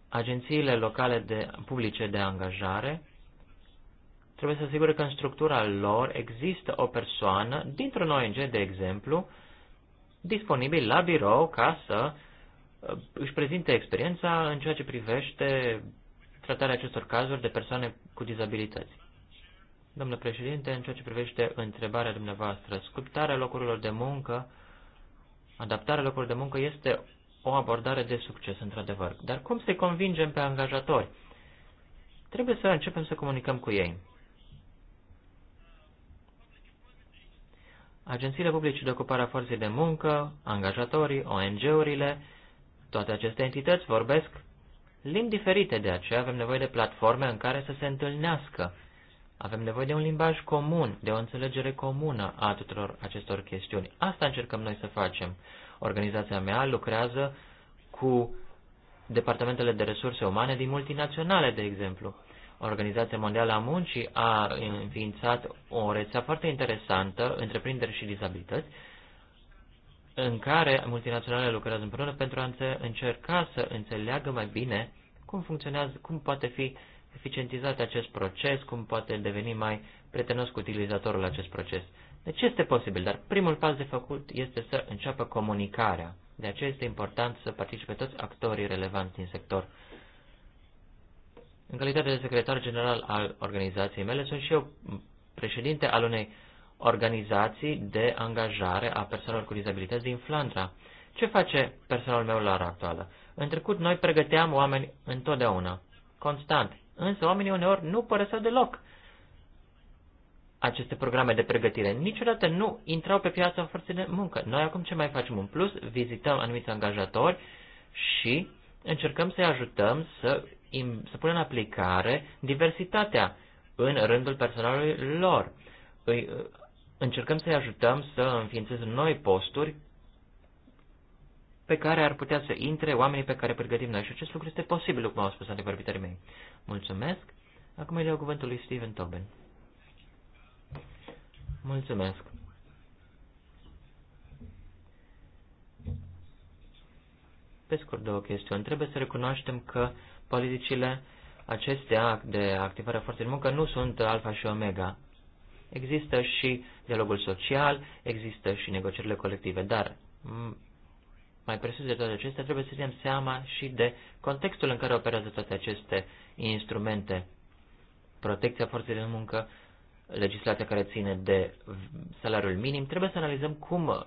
agențiile locale de, publice de angajare trebuie să asigure că în structura lor există o persoană dintr-un ONG, de exemplu, disponibil la birou ca să uh, Uh, își prezinte experiența în ceea ce privește tratarea acestor cazuri de persoane cu dizabilități. Domnule președinte, în ceea ce privește întrebarea dumneavoastră, sculptarea locurilor de muncă, adaptarea locurilor de muncă este o abordare de succes, într-adevăr. Dar cum să-i convingem pe angajatori? Trebuie să începem să comunicăm cu ei. Agențiile publice de ocupare a forței de muncă, angajatorii, ONG-urile toate aceste entități vorbesc limbi diferite, de aceea avem nevoie de platforme în care să se întâlnească. Avem nevoie de un limbaj comun, de o înțelegere comună a tuturor acestor chestiuni. Asta încercăm noi să facem. Organizația mea lucrează cu departamentele de resurse umane din multinaționale, de exemplu. Organizația Mondială a Muncii a înființat o rețea foarte interesantă, întreprinderi și dizabilități, în care multinaționalele lucrează împreună pentru a încerca să înțeleagă mai bine cum funcționează, cum poate fi eficientizat acest proces, cum poate deveni mai prietenos cu utilizatorul acest proces. Deci este posibil, dar primul pas de făcut este să înceapă comunicarea. De aceea este important să participe toți actorii relevanți din sector. În calitate de secretar general al organizației mele, sunt și eu președinte al unei organizații de angajare a persoanelor cu dizabilități din Flandra. Ce face personalul meu la ora actuală? În trecut, noi pregăteam oameni întotdeauna, constant, însă oamenii uneori nu părăseau deloc aceste programe de pregătire. Niciodată nu intrau pe piața forței de muncă. Noi acum ce mai facem în plus? Vizităm anumiți angajatori și încercăm să-i ajutăm să, să punem în aplicare diversitatea în rândul personalului lor. Îi încercăm să-i ajutăm să înființeze noi posturi pe care ar putea să intre oamenii pe care pregătim noi. Și acest lucru este posibil, cum au spus antevorbitorii mei. Mulțumesc. Acum îi dau cuvântul lui Steven Tobin. Mulțumesc. Pe scurt, două chestiuni. Trebuie să recunoaștem că politicile acestea de activare a forței de muncă nu sunt alfa și omega. Există și dialogul social, există și negocierile colective, dar mai presus de toate acestea, trebuie să ținem seama și de contextul în care operează toate aceste instrumente. Protecția forței de muncă, legislația care ține de salariul minim, trebuie să analizăm cum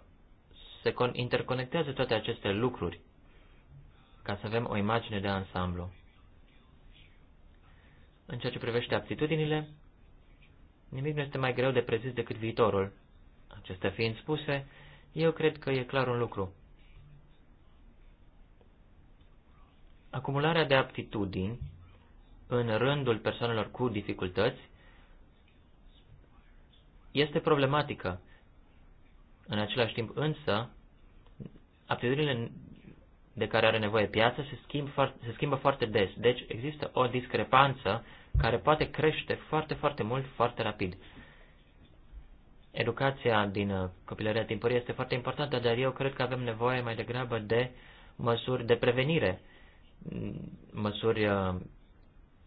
se interconectează toate aceste lucruri ca să avem o imagine de ansamblu. În ceea ce privește aptitudinile, Nimic nu este mai greu de prezis decât viitorul. Acestea fiind spuse, eu cred că e clar un lucru. Acumularea de aptitudini în rândul persoanelor cu dificultăți este problematică. În același timp însă, aptitudinile de care are nevoie piața se, schimb, se schimbă foarte des. Deci există o discrepanță care poate crește foarte, foarte mult, foarte rapid. Educația din uh, copilăria timpurie este foarte importantă, dar eu cred că avem nevoie mai degrabă de măsuri de prevenire, măsuri uh,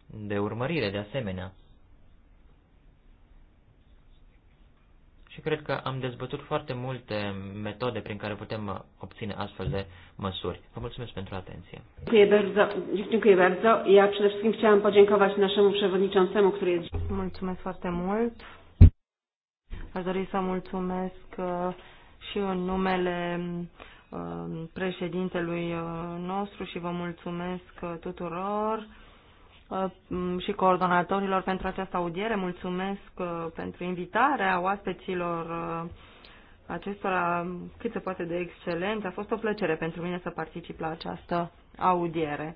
de urmărire de asemenea. și cred că am dezbătut foarte multe metode prin care putem obține astfel de măsuri. Vă mulțumesc pentru atenție. Dziękuję bardzo. Ja przede wszystkim chciałam podziękować naszemu przewodniczącemu, który jest... Mulțumesc foarte mult. Aș dori să mulțumesc uh, și în numele uh, președintelui uh, nostru și vă mulțumesc tuturor Uh, și coordonatorilor pentru această audiere. Mulțumesc uh, pentru invitarea oaspeților uh, acestora cât se poate de excelent. A fost o plăcere pentru mine să particip la această audiere.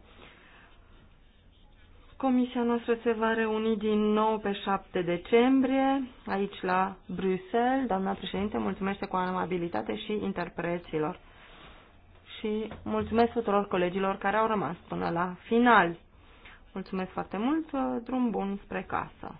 Comisia noastră se va reuni din nou pe 7 decembrie, aici la Bruxelles. Doamna președinte, mulțumesc cu amabilitate și interpreților. Și mulțumesc tuturor colegilor care au rămas până la final. Mulțumesc foarte mult, drum bun spre casă.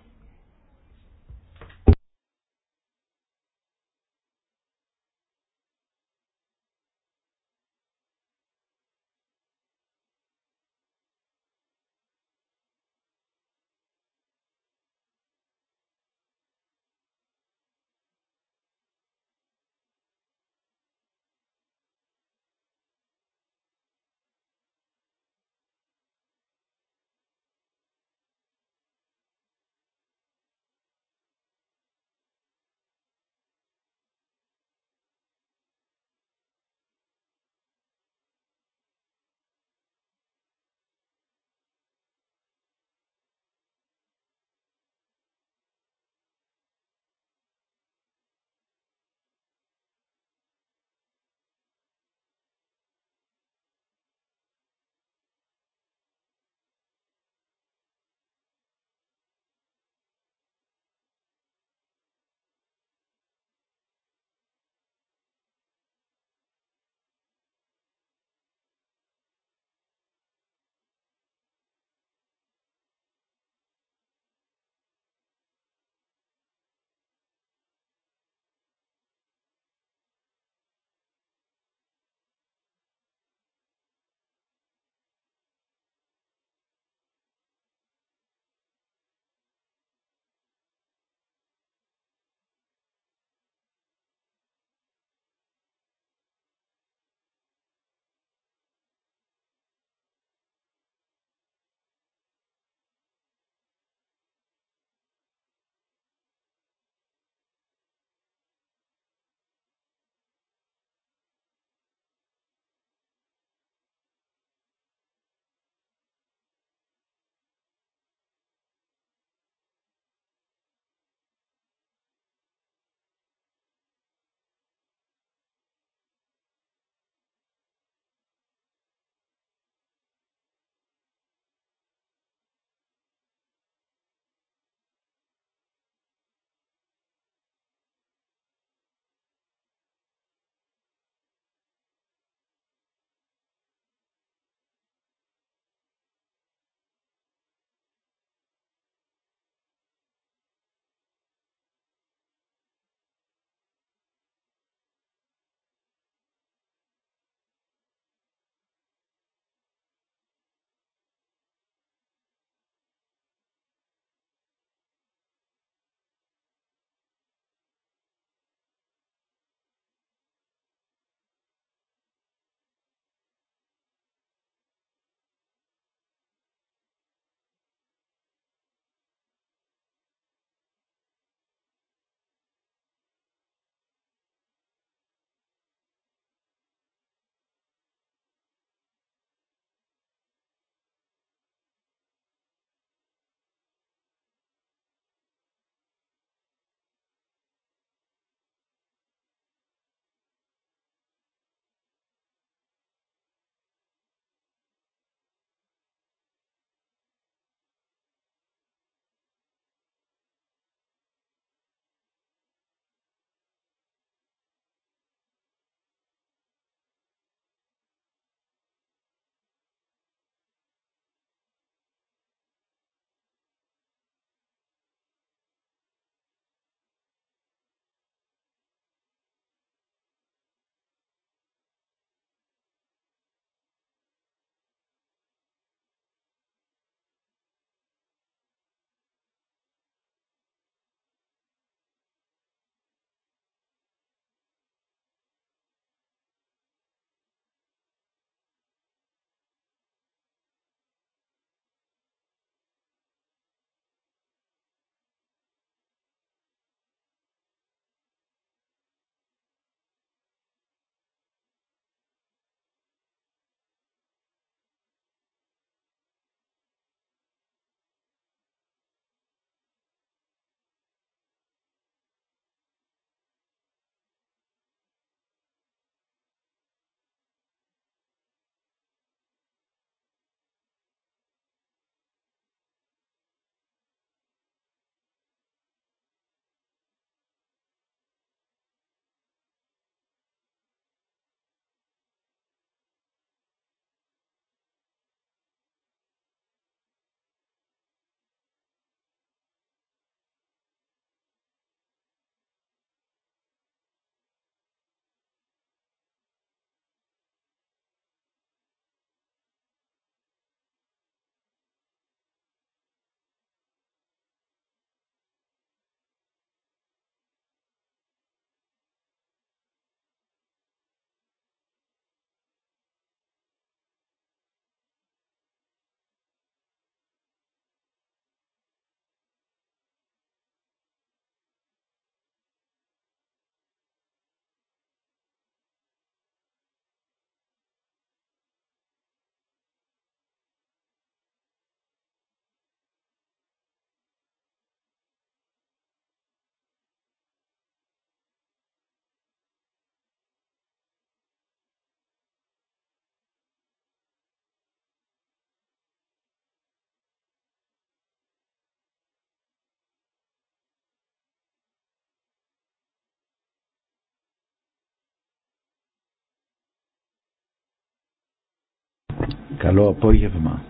Καλό απόγευμα.